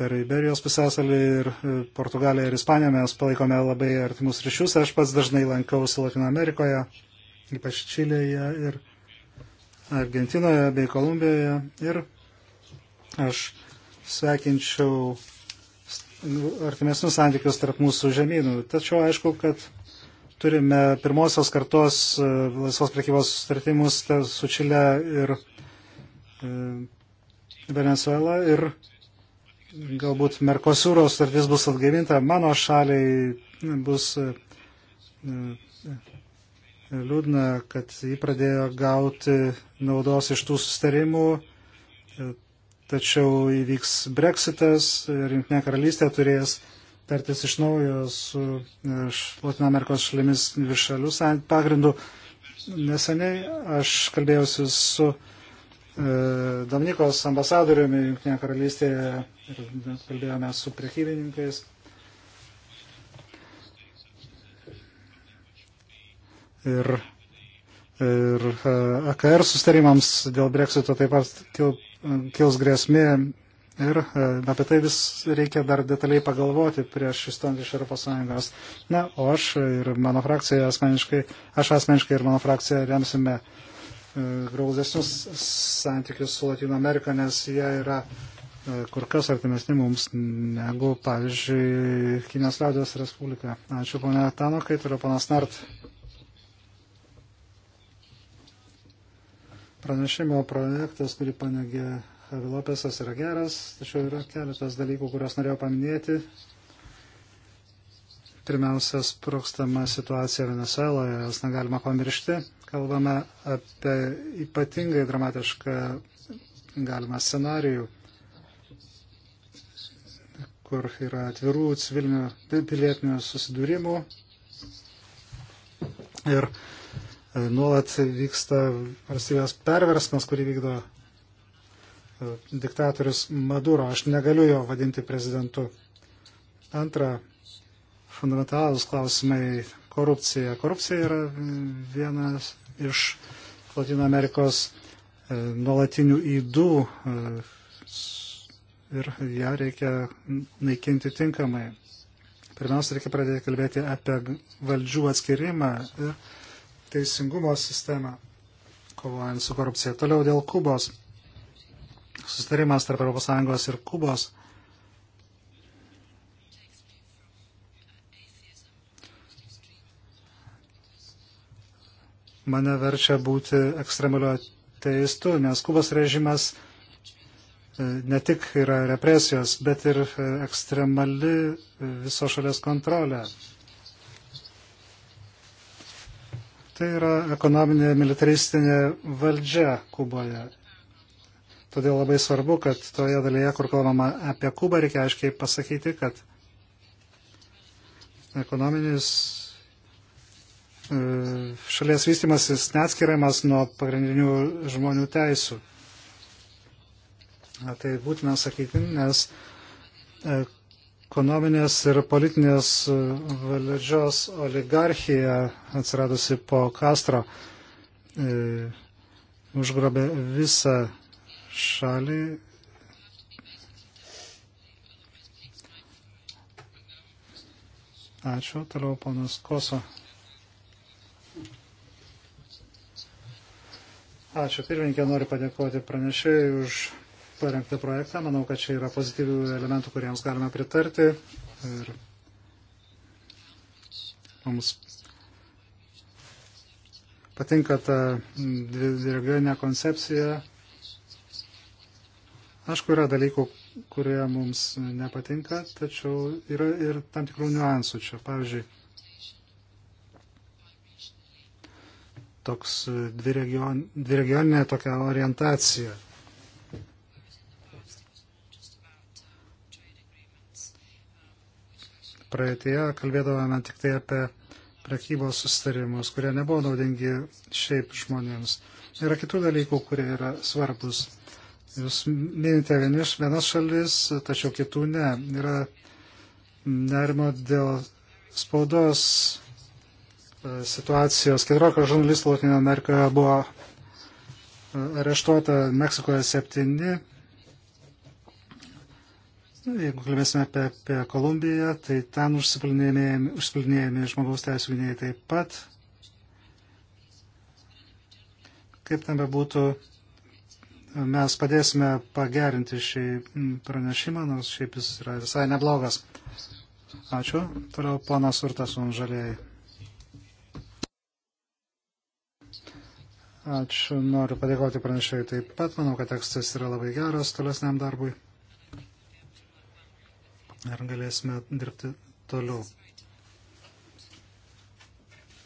per Iberijos pusęsalį ir e, Portugaliją ir Ispaniją mes palaikome labai artimus ryšius. Aš pats dažnai lankausi Latino Amerikoje, ypač Čilėje ir Argentinoje bei Kolumbijoje. Ir aš sveikinčiau Nu, artimesnius santykius tarp mūsų žemynų. Tačiau aišku, kad turime pirmosios kartos e, laisvos prekybos sutartimus su Čile ir e, Venezuela ir galbūt Merkosūro sutartis bus atgaivinta. Mano šaliai bus e, liūdna, kad jį pradėjo gauti naudos iš tų sustarimų tačiau įvyks Brexitas ir Junktinė karalystė turės tartis iš naujo su e, Latino Amerikos šalimis viršalių pagrindų. Neseniai aš kalbėjausi su e, Dominikos ambasadoriumi Junktinėje karalystėje ir kalbėjome su priekybininkais. Ir ir e, AKR sustarimams dėl breksito taip pat kil, kils grėsmė ir e, apie tai vis reikia dar detaliai pagalvoti prieš įstant iš Europos Sąjungos. Na, o aš ir mano frakcija asmeniškai, aš asmeniškai ir mano frakcija remsime e, glaudesnius santykius su Latino Amerika, nes jie yra kur kas artimesni mums negu, pavyzdžiui, Kinės liaudės Respublika. Ačiū, ponia Tano, kai turiu panas Nart. Pranešimo projektas, kurį panegė Avilopesas, yra geras, tačiau yra keletas dalykų, kuriuos norėjau paminėti. Pirmiausia, sprokstama situacija Venezueloje, jos negalima pamiršti. Kalbame apie ypatingai dramatišką galimą scenarijų, kur yra atvirų civilinių pilietinių susidūrimų ir uh, nuolat vyksta valstybės perversmas, kurį vykdo e, diktatorius Maduro. Aš negaliu jo vadinti prezidentu. Antra, fundamentalus klausimai - korupcija. Korupcija yra vienas iš Latino Amerikos e, nuolatinių įdų e, ir ją reikia naikinti tinkamai. Pirmiausia, reikia pradėti kalbėti apie valdžių atskirimą ir teisingumo sistemą, kovojant su korupcija. Toliau dėl Kubos. Sustarimas tarp ES ir Kubos. Mane verčia būti ekstremalio teistu, nes Kubos režimas e, ne tik yra represijos, bet ir e, ekstremali viso šalies kontrolė. Tai yra ekonominė militaristinė valdžia Kuboje. Todėl labai svarbu, kad toje dalyje, kur kalbama apie Kubą, reikia aiškiai pasakyti, kad ekonominis e, šalies vystimasis neatskiriamas nuo pagrindinių žmonių teisų. Tai būtina sakyti, nes e, ekonominės ir politinės e, valdžios oligarchija atsiradusi po Kastro e, užgrobė visą šalį. Ačiū, toliau ponas Koso. Ačiū, pirmininkė, noriu padėkoti pranešėjai už parengtą projektą. Manau, kad čia yra pozityvių elementų, kuriems galime pritarti. Ir mums patinka ta dviregioninė koncepcija. Aišku, yra dalykų, kurie mums nepatinka, tačiau yra ir tam tikrų niuansų čia. Pavyzdžiui, toks dviregioninė tokia orientacija. praeitie kalbėdavome tik tai apie prekybos sustarimus, kurie nebuvo naudingi šiaip žmonėms. Yra kitų dalykų, kurie yra svarbus. Jūs minite vienas šalis, tačiau kitų ne. Yra nerimo dėl spaudos e, situacijos. 14 žurnalistų Latino Amerikoje buvo e, areštuota, Meksikoje 7, Jeigu kalbėsime apie, apie Kolumbiją, tai ten užsipilinėjami žmogaus teisų gynėjai taip pat. Kaip ten bebūtų, mes padėsime pagerinti šį pranešimą, nors šiaip jis yra visai neblogas. Ačiū. Toliau ponas Urtas Unžalėjai. Ačiū. Noriu padėkoti pranešėjai taip pat. Manau, kad tekstas yra labai geras tolesniam darbui ar galėsime dirbti toliau.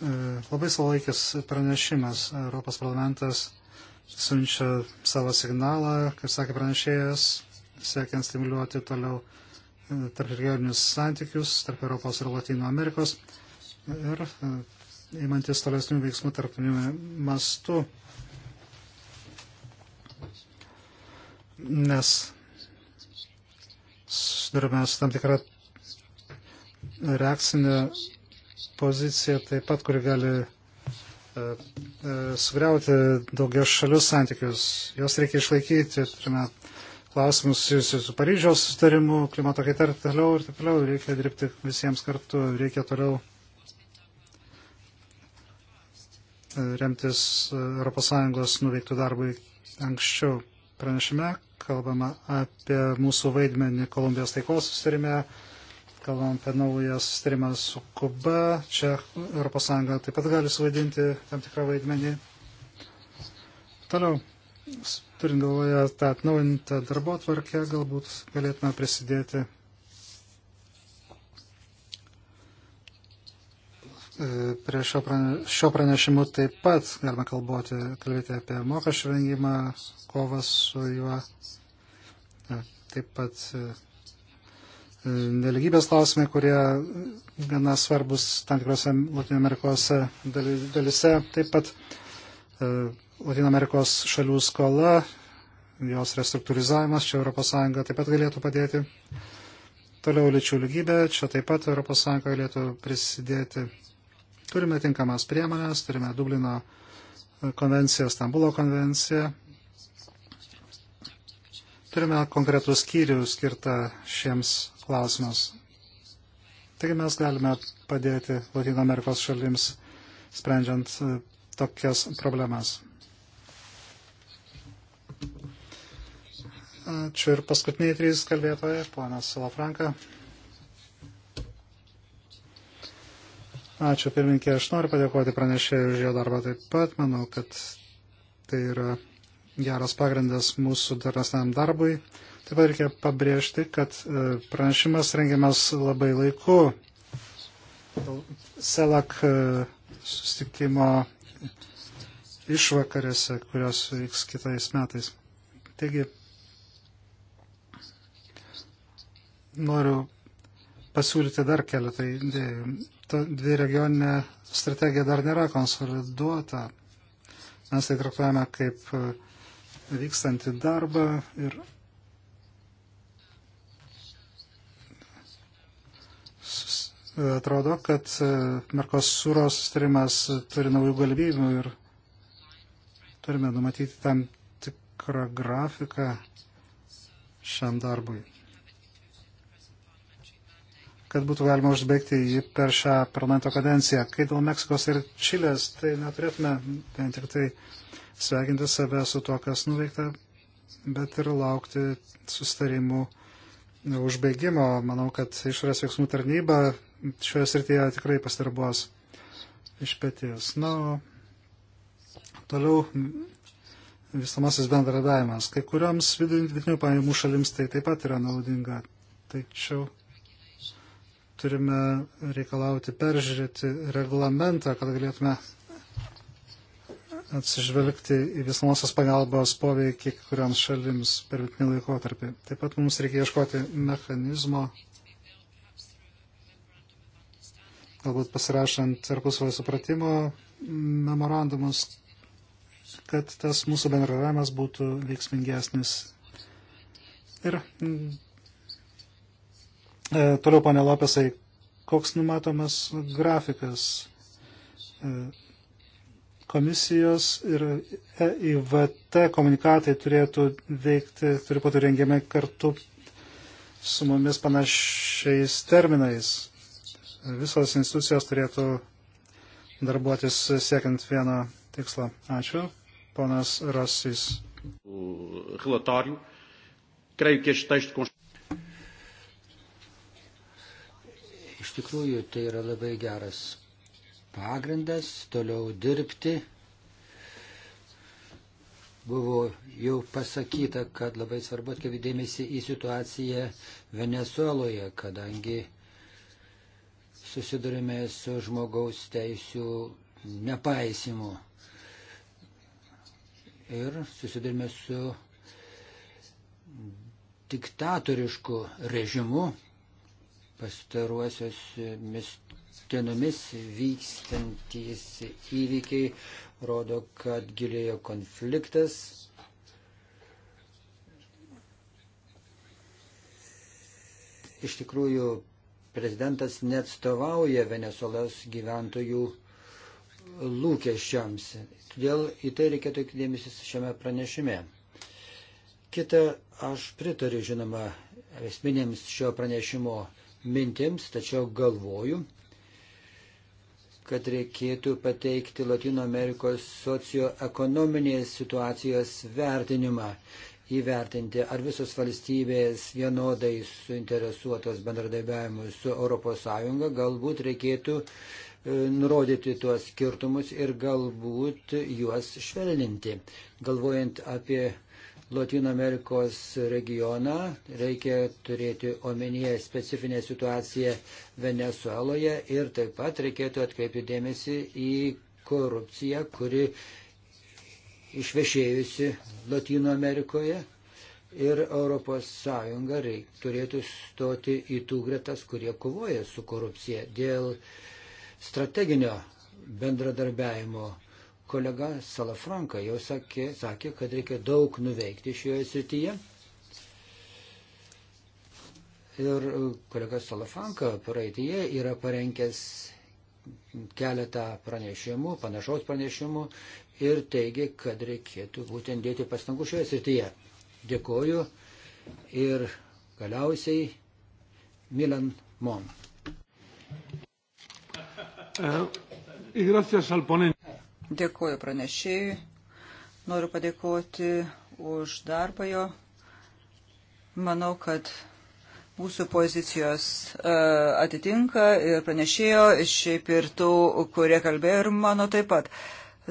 E, labai savalaikis pranešimas. Europos parlamentas siunčia savo signalą, kaip sakė pranešėjas, siekiant stimuliuoti toliau e, tarp regioninius santykius tarp Europos ir Latino Amerikos ir įmantis e, tolesnių veiksmų tarptautinių mastų, nes susidurime su tam tikra reakcinė pozicija taip pat, kuri gali e, e, sugriauti daugias šalius santykius. Jos reikia išlaikyti, turime klausimus susijusius su Paryžiaus sustarimu, klimato kaita ir toliau ir taip toliau. Reikia dirbti visiems kartu, reikia toliau e, remtis ES nuveiktų darbui anksčiau pranešime kalbama apie mūsų vaidmenį Kolumbijos taikos sustarime, kalbam apie naują sustarimą su Kuba. Čia ES taip pat gali suvaidinti tam tikrą vaidmenį. Toliau, turint galvoje tą atnaujintą darbo tvarkę, galbūt galėtume prisidėti E, prie šio, prane, šio pranešimu taip pat galima kalboti, kalbėti apie mokesčių vengimą, kovas su juo, e, taip pat e, neligybės klausimai, kurie gana svarbus tam tikrose Latino Amerikos dalise, taip pat Latino Amerikos šalių skola, jos restruktūrizavimas, čia ES taip pat galėtų padėti. Toliau lyčių lygybė, čia taip pat ES galėtų prisidėti Turime tinkamas priemonės, turime Dublino konvenciją, Stambulo konvenciją. Turime konkretų skyrių skirtą šiems klausimams. Taigi mes galime padėti Latino Amerikos šalims sprendžiant e, tokias problemas. Ačiū ir paskutiniai trys kalbėtojai, ponas Salafranka. Ačiū pirminkė, aš noriu padėkoti pranešėjui už jo darbą taip pat. Manau, kad tai yra geras pagrindas mūsų darnesniam darbui. Taip pat reikia pabrėžti, kad e, pranešimas rengiamas labai laiku. Selak e, sustikimo išvakarėse, kurios vyks kitais metais. Taigi, noriu pasiūlyti dar keletą idėjų. Ta dvi regioninė strategija dar nėra konsoliduota. Mes tai traktuojame kaip e, vykstantį darbą ir e, atrodo, kad e, Merkosūro sustarimas turi naujų galimybių ir turime numatyti tam tikrą grafiką šiam darbui kad būtų galima užbaigti jį per šią parlamento kadenciją. Kai dėl Meksikos ir Čilės, tai neturėtume vien tik tai sveikinti save su tuo, kas nuveikta, bet ir laukti sustarimų užbaigimo. Manau, kad išorės veiksmų tarnyba šioje srityje tikrai pastarbuos iš pėties. Na, toliau visamasis bendradavimas. Kai kuriams vidutinių pajamų šalims tai taip pat yra naudinga. Tačiau turime reikalauti peržiūrėti reglamentą, kad galėtume atsižvelgti į visomosios pagalbos poveikį kuriams šalims per vidutinį laikotarpį. Taip pat mums reikia ieškoti mechanizmo, galbūt pasirašant tarpusavio supratimo memorandumus, kad tas mūsų bendravimas būtų veiksmingesnis ir E, toliau, pane Lopesai, koks numatomas grafikas e, komisijos ir EIVT komunikatai turėtų veikti, turi būti rengiami kartu su mumis panašiais terminais. Visos institucijos turėtų darbuotis siekiant vieną tikslą. Ačiū. Ponas Rasis. Relatório. Creio que este texto Iš tikrųjų, tai yra labai geras pagrindas toliau dirbti. Buvo jau pasakyta, kad labai svarbu atkreipti dėmesį į situaciją Venezueloje, kadangi susidurime su žmogaus teisų nepaisimu. Ir susidurime su diktatorišku režimu, pastaruosios e, dienomis vykstantys įvykiai rodo, kad gilėjo konfliktas. Iš tikrųjų, prezidentas neatstovauja Venezuelos gyventojų lūkesčiams. Todėl į tai reikėtų dėmesys šiame pranešime. Kita, aš pritariu, žinoma, esminėms šio pranešimo mintims, tačiau galvoju, kad reikėtų pateikti Latino Amerikos socioekonominės situacijos vertinimą, įvertinti, ar visos valstybės vienodai suinteresuotos bendradarbiavimu su ES, galbūt reikėtų e, nurodyti tuos skirtumus ir galbūt juos švelninti, galvojant apie Latino Amerikos regioną. Reikia turėti omenyje specifinę situaciją Venezueloje ir taip pat reikėtų atkreipti dėmesį į korupciją, kuri išvešėjusi Latino Amerikoje. Ir ES turėtų stoti į tų gretas, kurie kovoja su korupcija dėl strateginio bendradarbiajimo Kolega Salafranka jau sakė, sakė, kad reikia daug nuveikti šioje srityje. Ir kolega Salafranka praeitie yra parengęs keletą pranešimų, panašaus pranešimų ir teigia, kad reikėtų būtent dėti pastangų šioje srityje. Dėkoju ir galiausiai Milan Mon. Uh, Dėkuoju pranešėjui. Noriu padėkoti už darbą jo. Manau, kad mūsų pozicijos e, atitinka ir pranešėjo, šiaip ir tų, kurie kalbėjo, ir mano taip pat.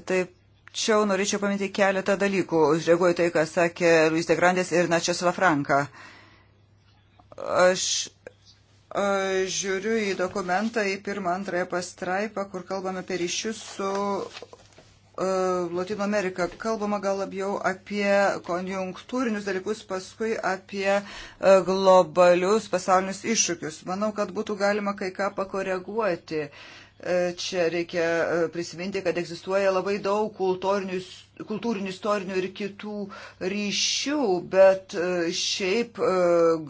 Taip, čia norėčiau paminti keletą dalykų. Reaguoju tai, ką sakė Luis de Grandes ir Načias Lafranka. Aš žiūriu į dokumentą, į pirmą, antrąją pastraipą, kur kalbame apie ryšius su E, Latino Ameriką. Kalbama gal labiau apie konjunktūrinius dalykus, paskui apie e, globalius pasaulinius iššūkius. Manau, kad būtų galima kai ką pakoreguoti. E, čia reikia prisiminti, kad egzistuoja labai daug kultūrinių, kultūrinių istorinių ir kitų ryšių, bet šiaip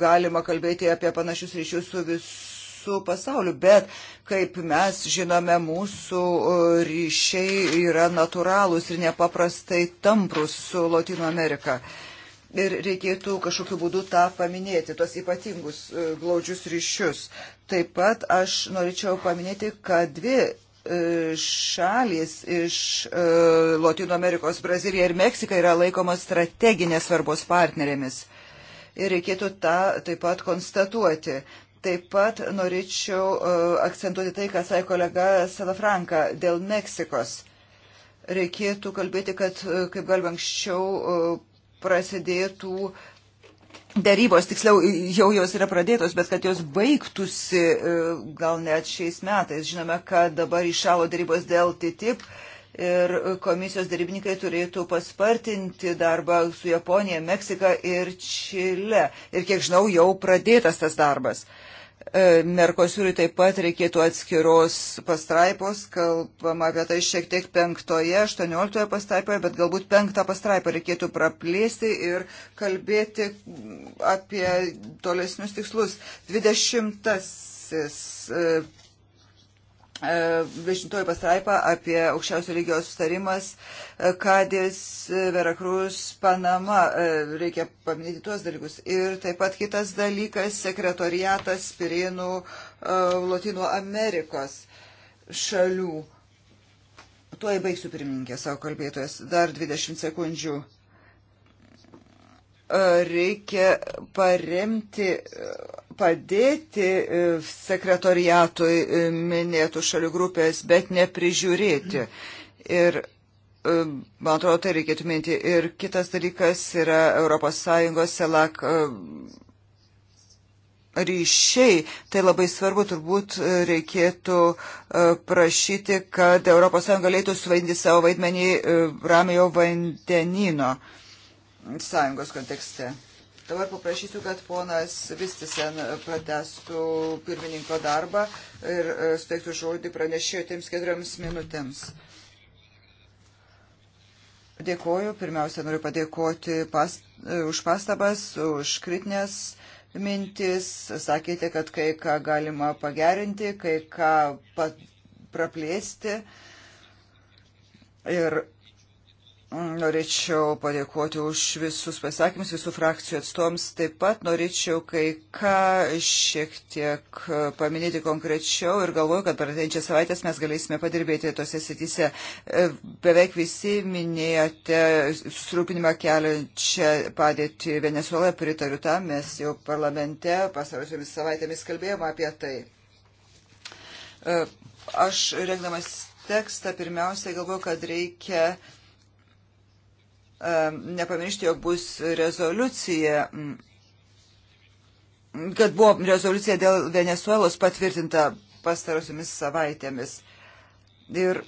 galima kalbėti apie panašius ryšius su visų su pasauliu, bet kaip mes žinome, mūsų e, ryšiai yra natūralūs ir nepaprastai tamprus su Latino Amerika. Ir reikėtų kažkokiu būdu tą paminėti, tos ypatingus e, glaudžius ryšius. Taip pat aš norėčiau paminėti, kad dvi e, šalis iš Latino Amerikos, Brazilija ir Meksika yra laikomos strateginės svarbos partnerėmis. Ir reikėtų tą taip pat konstatuoti. Taip pat norėčiau e, akcentuoti tai, ką sakė kolega Salafranka dėl Meksikos. Reikėtų kalbėti, kad e, kaip galima anksčiau e, prasidėtų darybos, tiksliau jau jos yra pradėtos, bet kad jos baigtųsi gal net šiais metais. Žinome, kad dabar išalo darybos dėl TTIP. Ti ir komisijos darybininkai turėtų paspartinti darbą su Japonija, Meksika ir Čile. Ir kiek žinau, jau pradėtas tas darbas. E, Merkosiūriui taip pat reikėtų atskiros pastraipos, kalbama apie tai šiek tiek penktoje, aštuonioliktoje pastraipoje, bet galbūt penktą pastraipą reikėtų praplėsti ir kalbėti apie tolesnius tikslus. Dvidešimtasis e, 20 e, pastraipa apie aukščiausio lygio sustarimas e, Kadis, e, Verakrus, Panama. Reikia paminėti tuos dalykus. Ir taip pat kitas dalykas - sekretoriatas Pirinų Latino Amerikos šalių. Tuo įbaigsiu pirmininkė savo kalbėtojas. Dar 20 sekundžių reikia paremti, padėti e, sekretoriatui e, minėtų šalių grupės, bet neprižiūrėti. Ir, e, man atrodo, tai reikėtų minti. Ir kitas dalykas yra ES selak ryšiai, tai labai svarbu turbūt reikėtų prašyti, kad ES galėtų suvaidinti savo vaidmenį Ramiojo vandenino. Uh, sąjungos kontekste. Dabar paprašysiu, kad ponas Vistisen pratestų pirmininko darbą ir e, suteiktų žodį pranešėjo tiems keturioms minutėms. Dėkoju. Pirmiausia, noriu padėkoti pas, e, už pastabas, už kritinės mintis. Sakėte, kad kai ką galima pagerinti, kai ką pat, praplėsti. Ir Norėčiau padėkoti už visus pasakymus, visų frakcijų atstoms. Taip pat norėčiau kai ką šiek tiek paminėti konkrečiau ir galvoju, kad per ateinčią savaitę mes galėsime padirbėti tose sityse. E, beveik visi minėjote susirūpinimą keliančią padėtį Venezuelą, pritariu tam, mes jau parlamente pasarosiomis savaitėmis kalbėjome apie tai. E, aš rengdamas tekstą pirmiausiai galvoju, kad reikia nepamiršti, jog bus rezoliucija, kad buvo rezoliucija dėl Venezuelos patvirtinta pastarosiomis savaitėmis. Ir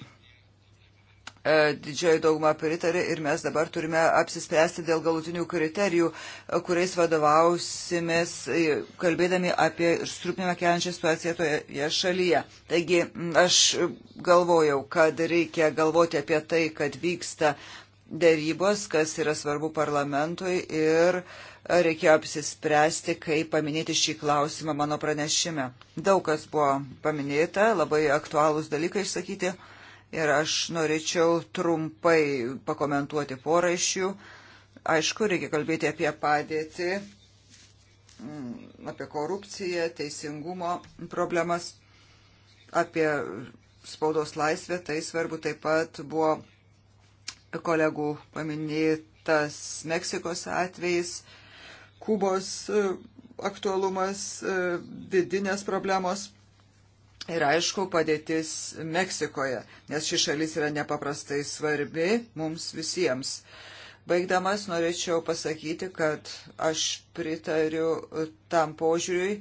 e, didžioji dauguma pritarė ir mes dabar turime apsispręsti dėl galutinių kriterijų, e, kuriais vadovausimės, e, kalbėdami apie strupnimą keliančią situaciją toje šalyje. Taigi aš galvojau, kad reikia galvoti apie tai, kad vyksta dėrybos, kas yra svarbu parlamentui ir e, reikėjo apsispręsti, kaip paminėti šį klausimą mano pranešime. Daug kas buvo paminėta, labai aktualūs dalykai išsakyti ir aš norėčiau trumpai pakomentuoti porą iš jų. Aišku, reikia kalbėti apie padėtį, mm, apie korupciją, teisingumo problemas, apie spaudos laisvę, tai svarbu taip pat buvo kolegų paminėtas Meksikos atvejais, Kubos e, aktualumas, e, vidinės problemos ir aišku padėtis Meksikoje, nes ši šalis yra nepaprastai svarbi mums visiems. Baigdamas norėčiau pasakyti, kad aš pritariu tam požiūriui,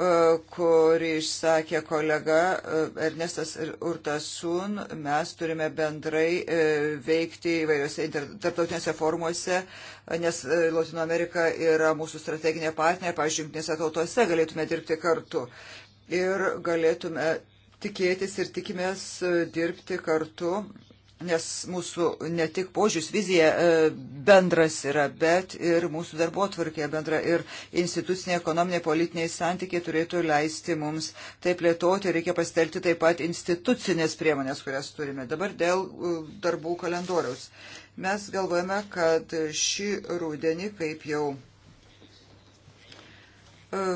E, kurį išsakė kolega e, Ernestas Urtasun, mes turime bendrai e, veikti įvairiose tarptautinėse formuose, nes Latino Amerika yra mūsų strateginė partnerė, pavyzdžiui, jungtinėse tautose galėtume dirbti kartu ir galėtume tikėtis ir tikimės dirbti kartu nes mūsų ne tik požiūris, vizija e, bendras yra, bet ir mūsų darbo tvarkė bendra ir institucinė, ekonominė, politiniai santykiai turėtų leisti mums tai plėtoti, reikia pasitelti taip pat institucinės priemonės, kurias turime. Dabar dėl e, darbų kalendoriaus. Mes galvojame, kad šį rudenį, kaip jau e,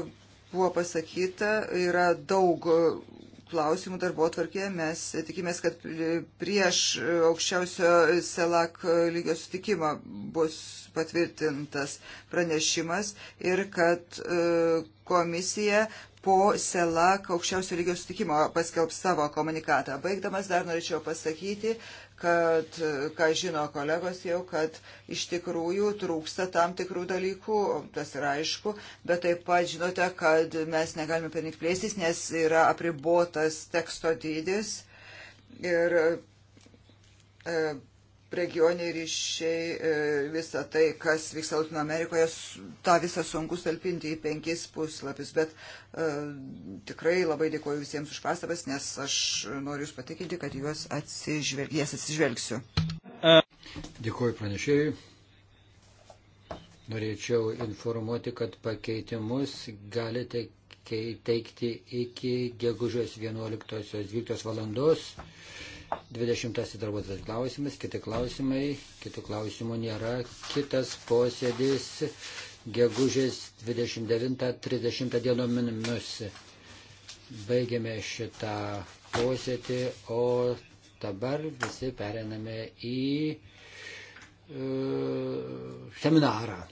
buvo pasakyta, yra daug klausimų darbo atvarkėje. Mes tikimės, kad prieš aukščiausio SELAK lygio sutikimą bus patvirtintas pranešimas ir kad e, komisija po SELAK aukščiausio lygio sutikimo paskelbs savo komunikatą. Baigdamas dar norėčiau pasakyti, kad, ką žino kolegos jau, kad iš tikrųjų trūksta tam tikrų dalykų, tas yra aišku, bet taip pat žinote, kad mes negalime pernik plėstis, nes yra apribotas teksto dydis ir e, regioniai ryšiai, e, visa tai, kas vyksta Latino Amerikoje, tą visą sunku talpinti į penkis puslapius. Bet e, tikrai labai dėkuoju visiems už pastabas, nes aš noriu Jūs patikinti, kad juos atsižvelg, jas atsižvelgsiu. E. Dėkuoju pranešėjui. Norėčiau informuoti, kad pakeitimus galite teikti iki gegužės 11.12 valandos. 20 darbuotojas klausimas, kiti klausimai, kitų klausimų nėra. Kitas posėdis gegužės 29-30 dienomis. Baigėme šitą posėdį, o dabar visi periname į e, seminarą.